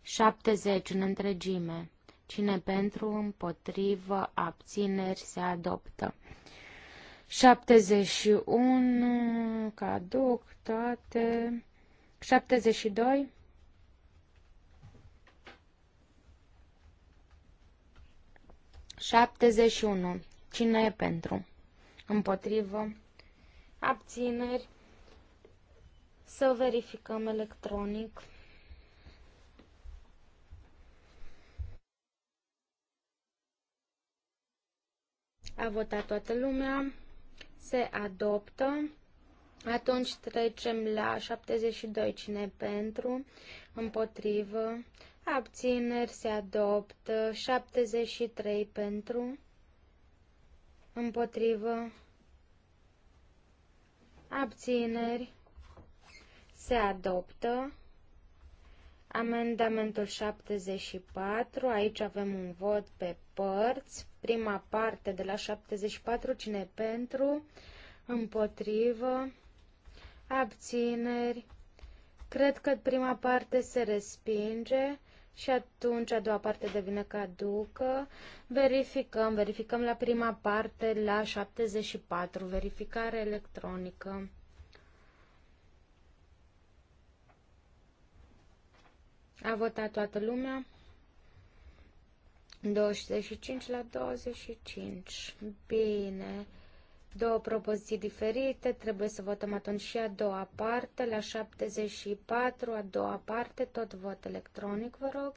70 în întregime, cine pentru, împotrivă, abțineri se adoptă. 71, caduc, toate, 72, 71. Cine e pentru? Împotrivă. Abțineri. Să verificăm electronic. A votat toată lumea. Se adoptă. Atunci trecem la 72. Cine e pentru? Împotrivă. Abțineri se adoptă. 73 pentru. Împotrivă. Abțineri se adoptă. Amendamentul 74, aici avem un vot pe părți. Prima parte de la 74, cine pentru, împotrivă, abțineri. Cred că prima parte se respinge. Și atunci a doua parte devine caducă. Verificăm, verificăm la prima parte la 74, verificare electronică. A votat toată lumea. 25 la 25. Bine două propoziții diferite, trebuie să votăm atunci și a doua parte, la 74, a doua parte, tot vot electronic, vă rog.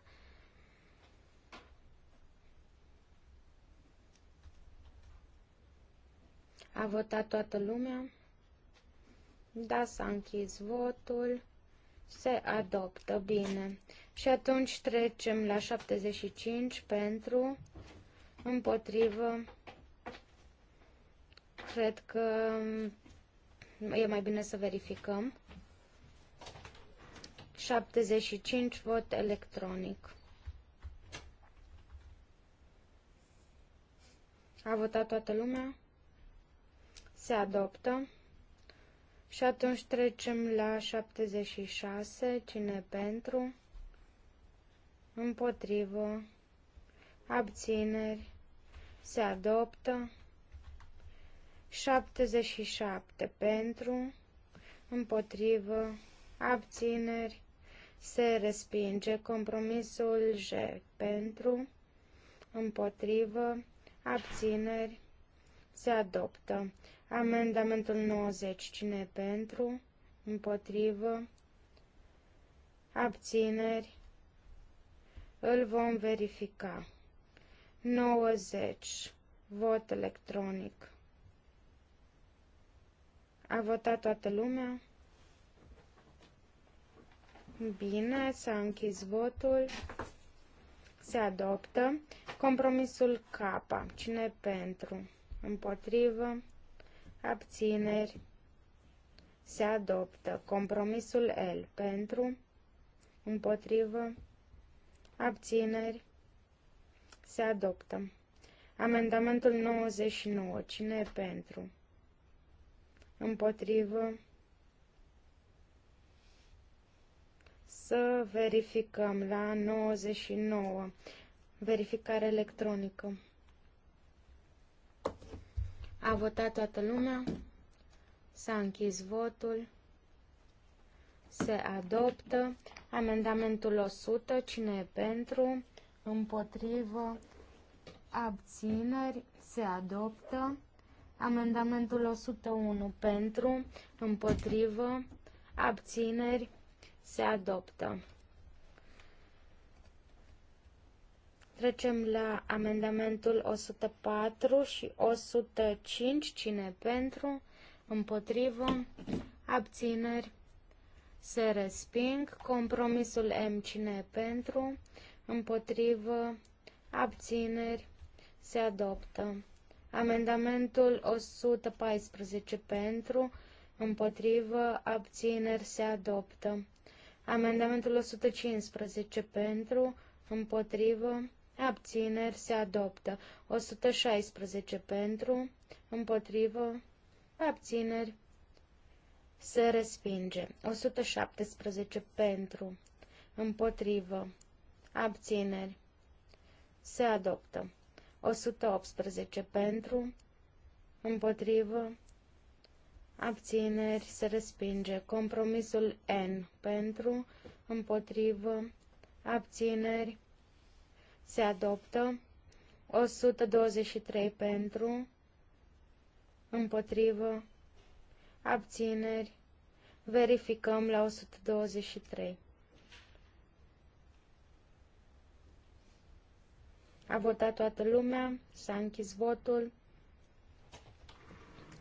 A votat toată lumea? Da, s-a închis votul. Se adoptă, bine. Și atunci trecem la 75 pentru, împotrivă, Cred că e mai bine să verificăm. 75 vot electronic. A votat toată lumea? Se adoptă. Și atunci trecem la 76. Cine pentru? Împotrivă. Abțineri. Se adoptă. 77 pentru, împotrivă, abțineri, se respinge compromisul J pentru, împotrivă, abțineri, se adoptă. Amendamentul 90, cine pentru, împotrivă, abțineri, îl vom verifica. 90, vot electronic. A votat toată lumea? Bine, s-a închis votul. Se adoptă. Compromisul K. Cine pentru? Împotrivă? Abțineri? Se adoptă. Compromisul L. Pentru? Împotrivă? Abțineri? Se adoptă. Amendamentul 99. Cine e pentru? împotrivă. Să verificăm la 99. Verificare electronică. A votat toată lumea. S-a închis votul. Se adoptă. Amendamentul 100. Cine e pentru? Împotrivă. Abțineri. Se adoptă. Amendamentul 101 pentru, împotrivă, abțineri, se adoptă. Trecem la amendamentul 104 și 105, cine pentru, împotrivă, abțineri, se resping, compromisul M, cine pentru, împotrivă, abțineri, se adoptă. Amendamentul 114 pentru, împotrivă, abțineri se adoptă. Amendamentul 115 pentru, împotrivă, abțineri se adoptă. 116 pentru, împotrivă, abțineri se respinge. 117 pentru, împotrivă, abțineri se adoptă. 118 pentru, împotrivă, abțineri, se respinge. Compromisul N pentru, împotrivă, abțineri, se adoptă. 123 pentru, împotrivă, abțineri, verificăm la 123. A votat toată lumea, s-a închis votul,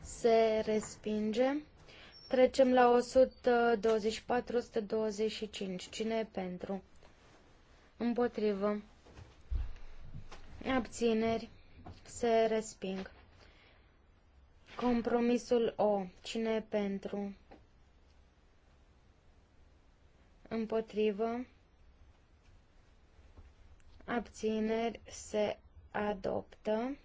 se respinge. Trecem la 124-125. Cine e pentru? Împotrivă. Abțineri. Se resping. Compromisul O. Cine e pentru? Împotrivă abțineri se adoptă.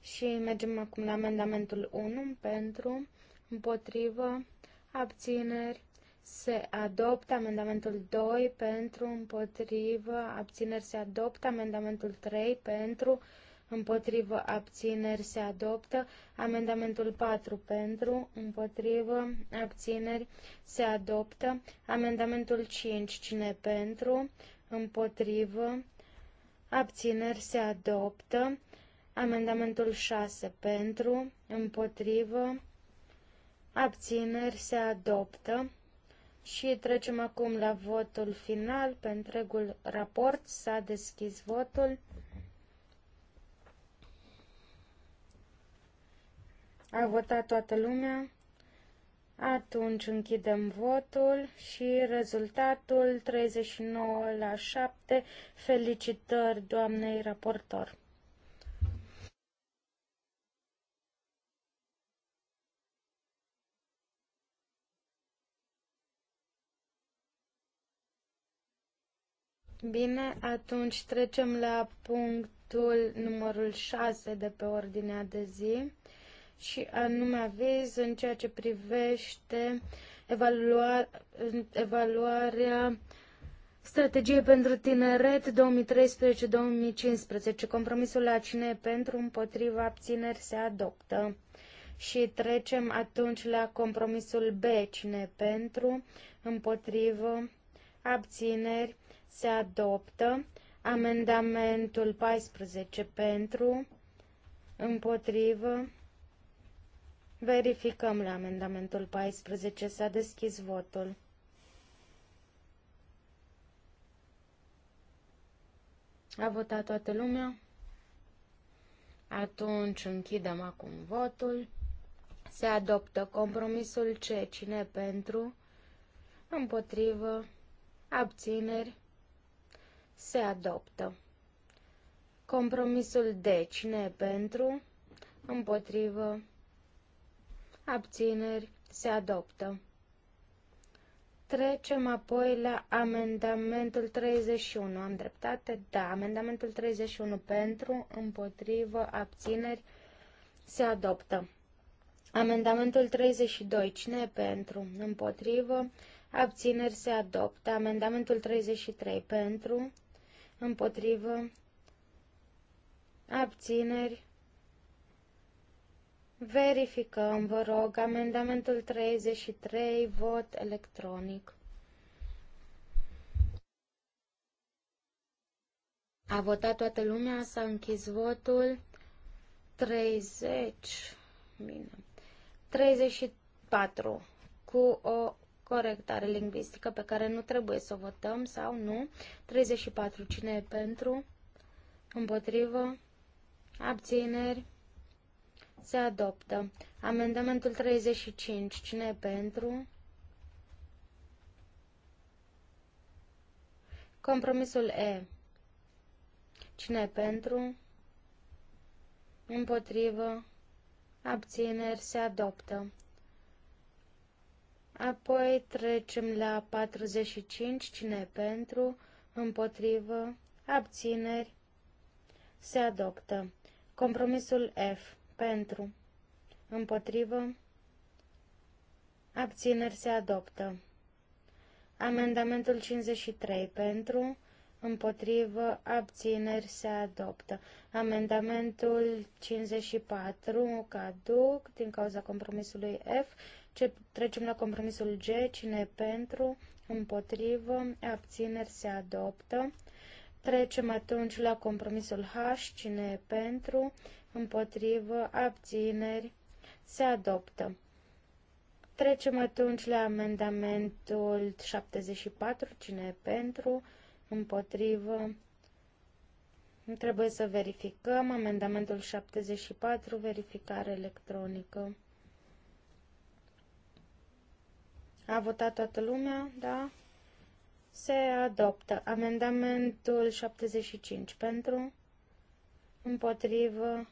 Și mergem acum la amendamentul 1 pentru, împotrivă, abțineri se adoptă. Amendamentul 2 pentru, împotrivă, abțineri se adoptă. Amendamentul 3 pentru, împotrivă, abțineri se adoptă. Amendamentul 4 pentru, împotrivă, abțineri se adoptă. Amendamentul 5 cine pentru, împotrivă, abțineri se adoptă, amendamentul 6 pentru, împotrivă, abțineri se adoptă și trecem acum la votul final pe întregul raport. S-a deschis votul. A votat toată lumea. Atunci închidem votul și rezultatul 39 la 7. Felicitări doamnei raportor! Bine, atunci trecem la punctul numărul 6 de pe ordinea de zi și anume aviz în ceea ce privește evalua, evaluarea strategiei pentru tineret 2013-2015. Compromisul la cine e pentru, împotriva, abțineri se adoptă. Și trecem atunci la compromisul B, cine e pentru, împotrivă, abțineri se adoptă. Amendamentul 14 pentru, împotrivă, Verificăm la amendamentul 14. S-a deschis votul. A votat toată lumea? Atunci închidem acum votul. Se adoptă compromisul C. Cine pentru? Împotrivă? Abțineri? Se adoptă. Compromisul D. Cine pentru? Împotrivă? abțineri, se adoptă. Trecem apoi la amendamentul 31. Am dreptate? Da, amendamentul 31 pentru, împotrivă, abțineri, se adoptă. Amendamentul 32. Cine e pentru? Împotrivă. Abțineri se adoptă. Amendamentul 33. Pentru. Împotrivă. Abțineri. Verificăm, vă rog, amendamentul 33, vot electronic. A votat toată lumea, s-a închis votul. 30, bine, 34, cu o corectare lingvistică pe care nu trebuie să o votăm sau nu. 34, cine e pentru? Împotrivă? Abțineri? Se adoptă. Amendamentul 35. Cine e pentru? Compromisul E. Cine e pentru? Împotrivă. Abțineri. Se adoptă. Apoi trecem la 45. Cine e pentru? Împotrivă. Abțineri. Se adoptă. Compromisul F pentru, împotrivă, abțineri se adoptă. Amendamentul 53 pentru, împotrivă, abțineri se adoptă. Amendamentul 54 caduc din cauza compromisului F. Ce, trecem la compromisul G, cine e pentru, împotrivă, abțineri se adoptă. Trecem atunci la compromisul H, cine e pentru, împotrivă, abțineri, se adoptă. Trecem atunci la amendamentul 74, cine e pentru, împotrivă. Trebuie să verificăm amendamentul 74, verificare electronică. A votat toată lumea, da? Se adoptă amendamentul 75 pentru, împotrivă,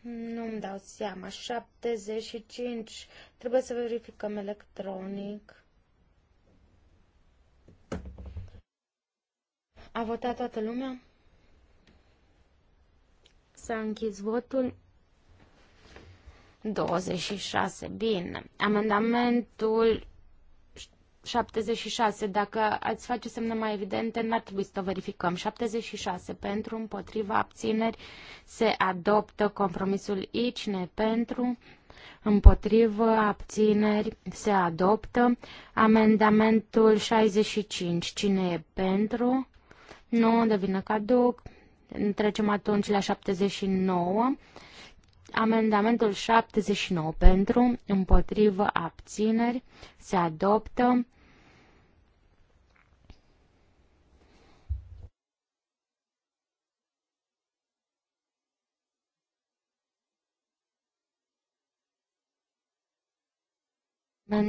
Nu-mi dau seama. 75. Trebuie să verificăm electronic. A votat toată lumea? S-a închis votul. 26. Bine. Amendamentul 76. Dacă ați face semne mai evidente, n-ar trebui să o verificăm. 76. Pentru, împotriva, abțineri, se adoptă compromisul ICNE, Cine pentru, împotrivă, abțineri, se adoptă. Amendamentul 65. Cine e pentru? Nu, devine caduc. Trecem atunci la 79. Amendamentul 79 pentru, împotrivă, abțineri, se adoptă.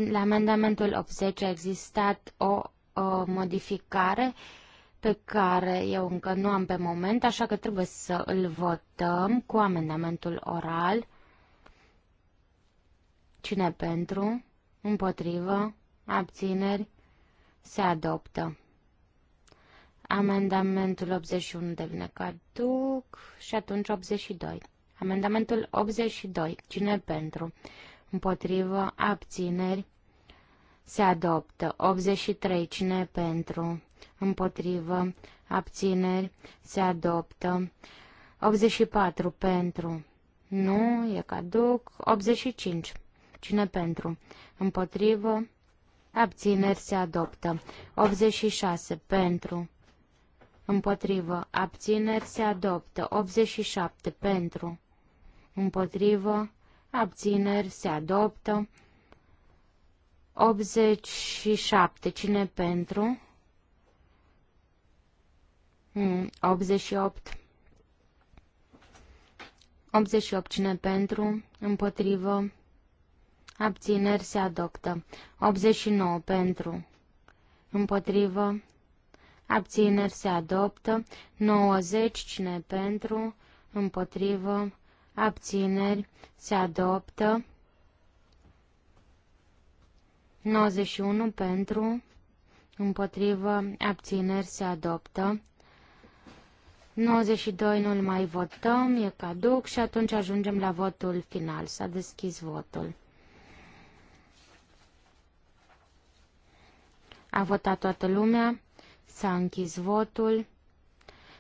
La amendamentul 80 a existat o, o modificare pe care eu încă nu am pe moment, așa că trebuie să îl votăm cu amendamentul oral. Cine pentru? Împotrivă? Abțineri? Se adoptă. Amendamentul 81 devine caduc și atunci 82. Amendamentul 82. Cine pentru? împotrivă, abțineri, se adoptă. 83. Cine pentru, împotrivă, abțineri, se adoptă. 84. Pentru, nu, e caduc. 85. Cine pentru, împotrivă, abțineri, se adoptă. 86. Pentru, împotrivă, abțineri, se adoptă. 87. Pentru, împotrivă, abțineri, se adoptă. 87, cine pentru? 88. Hmm, 88, cine pentru? Împotrivă. Abțineri se adoptă. 89 pentru. Împotrivă. Abțineri se adoptă. 90 cine pentru. Împotrivă abțineri, se adoptă. 91 pentru, împotrivă, abțineri, se adoptă. 92 nu-l mai votăm, e caduc și atunci ajungem la votul final. S-a deschis votul. A votat toată lumea, s-a închis votul.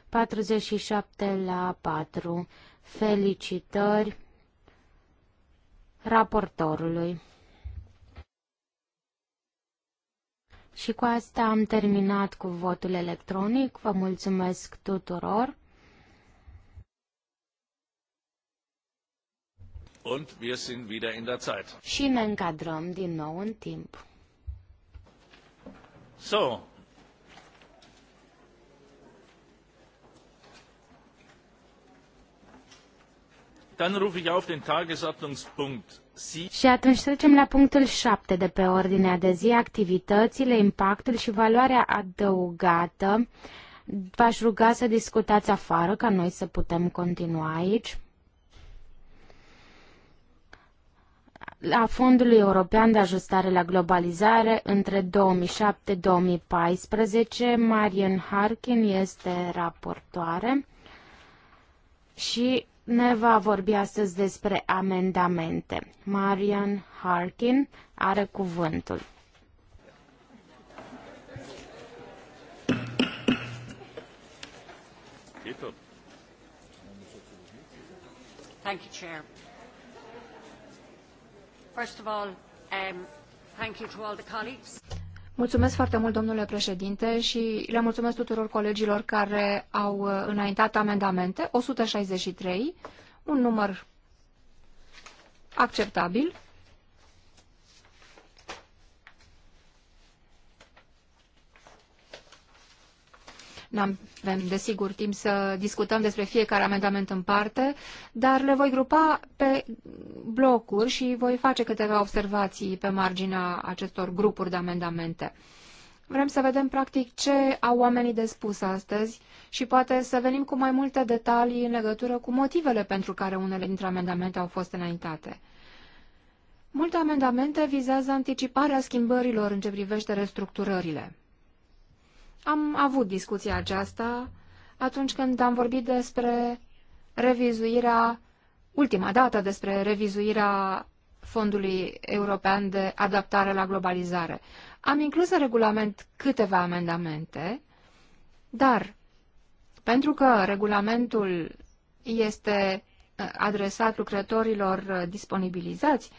47 la 4. Felicitări raportorului. Și cu asta am terminat cu votul electronic. Vă mulțumesc tuturor. Und wir sind wieder in der Zeit. Și ne încadrăm din nou în timp. So, și atunci trecem la punctul 7 de pe ordinea de zi, activitățile, impactul și valoarea adăugată. V-aș ruga să discutați afară ca noi să putem continua aici. La fondul European de Ajustare la Globalizare între 2007-2014, Marian Harkin este raportoare și ne va vorbi astăzi despre amendamente. Marian Harkin are cuvântul. Thank you, Chair. First of all, um, thank you to all the colleagues. Mulțumesc foarte mult, domnule președinte, și le mulțumesc tuturor colegilor care au uh, înaintat amendamente, 163, un număr acceptabil. N-avem, desigur, timp să discutăm despre fiecare amendament în parte, dar le voi grupa pe blocuri și voi face câteva observații pe marginea acestor grupuri de amendamente. Vrem să vedem, practic, ce au oamenii de spus astăzi și poate să venim cu mai multe detalii în legătură cu motivele pentru care unele dintre amendamente au fost înaintate. Multe amendamente vizează anticiparea schimbărilor în ce privește restructurările. Am avut discuția aceasta atunci când am vorbit despre revizuirea, ultima dată despre revizuirea Fondului European de Adaptare la Globalizare. Am inclus în regulament câteva amendamente, dar pentru că regulamentul este uh, adresat lucrătorilor uh, disponibilizați,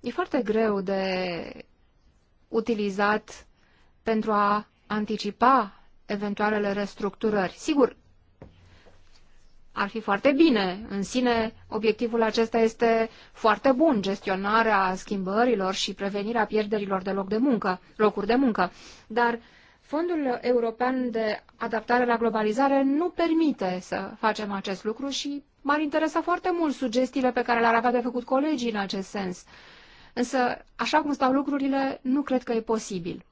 e foarte greu de utilizat pentru a anticipa eventualele restructurări. Sigur, ar fi foarte bine. În sine, obiectivul acesta este foarte bun, gestionarea schimbărilor și prevenirea pierderilor de loc de muncă, locuri de muncă. Dar Fondul European de Adaptare la Globalizare nu permite să facem acest lucru și m-ar interesa foarte mult sugestiile pe care le-ar avea de făcut colegii în acest sens. Însă, așa cum stau lucrurile, nu cred că e posibil.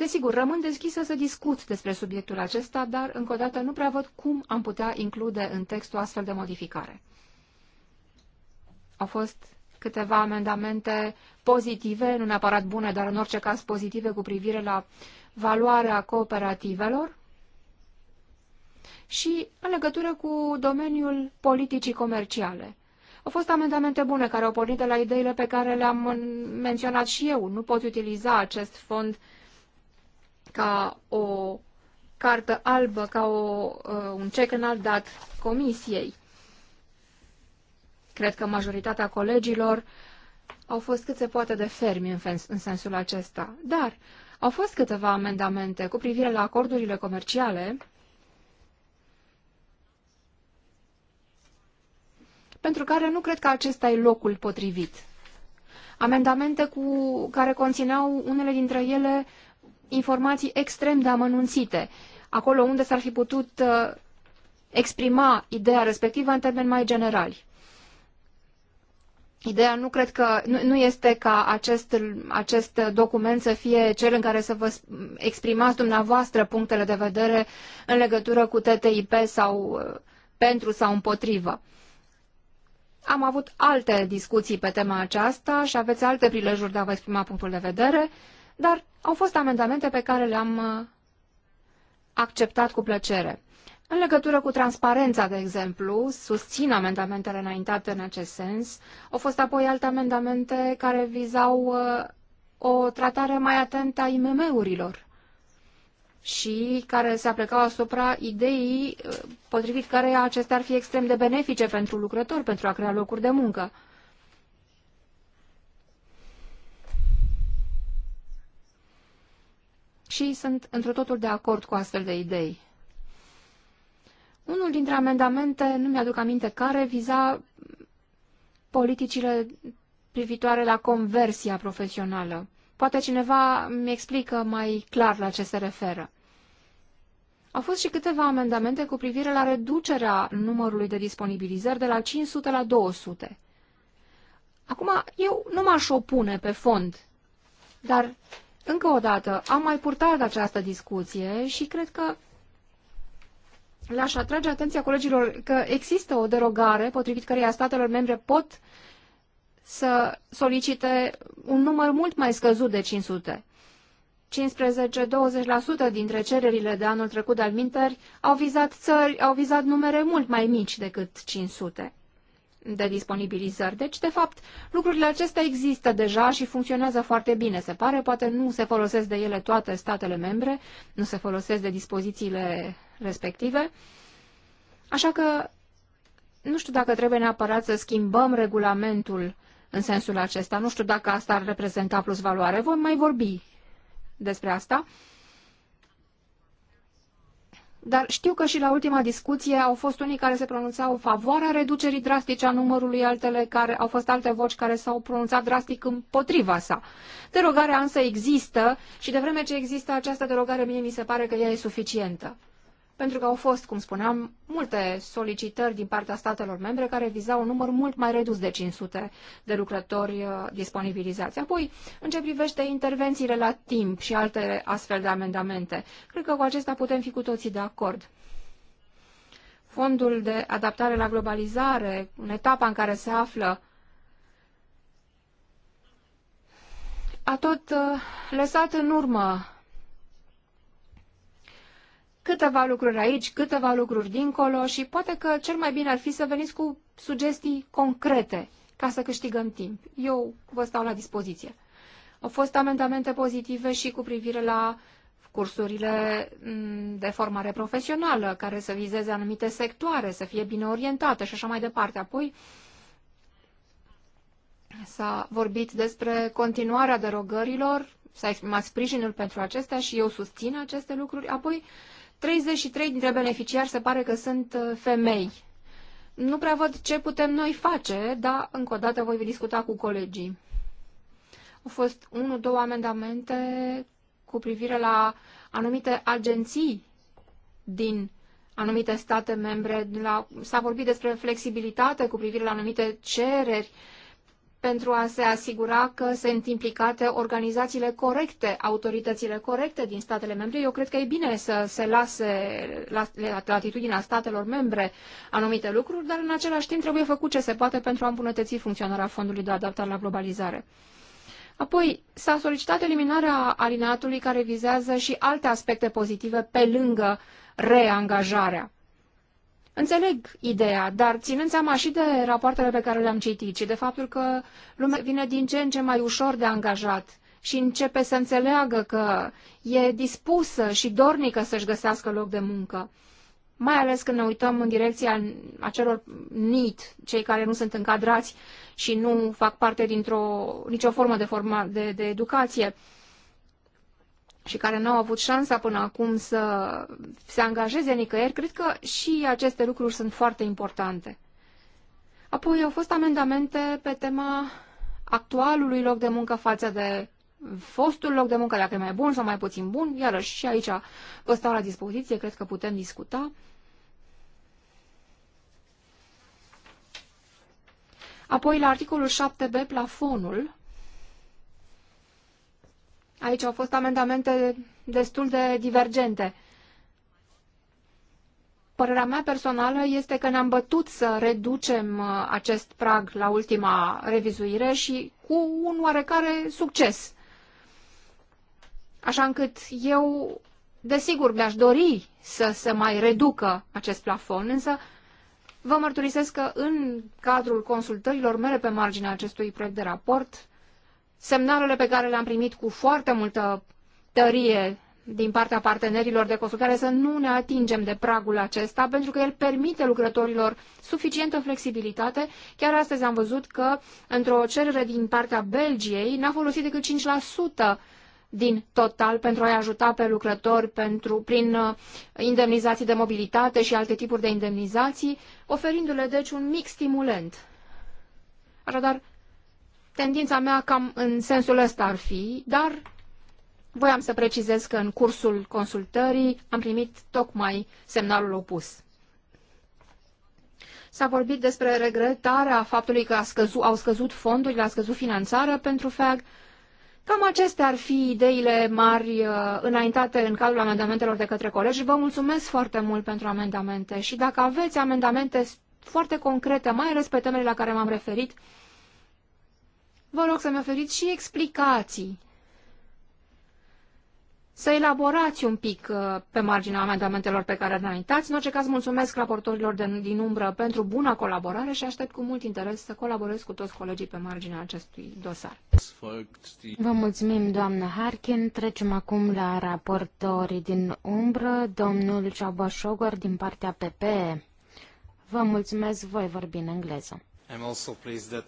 Desigur, rămân deschisă să discut despre subiectul acesta, dar încă o dată nu prea văd cum am putea include în text o astfel de modificare. Au fost câteva amendamente pozitive, nu neapărat bune, dar în orice caz pozitive cu privire la valoarea cooperativelor și în legătură cu domeniul politicii comerciale. Au fost amendamente bune care au pornit de la ideile pe care le-am menționat și eu. Nu pot utiliza acest fond uh, ca o cartă albă, ca o, uh, un cec înalt dat comisiei. Cred că majoritatea colegilor au fost cât se poate de fermi în, fens, în sensul acesta. Dar au fost câteva amendamente cu privire la acordurile comerciale pentru care nu cred că acesta e locul potrivit. Amendamente cu care conțineau unele dintre ele informații extrem de amănunțite, acolo unde s-ar fi putut uh, exprima ideea respectivă în termeni mai generali. Ideea nu cred că nu, nu este ca acest, acest document să fie cel în care să vă exprimați dumneavoastră punctele de vedere în legătură cu TTIP sau uh, pentru sau împotrivă. Am avut alte discuții pe tema aceasta și aveți alte prilejuri de a vă exprima punctul de vedere. Uh, dar au fost amendamente pe care le-am uh, acceptat cu plăcere. În legătură cu transparența, de exemplu, susțin amendamentele înaintate în acest sens. Au fost apoi alte amendamente care vizau uh, o tratare mai atentă a IMM-urilor și care se aplicau asupra ideii uh, potrivit care acestea ar fi extrem de benefice pentru lucrători, pentru a crea locuri de muncă. și sunt într totul de acord cu astfel de idei. Unul dintre amendamente, nu mi-aduc aminte care, viza politicile privitoare la conversia profesională. Poate cineva mi explică mai clar la ce se referă. Au fost și câteva amendamente cu privire la reducerea numărului de disponibilizări de la 500 la 200. Acum, eu nu m-aș opune pe fond, dar încă o dată, am mai purtat această discuție și cred că le-aș atrage atenția colegilor că există o derogare potrivit căreia statelor membre pot să solicite un număr mult mai scăzut de 500. 15-20% dintre cererile de anul trecut de alminteri au vizat țări, au vizat numere mult mai mici decât 500 de disponibilizări. Deci, de fapt, lucrurile acestea există deja și funcționează foarte bine. Se pare, poate nu se folosesc de ele toate statele membre, nu se folosesc de dispozițiile respective. Așa că nu știu dacă trebuie neapărat să schimbăm regulamentul în sensul acesta. Nu știu dacă asta ar reprezenta plus valoare. Vom mai vorbi despre asta. Dar știu că și la ultima discuție au fost unii care se pronunțau în favoarea reducerii drastice a numărului, altele care au fost alte voci care s-au pronunțat drastic împotriva sa. Derogarea însă există și de vreme ce există această derogare, mie mi se pare că ea e suficientă pentru că au fost, cum spuneam, multe solicitări din partea statelor membre care vizau un număr mult mai redus de 500 de lucrători uh, disponibilizați. Apoi, în ce privește intervențiile la timp și alte astfel de amendamente, cred că cu acesta putem fi cu toții de acord. Fondul de adaptare la globalizare, în etapa în care se află, a tot uh, lăsat în urmă câteva lucruri aici, câteva lucruri dincolo și poate că cel mai bine ar fi să veniți cu sugestii concrete ca să câștigăm timp. Eu vă stau la dispoziție. Au fost amendamente pozitive și cu privire la cursurile mm, de formare profesională, care să vizeze anumite sectoare, să fie bine orientate și așa mai departe. Apoi s-a vorbit despre continuarea derogărilor, s-a exprimat sprijinul pentru acestea și eu susțin aceste lucruri. Apoi 33 dintre beneficiari se pare că sunt uh, femei. Nu prea văd ce putem noi face, dar încă o dată voi discuta cu colegii. Au fost unu, două amendamente cu privire la anumite agenții din anumite state membre. La, s-a vorbit despre flexibilitate cu privire la anumite cereri. Uh, pentru a se asigura că sunt implicate organizațiile corecte, autoritățile corecte din statele membre. Eu cred că e bine să se lase la latitudinea statelor membre anumite lucruri, dar în același timp trebuie făcut ce se poate pentru a îmbunătăți funcționarea Fondului de Adaptare la Globalizare. Apoi, s-a solicitat eliminarea alineatului care vizează și alte aspecte pozitive pe lângă reangajarea. Înțeleg ideea, dar ținând seama și de rapoartele pe care le-am citit și de faptul că lumea vine din ce în ce mai ușor de angajat și începe să înțeleagă că e dispusă și dornică să-și găsească loc de muncă, mai ales când ne uităm în direcția acelor NIT, cei care nu sunt încadrați și nu fac parte dintr-o nicio formă de, forma, de, de educație, uh, și care nu au avut șansa până acum să se angajeze nicăieri, cred că și aceste lucruri sunt foarte importante. Apoi au fost amendamente pe tema actualului loc de muncă față de fostul loc de muncă, dacă e mai bun sau mai puțin bun, iarăși și aici vă stau la dispoziție, cred că putem discuta. Apoi, la articolul 7b, plafonul, Aici au fost amendamente destul de divergente. Părerea mea personală este că ne-am bătut să reducem uh, acest prag la ultima revizuire și cu un oarecare succes. Așa încât eu, desigur, mi-aș dori să se mai reducă acest plafon, însă vă mărturisesc că în cadrul consultărilor mele pe marginea acestui proiect de raport semnalele pe care le-am primit cu foarte multă tărie din partea partenerilor de consultare să nu ne atingem de pragul acesta, pentru că el permite lucrătorilor suficientă flexibilitate. Chiar astăzi am văzut că într-o cerere din partea Belgiei n-a folosit decât 5% din total pentru a-i ajuta pe lucrători pentru, prin uh, indemnizații de mobilitate și alte tipuri de indemnizații, oferindu-le deci un mic stimulent. Așadar, Tendința mea cam în sensul ăsta ar fi, dar voiam să precizez că în cursul consultării am primit tocmai semnalul opus. S-a vorbit despre regretarea faptului că a scăzut, au scăzut fondurile, a scăzut finanțarea pentru FEAG. Cam acestea ar fi ideile mari uh, înaintate în cadrul amendamentelor de către colegi. Vă mulțumesc foarte mult pentru amendamente și dacă aveți amendamente foarte concrete, mai ales pe temele la care m-am referit, vă rog să-mi oferiți și explicații. Să elaborați un pic uh, pe marginea amendamentelor pe care le înaintați. În orice caz, mulțumesc raportorilor de, din umbră pentru buna colaborare și aștept cu mult interes să colaborez cu toți colegii pe marginea acestui dosar. Vă mulțumim, doamnă Harkin. Trecem acum la raportorii din umbră, domnul Ceabașogor din partea PPE. Vă mulțumesc, voi vorbi în engleză. I'm also pleased that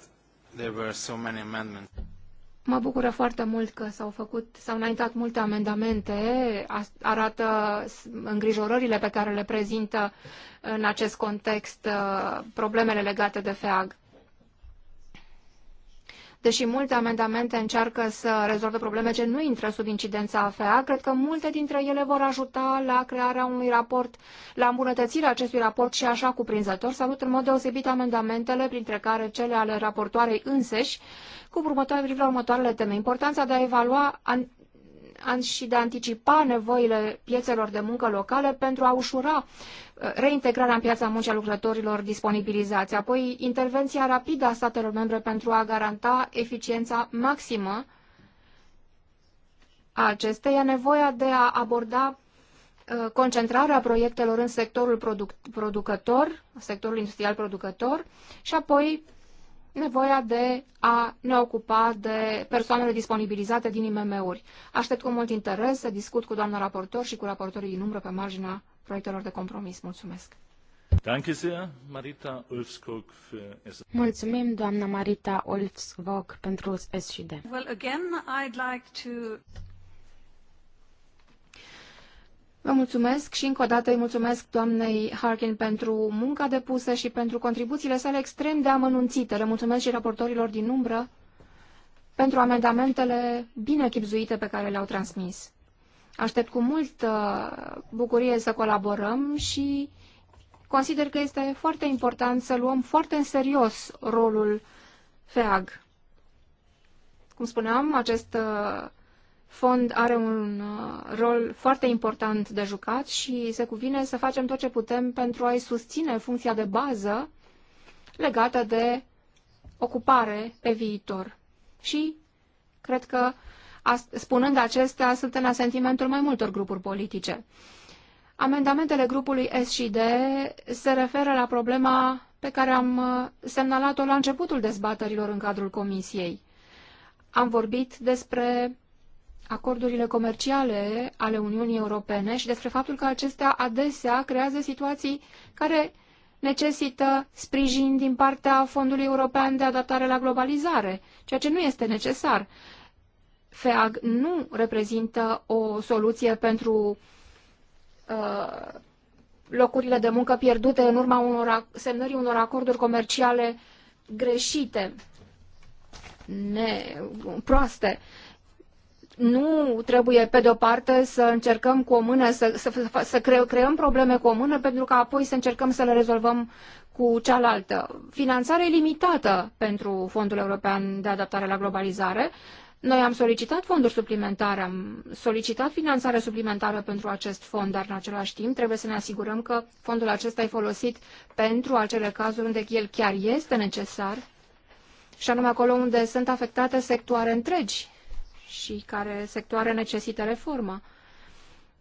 Mă bucură foarte mult că s-au făcut, s-au înaintat multe amendamente, arată îngrijorările pe care le prezintă în acest context uh, problemele legate de FEAG. Deși multe amendamente încearcă să rezolve probleme ce nu intră sub incidența AFA, cred că multe dintre ele vor ajuta la crearea unui raport, la îmbunătățirea acestui raport și așa cuprinzător. Salut în mod deosebit amendamentele, printre care cele ale raportoarei înseși, cu următoarele privire la următoarele teme. Importanța de a evalua și de a anticipa nevoile piețelor de muncă locale pentru a ușura uh, reintegrarea în piața muncii a lucrătorilor disponibilizați, apoi intervenția rapidă a statelor membre pentru a garanta eficiența maximă a acesteia, nevoia de a aborda uh, concentrarea proiectelor în sectorul produc producător, sectorul industrial producător și apoi nevoia de a ne ocupa de persoanele disponibilizate din IMM-uri. Aștept cu mult interes să discut cu doamna raportor și cu raportorii din umbră pe marginea proiectelor de compromis. Mulțumesc! Mulțumim, doamna Marita Ulfskog, pentru S&D. Well, again, I'd like to... Vă mulțumesc și încă o dată îi mulțumesc doamnei Harkin pentru munca depusă și pentru contribuțiile sale extrem de amănunțite. Le mulțumesc și raportorilor din umbră pentru amendamentele bine echipzuite pe care le-au transmis. Aștept cu multă bucurie să colaborăm și consider că este foarte important să luăm foarte în serios rolul FEAG. Cum spuneam, acest fond are un uh, rol foarte important de jucat și se cuvine să facem tot ce putem pentru a-i susține funcția de bază legată de ocupare pe viitor. Și cred că spunând acestea, sunt în asentimentul mai multor grupuri politice. Amendamentele grupului S și D se referă la problema pe care am uh, semnalat-o la începutul dezbaterilor în cadrul comisiei. Am vorbit despre acordurile comerciale ale Uniunii Europene și despre faptul că acestea adesea creează situații care necesită sprijin din partea Fondului European de Adaptare la Globalizare, ceea ce nu este necesar. FEAG nu reprezintă o soluție pentru uh, locurile de muncă pierdute în urma unor, semnării unor acorduri comerciale greșite, ne, proaste. Uh, nu trebuie, pe de-o parte, să încercăm cu o mână, să, să, să creăm probleme cu o mână, pentru că apoi să încercăm să le rezolvăm cu cealaltă. Finanțare limitată pentru Fondul European de Adaptare la Globalizare. Noi am solicitat fonduri suplimentare, am solicitat finanțare suplimentară pentru acest fond, dar în același timp trebuie să ne asigurăm că fondul acesta e folosit pentru acele cazuri unde el chiar este necesar și anume acolo unde sunt afectate sectoare întregi și care sectoare necesită reformă.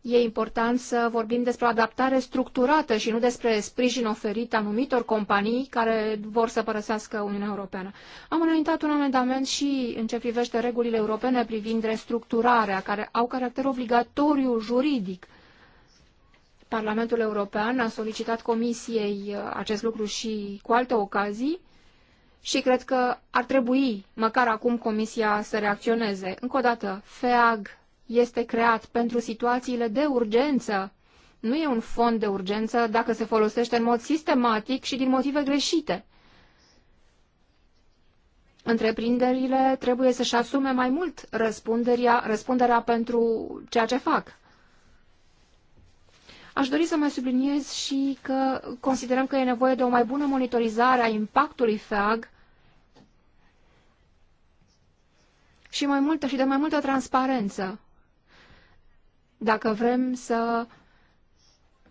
E important să vorbim despre o adaptare structurată și nu despre sprijin oferit anumitor companii care vor să părăsească Uniunea Europeană. Am înaintat un amendament și în ce privește regulile europene privind restructurarea, care au caracter obligatoriu juridic. Parlamentul European a solicitat Comisiei uh, acest lucru și cu alte ocazii și cred că ar trebui, măcar acum, Comisia să reacționeze. Încă o dată, FEAG este creat pentru situațiile de urgență. Nu e un fond de urgență dacă se folosește în mod sistematic și din motive greșite. Întreprinderile trebuie să-și asume mai mult răspunderea, răspunderea pentru ceea ce fac. Aș dori să mai subliniez și că considerăm că e nevoie de o mai bună monitorizare a impactului FEAG și, mai multă, și de mai multă transparență. Dacă vrem să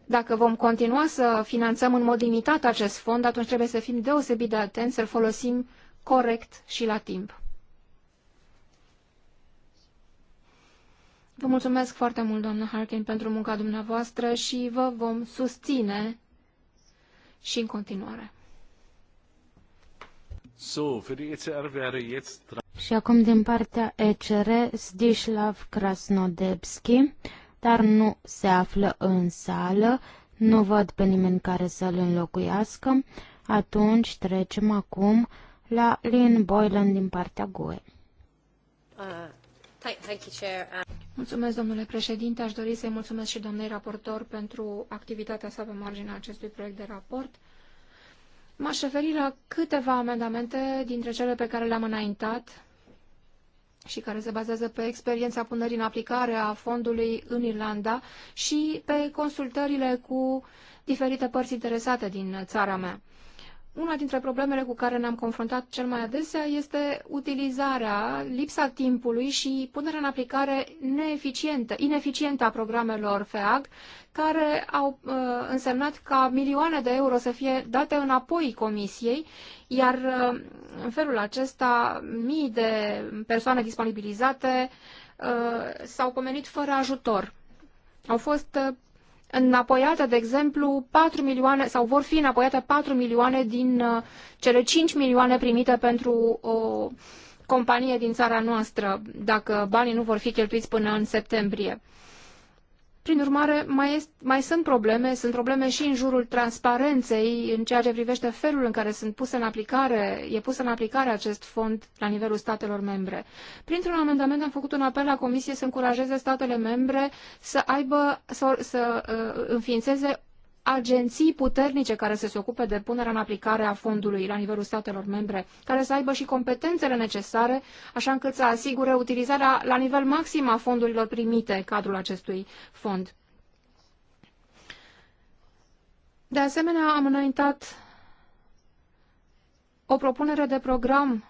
dacă vom continua să finanțăm în mod limitat acest fond, atunci trebuie să fim deosebit de atenți, să-l folosim corect și la timp. Vă mulțumesc foarte mult, doamnă Harkin, pentru munca dumneavoastră și vă vom susține și în continuare. So, für die ECR wäre jetzt... Și acum din partea ECR, Zdislav Krasnodebski, dar nu se află în sală, nu văd pe nimeni care să-l înlocuiască, atunci trecem acum la Lynn Boylan din partea GUE. Uh. Uh, mulțumesc, domnule președinte. Aș dori să-i mulțumesc și doamnei raportor pentru activitatea sa pe marginea acestui proiect de raport. M-aș referi la câteva amendamente dintre cele pe care le-am înaintat și care se bazează pe experiența punerii în aplicare a fondului în Irlanda și pe consultările cu diferite părți interesate din țara mea una dintre problemele cu care ne-am confruntat cel mai adesea este utilizarea, lipsa timpului și punerea în aplicare neeficientă, ineficientă a programelor FEAG, care au uh, însemnat ca milioane de euro să fie date înapoi comisiei, iar uh, în felul acesta mii de persoane disponibilizate uh, s-au pomenit fără ajutor. Au fost uh, înapoiate, de exemplu, 4 milioane sau vor fi înapoiate 4 milioane din uh, cele 5 milioane primite pentru o companie din țara noastră, dacă banii nu vor fi cheltuiți până în septembrie. Prin urmare, mai, este, mai sunt probleme, sunt probleme și în jurul transparenței în ceea ce privește felul în care sunt puse în aplicare, e pus în aplicare acest fond la nivelul statelor membre. Printr-un amendament am făcut un apel la Comisie să încurajeze statele membre să aibă, să, să uh, înființeze agenții puternice care să se ocupe de punerea în aplicare a fondului la nivelul statelor membre, care să aibă și competențele necesare, așa încât să asigure utilizarea la nivel maxim a fondurilor primite în cadrul acestui fond. De asemenea, am înaintat o propunere de program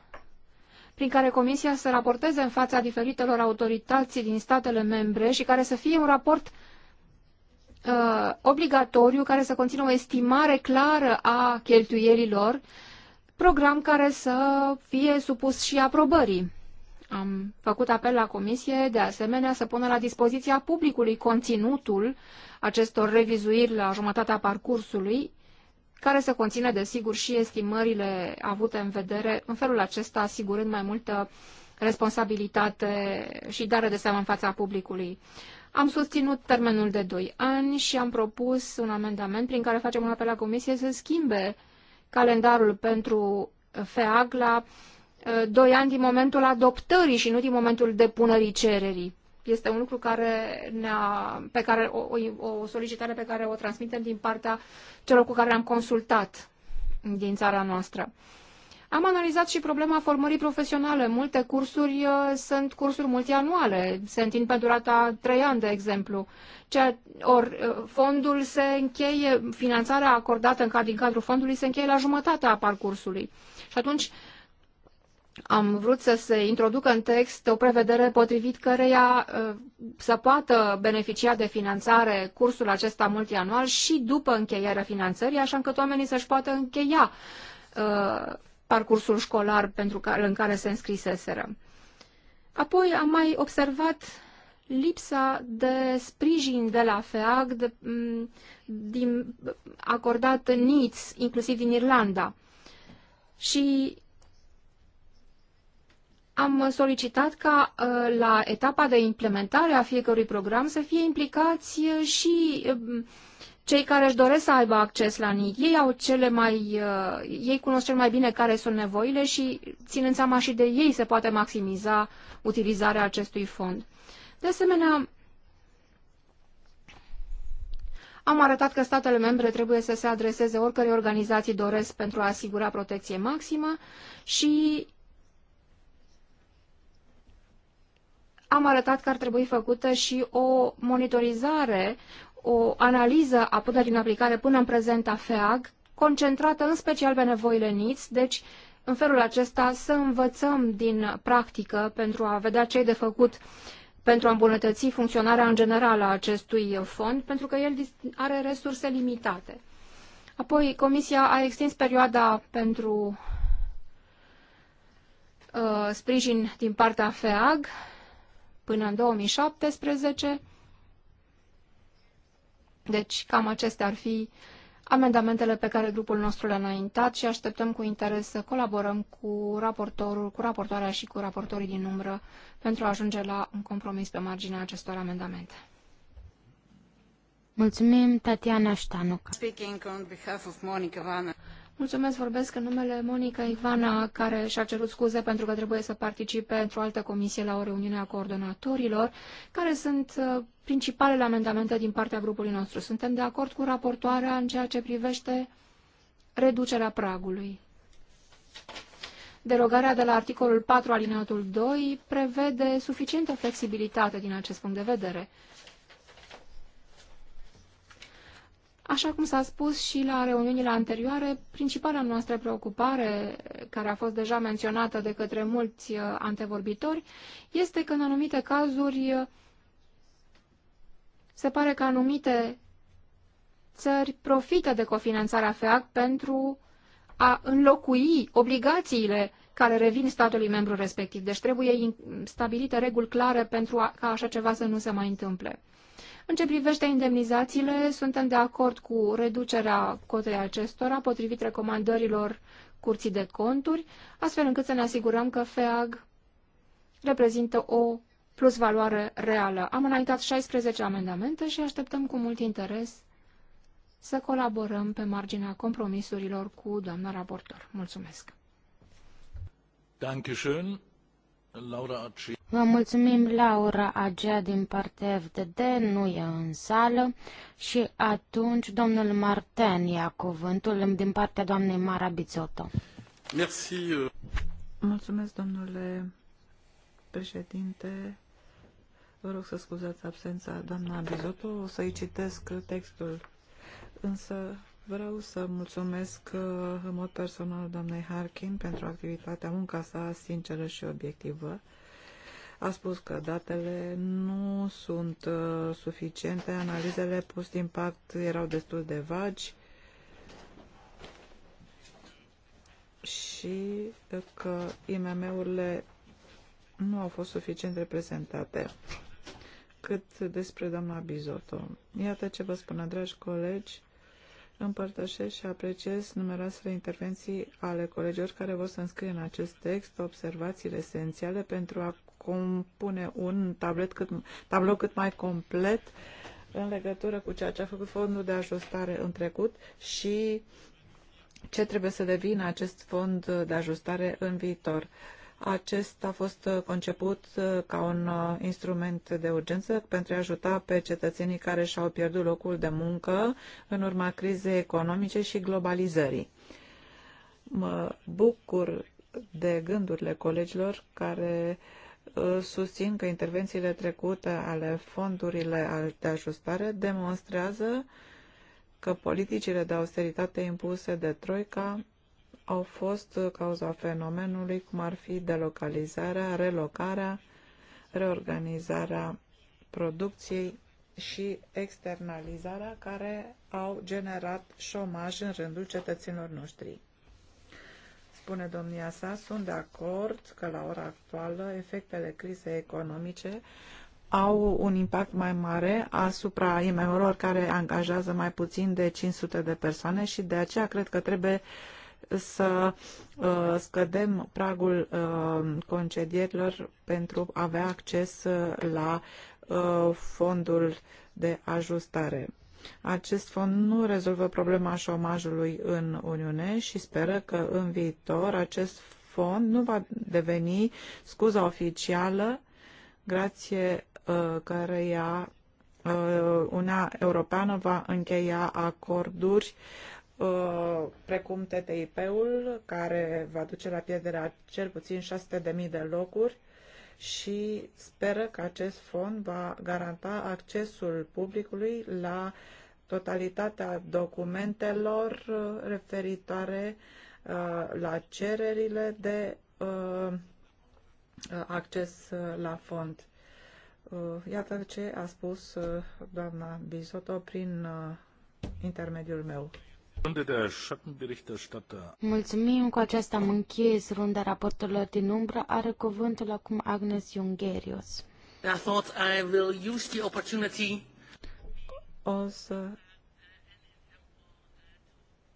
prin care Comisia să raporteze în fața diferitelor autorități din statele membre și care să fie un raport uh, obligatoriu care să conțină o estimare clară a cheltuielilor, program care să fie supus și aprobării. Am făcut apel la comisie, de asemenea, să pună la dispoziția publicului conținutul acestor revizuiri la jumătatea parcursului, care să conține, desigur, și estimările avute în vedere, în felul acesta asigurând mai multă responsabilitate și dare de seamă în fața publicului. Am susținut termenul de 2 ani și am propus un amendament prin care facem un apel la Comisie să schimbe calendarul pentru FEAG la 2 ă, ani din momentul adoptării și nu din momentul depunerii cererii. Este un lucru care ne-a, pe care o, o, o solicitare pe care o transmitem din partea celor cu care am consultat din țara noastră. Am analizat și problema formării profesionale. Multe cursuri uh, sunt cursuri multianuale, se întind pe durata 3 ani, de exemplu. Ceea, or, uh, fondul se încheie, finanțarea acordată în cadrul, din cadrul fondului se încheie la jumătatea parcursului. Și atunci am vrut să se introducă în text o prevedere potrivit căreia uh, să poată beneficia de finanțare cursul acesta multianual și după încheierea finanțării, așa încât oamenii să-și poată încheia uh, parcursul școlar pentru care, în care se înscriseseră. Apoi am mai observat lipsa de sprijin de la FEAG de, din, acordat în Niț, inclusiv din Irlanda. Și am solicitat ca ă, la etapa de implementare a fiecărui program să fie implicați și ă, cei care își doresc să aibă acces la NIC, ei au cele mai, uh, ei cunosc cel mai bine care sunt nevoile și ținând seama și de ei se poate maximiza utilizarea acestui fond. De asemenea, am arătat că statele membre trebuie să se adreseze oricărei organizații doresc pentru a asigura protecție maximă și am arătat că ar trebui făcută și o monitorizare, o analiză a puterii în aplicare până în prezent a FEAG, concentrată în special pe nevoile NITS, deci în felul acesta să învățăm din practică pentru a vedea ce e de făcut pentru a îmbunătăți funcționarea în general a acestui fond, pentru că el are resurse limitate. Apoi, Comisia a extins perioada pentru uh, sprijin din partea FEAG până în 2017 deci, cam acestea ar fi amendamentele pe care grupul nostru le-a înaintat și așteptăm cu interes să colaborăm cu raportorul, cu raportoarea și cu raportorii din umbră pentru a ajunge la un compromis pe marginea acestor amendamente. Mulțumim, Tatiana Ștanuc. Speaking on behalf of Monica Vana. Mulțumesc, vorbesc în numele Monica Ivana, care și-a cerut scuze pentru că trebuie să participe într-o altă comisie la o reuniune a coordonatorilor, care sunt uh, principalele amendamente din partea grupului nostru. Suntem de acord cu raportoarea în ceea ce privește reducerea pragului. Derogarea de la articolul 4 alineatul 2 prevede suficientă flexibilitate din acest punct de vedere Așa cum s-a spus și la reuniunile anterioare, principala noastră preocupare, care a fost deja menționată de către mulți uh, antevorbitori, este că în anumite cazuri uh, se pare că anumite țări profită de cofinanțarea FEAC pentru a înlocui obligațiile care revin statului membru respectiv. Deci trebuie stabilite reguli clare pentru a, ca așa ceva să nu se mai întâmple. În ce privește indemnizațiile, suntem de acord cu reducerea cotei acestora, potrivit recomandărilor curții de conturi, astfel încât să ne asigurăm că FEAG reprezintă o plusvaloare reală. Am înaintat 16 amendamente și așteptăm cu mult interes să colaborăm pe marginea compromisurilor cu doamna raportor. Mulțumesc! Dankeschön. Vă mulțumim, Laura Agea, din partea FDD, nu e în sală. Și atunci, domnul Marten ia cuvântul din partea doamnei Mara Bizotto. Merci. Euh. Mulțumesc, domnule președinte. Vă rog să scuzați absența doamna Bizotto, o să-i citesc textul. Însă Vreau să mulțumesc uh, în mod personal doamnei Harkin pentru activitatea, munca sa sinceră și obiectivă. A spus că datele nu sunt uh, suficiente, analizele post impact erau destul de vagi și că IMM-urile nu au fost suficient reprezentate cât despre doamna Bizotto. Iată ce vă spun, dragi colegi, Împărtășesc și apreciez numeroasele intervenții ale colegilor care vor să înscrie în acest text observațiile esențiale pentru a compune un tablet cât, tablou cât mai complet în legătură cu ceea ce a făcut fondul de ajustare în trecut și ce trebuie să devină acest fond de ajustare în viitor. Acesta a fost uh, conceput uh, ca un uh, instrument de urgență pentru a ajuta pe cetățenii care și-au pierdut locul de muncă în urma crizei economice și globalizării. Mă bucur de gândurile colegilor care susțin că intervențiile trecute ale fondurile de ajustare demonstrează că politicile de austeritate impuse de Troica au fost cauza fenomenului, cum ar fi delocalizarea, relocarea, reorganizarea producției și externalizarea care au generat șomaj în rândul cetățenilor noștri. Spune domnia sa, sunt de acord că la ora actuală efectele crizei economice au un impact mai mare asupra IMM-urilor care angajează mai puțin de 500 de persoane și de aceea cred că trebuie uh, să uh, scădem pragul uh, concedierilor pentru a avea acces uh, la fondul de ajustare. Acest fond nu rezolvă problema șomajului în Uniune și speră că în viitor acest fond nu va deveni scuza oficială grație căreia Uniunea Europeană va încheia acorduri uh, Uh, precum TTIP-ul, care va duce la pierderea cel puțin 600.000 de locuri și speră că acest fond va garanta accesul publicului la totalitatea documentelor referitoare uh, la cererile de uh, acces la fond. Iată ce a spus doamna Bisoto prin intermediul meu. Mulțumim, cu aceasta am încheiat runda raportelor din umbră. Are cuvântul acum Agnes Jungerius. I thought I will use the opportunity. O să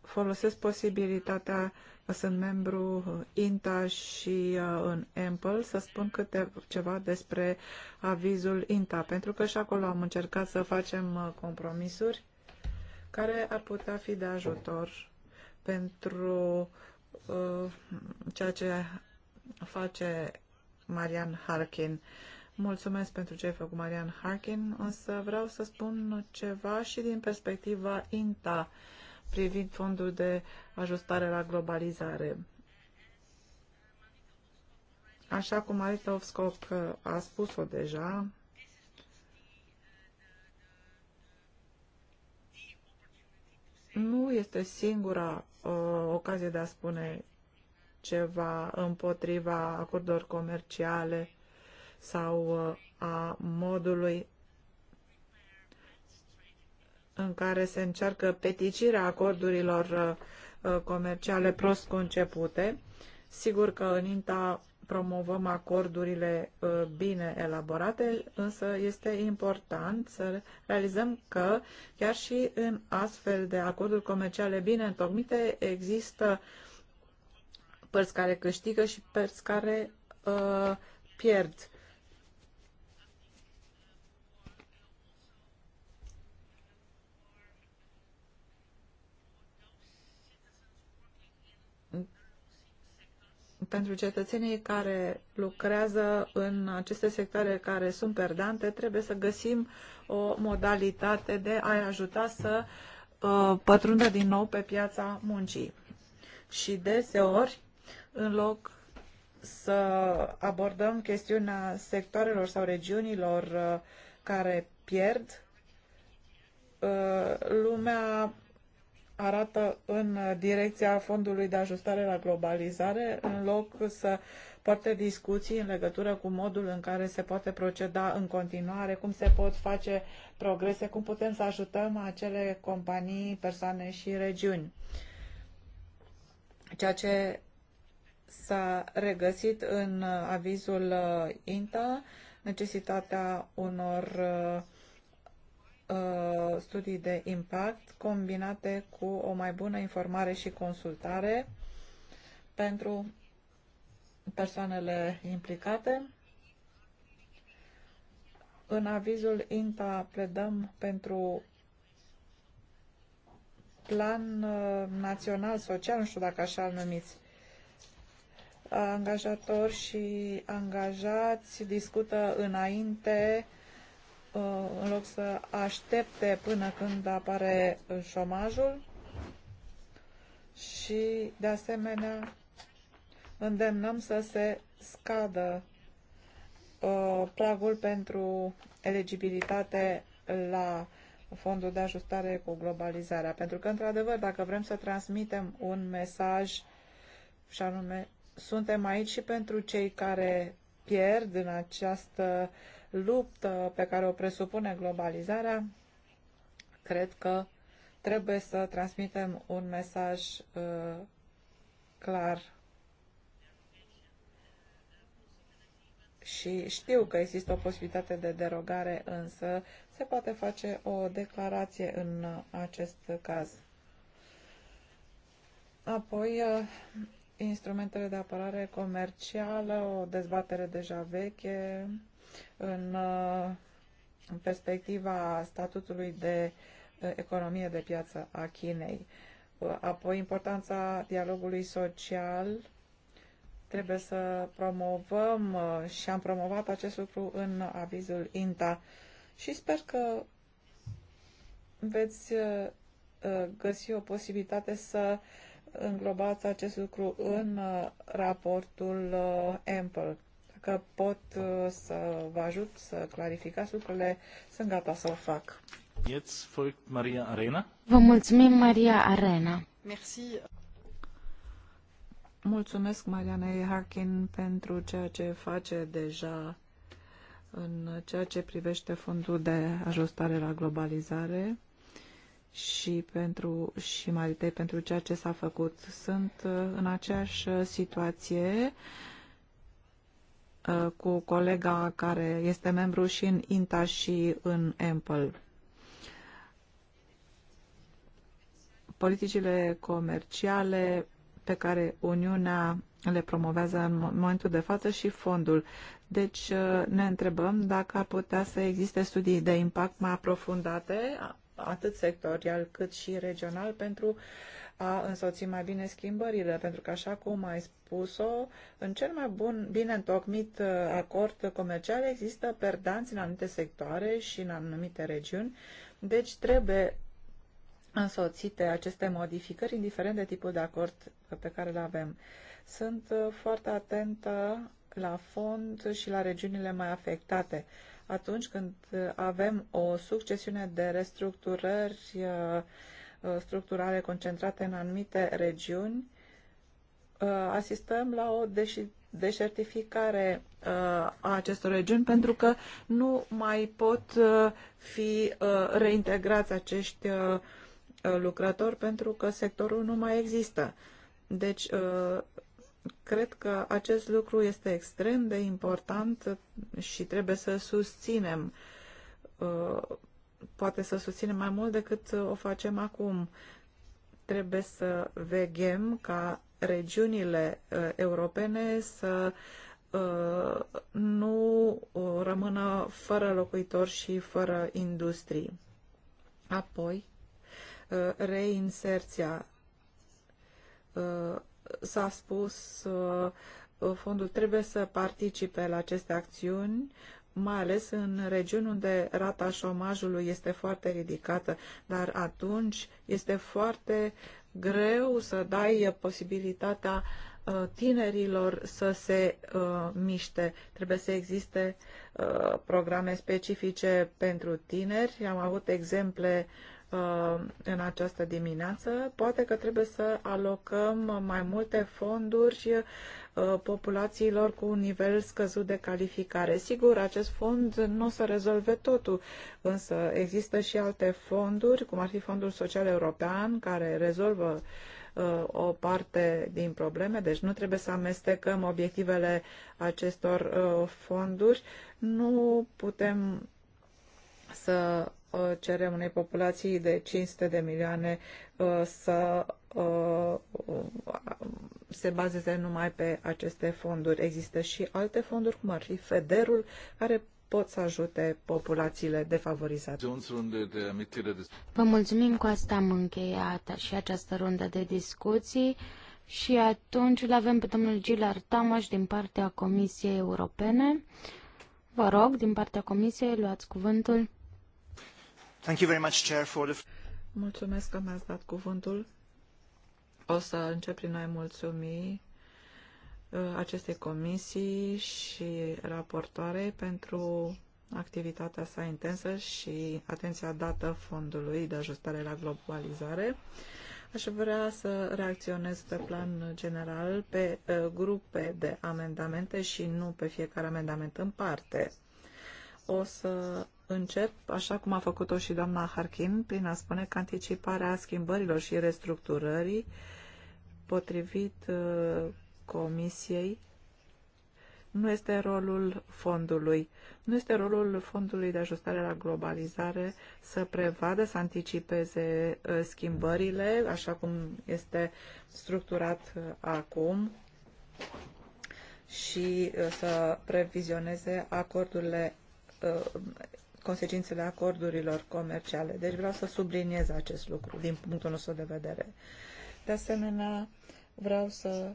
folosesc posibilitatea că sunt membru uh, INTA și uh, în Ample să spun câte ceva despre avizul INTA, pentru că și acolo am încercat să facem uh, compromisuri care ar putea fi de ajutor pentru uh, ceea ce face Marian Harkin. Mulțumesc pentru ce ai făcut, Marian Harkin, însă vreau să spun ceva și din perspectiva INTA privind fondul de ajustare la globalizare. Așa cum Marita Ovscop a spus-o deja, nu este singura uh, ocazie de a spune ceva împotriva acordurilor comerciale sau uh, a modului în care se încearcă peticirea acordurilor uh, comerciale prost concepute. Sigur că în INTA promovăm acordurile uh, bine elaborate, însă este important să realizăm că chiar și în astfel de acorduri comerciale bine întocmite există părți care câștigă și părți care uh, pierd. pentru cetățenii care lucrează în aceste sectoare care sunt perdante, trebuie să găsim o modalitate de a-i ajuta să uh, pătrundă din nou pe piața muncii. Și deseori, în loc să abordăm chestiunea sectoarelor sau regiunilor uh, care pierd, uh, lumea arată în direcția Fondului de Ajustare la Globalizare, în loc să poarte discuții în legătură cu modul în care se poate proceda în continuare, cum se pot face progrese, cum putem să ajutăm acele companii, persoane și regiuni. Ceea ce s-a regăsit în avizul uh, INTA, necesitatea unor uh, Uh, studii de impact combinate cu o mai bună informare și consultare pentru persoanele implicate. În avizul INTA pledăm pentru plan uh, național social, nu știu dacă așa îl numiți, angajatori și angajați discută înainte Uh, în loc să aștepte până când apare șomajul și, de asemenea, îndemnăm să se scadă uh, pragul pentru eligibilitate la fondul de ajustare cu globalizarea. Pentru că, într-adevăr, dacă vrem să transmitem un mesaj și anume, suntem aici și pentru cei care pierd în această uh, luptă pe care o presupune globalizarea, cred că trebuie să transmitem un mesaj uh, clar. Și știu că există o posibilitate de derogare, însă se poate face o declarație în acest caz. Apoi, uh, instrumentele de apărare comercială, o dezbatere deja veche, în, uh, în perspectiva statutului de uh, economie de piață a Chinei, uh, apoi importanța dialogului social, trebuie să promovăm și am promovat acest lucru în avizul INTA și sper că veți găsi o posibilitate să înglobați acest lucru în raportul Ample dacă pot uh, să vă ajut să clarificați lucrurile, sunt gata să o fac. Maria Arena. Vă mulțumim, Maria Arena. Merci. Mulțumesc, Marianei Harkin, pentru ceea ce face deja în ceea ce privește fondul de ajustare la globalizare și pentru și Maritei pentru ceea ce s-a făcut. Sunt uh, în aceeași situație Uh, cu colega care este membru și în INTA și în EMPL. Politicile comerciale pe care Uniunea le promovează în momentul de față și fondul. Deci uh, ne întrebăm dacă ar putea să existe studii de impact mai aprofundate, atât sectorial cât și regional, pentru a însoți mai bine schimbările, pentru că, așa cum ai spus-o, în cel mai bun, bine întocmit uh, acord comercial există perdanți în anumite sectoare și în anumite regiuni, deci trebuie însoțite aceste modificări, indiferent de tipul de acord pe care îl avem. Sunt uh, foarte atentă la fond și la regiunile mai afectate. Atunci când uh, avem o succesiune de restructurări Uh, structurale concentrate în anumite regiuni, uh, asistăm la o deși deșertificare uh, a acestor regiuni pentru că nu mai pot fi reintegrați acești lucrători pentru că sectorul nu mai există. Deci, cred că acest lucru este extrem de important și trebuie să susținem poate să susținem mai mult decât uh, o facem acum. Trebuie să veghem ca regiunile uh, europene să uh, nu rămână fără locuitori și fără industrii. Apoi, reinserția. S-a spus, fondul trebuie să participe la aceste acțiuni, mai ales în regiuni unde rata șomajului este foarte ridicată, dar atunci este foarte greu să dai posibilitatea uh, tinerilor să se uh, miște. Trebuie să existe uh, programe specifice pentru tineri. Am avut exemple uh, Uh, în această dimineață. Poate că trebuie să alocăm mai multe fonduri uh, populațiilor cu un nivel scăzut de calificare. Sigur, acest fond nu o să rezolve totul, însă există și alte fonduri, cum ar fi Fondul Social European, care rezolvă uh, o parte din probleme, deci nu trebuie să amestecăm obiectivele acestor fonduri. Nu putem să Uh, cerem unei populații de 500 de milioane uh, să uh, se bazeze numai pe aceste fonduri. Există și alte fonduri, cum ar fi Federul, care pot să ajute populațiile defavorizate. Vă mulțumim, cu asta am încheiat și această rundă de discuții și atunci îl avem pe domnul Gilar Tamaș din partea Comisiei Europene. Vă rog, din partea Comisiei, luați cuvântul. Mulțumesc că mi-ați dat cuvântul. O să încep prin a-i mulțumi uh, acestei comisii și raportoarei pentru activitatea sa intensă și atenția dată Fondului de Ajustare la Globalizare. Aș vrea să reacționez pe plan general pe uh, grupe de amendamente și nu pe fiecare amendament în parte. O să încep, așa cum a făcut-o și doamna Harkin, prin a spune că anticiparea schimbărilor și restructurării potrivit uh, comisiei nu este rolul fondului. Nu este rolul fondului de ajustare la globalizare să prevadă, să anticipeze uh, schimbările, așa cum este structurat uh, acum și să previzioneze acordurile consecințele acordurilor comerciale. Deci vreau să subliniez acest lucru din punctul nostru de vedere. De asemenea, vreau să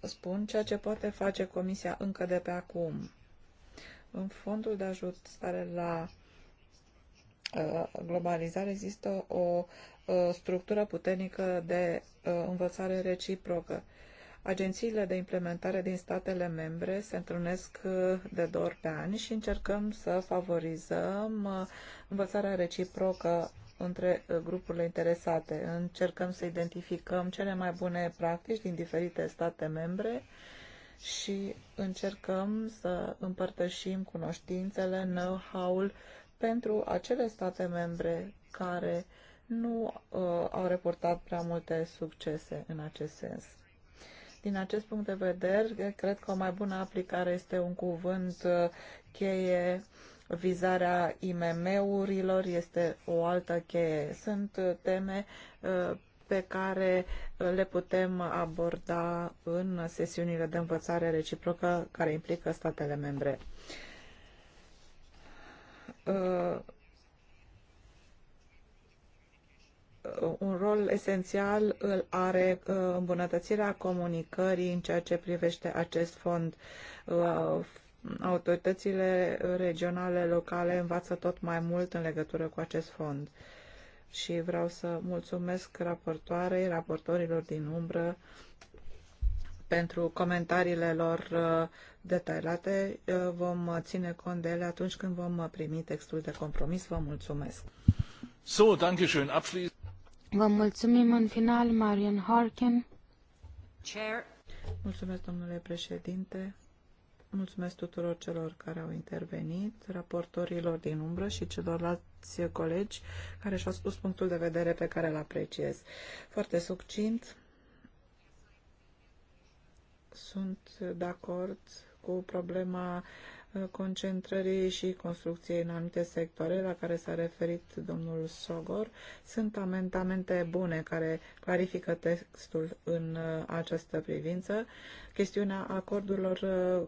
spun ceea ce poate face Comisia încă de pe acum. În fondul de ajutare la uh, globalizare există o uh, structură puternică de uh, învățare reciprocă Agențiile de implementare din statele membre se întâlnesc uh, de două ori pe an și încercăm să favorizăm uh, învățarea reciprocă între uh, grupurile interesate. Încercăm să identificăm cele mai bune practici din diferite state membre și încercăm să împărtășim cunoștințele, know-how-ul pentru acele state membre care nu uh, au reportat prea multe succese în acest sens. Din acest punct de vedere, cred că o mai bună aplicare este un cuvânt uh, cheie. Vizarea IMM-urilor este o altă cheie. Sunt uh, teme uh, pe care le putem aborda în sesiunile de învățare reciprocă care implică statele membre Uh, un rol esențial îl are uh, îmbunătățirea comunicării în ceea ce privește acest fond. Uh, autoritățile regionale, locale învață tot mai mult în legătură cu acest fond. Și vreau să mulțumesc raportoarei, raportorilor din umbră, pentru comentariile lor detaliate. Vom ține cont de ele atunci când vom primi textul de compromis. Vă mulțumesc. So, danke schön. Abschließend. Vă mulțumim în final, Marian Harkin. Chair. Mulțumesc, domnule președinte. Mulțumesc tuturor celor care au intervenit, raportorilor din umbră și celorlalți colegi care și-au spus punctul de vedere pe care îl apreciez. Foarte succint, sunt de acord cu problema uh, concentrării și construcției în anumite sectoare la care s-a referit domnul Sogor. Sunt amendamente bune care clarifică textul în uh, această privință. Chestiunea acordurilor uh,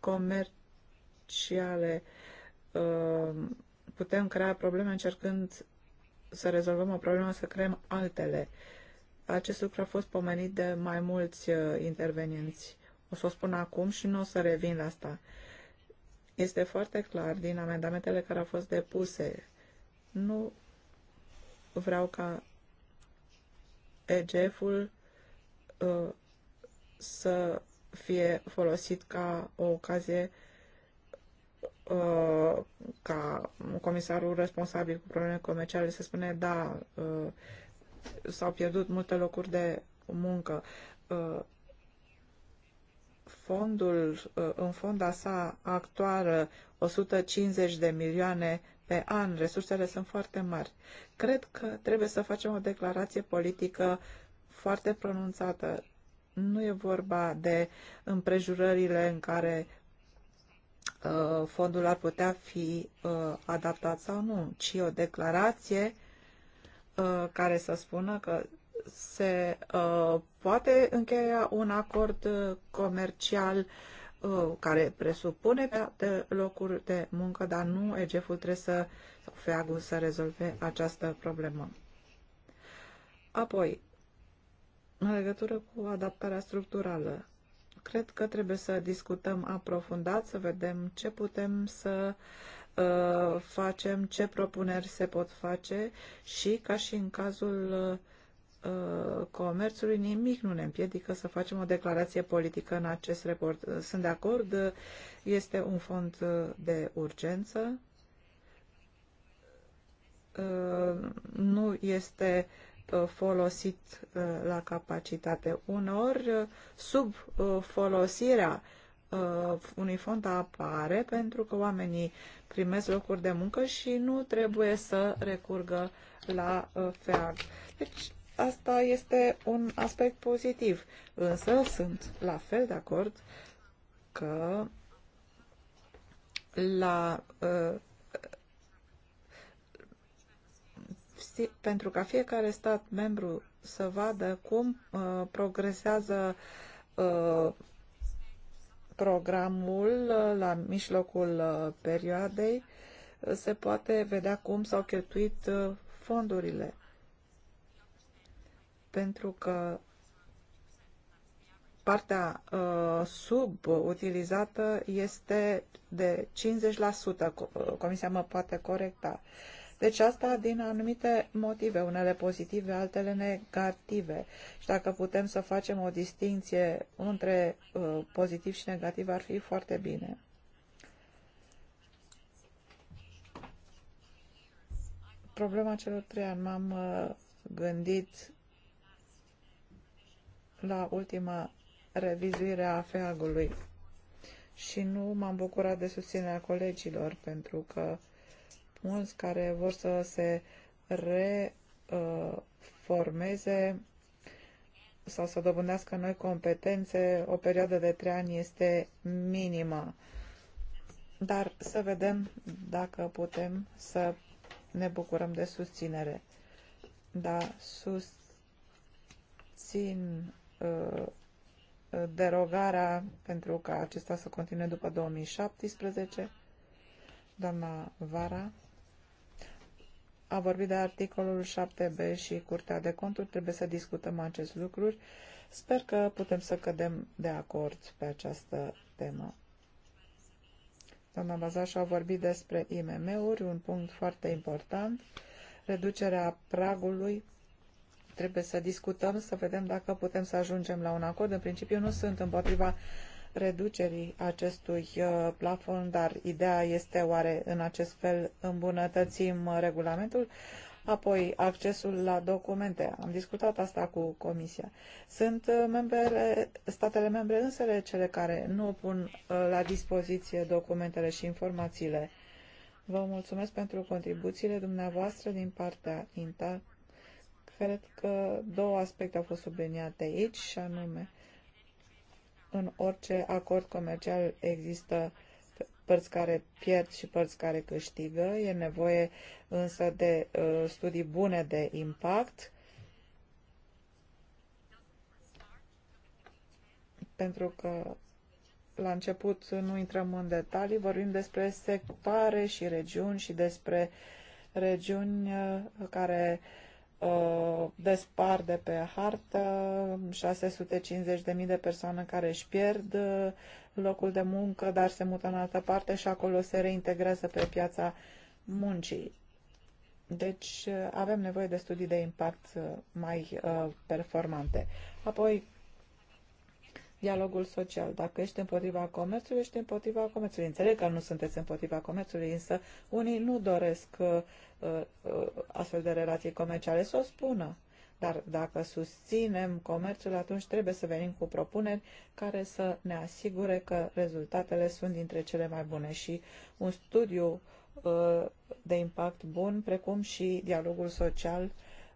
comerciale uh, putem crea probleme încercând să rezolvăm o problemă, să creăm altele. Acest lucru a fost pomenit de mai mulți intervenienți. O să o spun acum și nu o să revin la asta. Este foarte clar din amendamentele care au fost depuse. Nu vreau ca EGF-ul uh, să fie folosit ca o ocazie uh, ca comisarul responsabil cu probleme comerciale să spune da, uh, s-au pierdut multe locuri de muncă. Uh, fondul uh, în fonda sa actuală 150 de milioane pe an, resursele sunt foarte mari. Cred că trebuie să facem o declarație politică foarte pronunțată. Nu e vorba de împrejurările în care uh, fondul ar putea fi uh, adaptat sau nu, ci o declarație uh, care să spună că se uh, poate încheia un acord comercial uh, care presupune de locuri de muncă, dar nu EGF-ul trebuie să, feagă să rezolve această problemă. Apoi, în legătură cu adaptarea structurală, cred că trebuie să discutăm aprofundat, să vedem ce putem să uh, facem, ce propuneri se pot face și, ca și în cazul uh, Uh, comerțului, nimic nu ne împiedică să facem o declarație politică în acest report. Uh, sunt de acord, uh, este un fond de urgență, nu este folosit la capacitate. Uneori, sub folosirea unui fond apare pentru că oamenii primesc locuri de muncă și nu trebuie să recurgă la FEAG. Deci, Asta este un aspect pozitiv, însă sunt la fel de acord că la uh, pentru ca fiecare stat membru să vadă cum uh, progresează uh, programul uh, la mijlocul uh, perioadei, uh, se poate vedea cum s-au cheltuit fondurile pentru că partea uh, subutilizată este de 50%. Uh, comisia mă poate corecta. Deci asta din anumite motive, unele pozitive, altele negative. Și dacă putem să facem o distinție între uh, pozitiv și negativ, ar fi foarte bine. Problema celor trei ani m-am uh, gândit la ultima revizuire a FEAG-ului și nu m-am bucurat de susținerea colegilor pentru că mulți care vor să se reformeze sau să dobândească noi competențe, o perioadă de trei ani este minimă. Dar să vedem dacă putem să ne bucurăm de susținere. Da, susțin Uh, derogarea pentru ca acesta să continue după 2017. Doamna Vara a vorbit de articolul 7b și Curtea de Conturi. Trebuie să discutăm acest lucruri. Sper că putem să cădem de acord pe această temă. Doamna Bazaș a vorbit despre IMM-uri, un punct foarte important, reducerea pragului trebuie să discutăm, să vedem dacă putem să ajungem la un acord. În principiu nu sunt împotriva reducerii acestui uh, plafon, dar ideea este oare în acest fel îmbunătățim regulamentul? Apoi, accesul la documente. Am discutat asta cu Comisia. Sunt uh, membre, statele membre însele cele care nu pun uh, la dispoziție documentele și informațiile. Vă mulțumesc pentru contribuțiile dumneavoastră din partea INTA Cred că două aspecte au fost subliniate aici, și anume, în orice acord comercial există părți care pierd și părți care câștigă. E nevoie însă de uh, studii bune de impact pentru că la început nu intrăm în detalii, vorbim despre sectoare și regiuni și despre regiuni uh, care uh, Uh, despar de pe hartă 650.000 de persoane care își pierd uh, locul de muncă, dar se mută în altă parte și acolo se reintegrează pe piața muncii. Deci uh, avem nevoie de studii de impact mai performante. Apoi, dialogul social. Dacă ești împotriva comerțului, ești împotriva comerțului. Înțeleg că nu sunteți împotriva comerțului, însă unii nu doresc uh, uh, astfel de relații comerciale să o spună. Dar dacă susținem comerțul, atunci trebuie să venim cu propuneri care să ne asigure că rezultatele sunt dintre cele mai bune și un studiu uh, de impact bun, precum și dialogul social,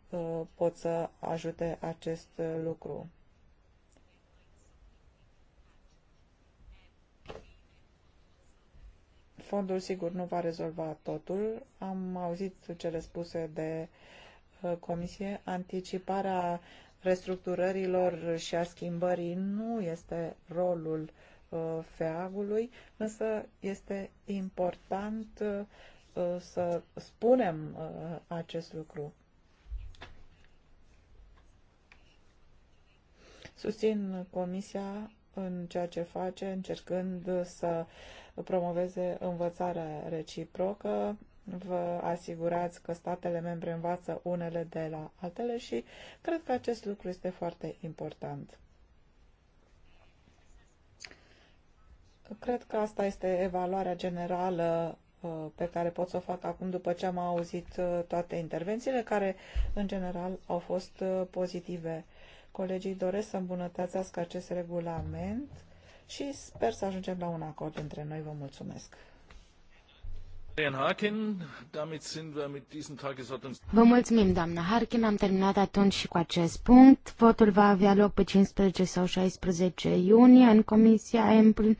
uh, pot să ajute acest uh, lucru. Fondul sigur nu va rezolva totul. Am auzit cele spuse de uh, comisie. Anticiparea restructurărilor și a schimbării nu este rolul uh, FEAG-ului, însă este important uh, să spunem acest lucru. Susțin Comisia în ceea ce face, încercând să promoveze învățarea reciprocă. Vă asigurați că statele membre învață unele de la altele și cred că acest lucru este foarte important. Cred că asta este evaluarea generală uh, pe care pot să o fac acum după ce am auzit uh, toate intervențiile, care în general au fost uh, pozitive. Colegii doresc să îmbunătățească acest regulament și sper să ajungem la un acord între noi. Vă mulțumesc! Vă mulțumim, doamna Harkin. Am terminat atunci și cu acest punct. Votul va avea loc pe 15 sau 16 iunie în Comisia EMPL.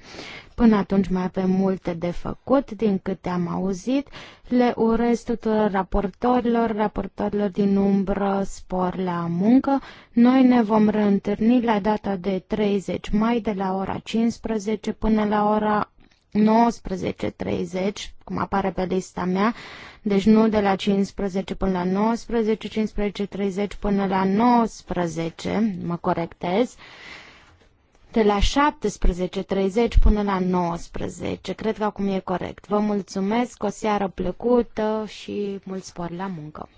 Până atunci mai avem multe de făcut, din câte am auzit. Le urez tuturor raportorilor, raportorilor din umbră, spor la muncă. Noi ne vom reîntâlni la data de 30 mai de la ora 15 până la ora 19.30, cum apare pe lista mea, deci nu de la 15 până la 19, 15.30 până la 19, mă corectez, de la 17.30 până la 19. Cred că acum e corect. Vă mulțumesc, o seară plăcută și mult spor la muncă!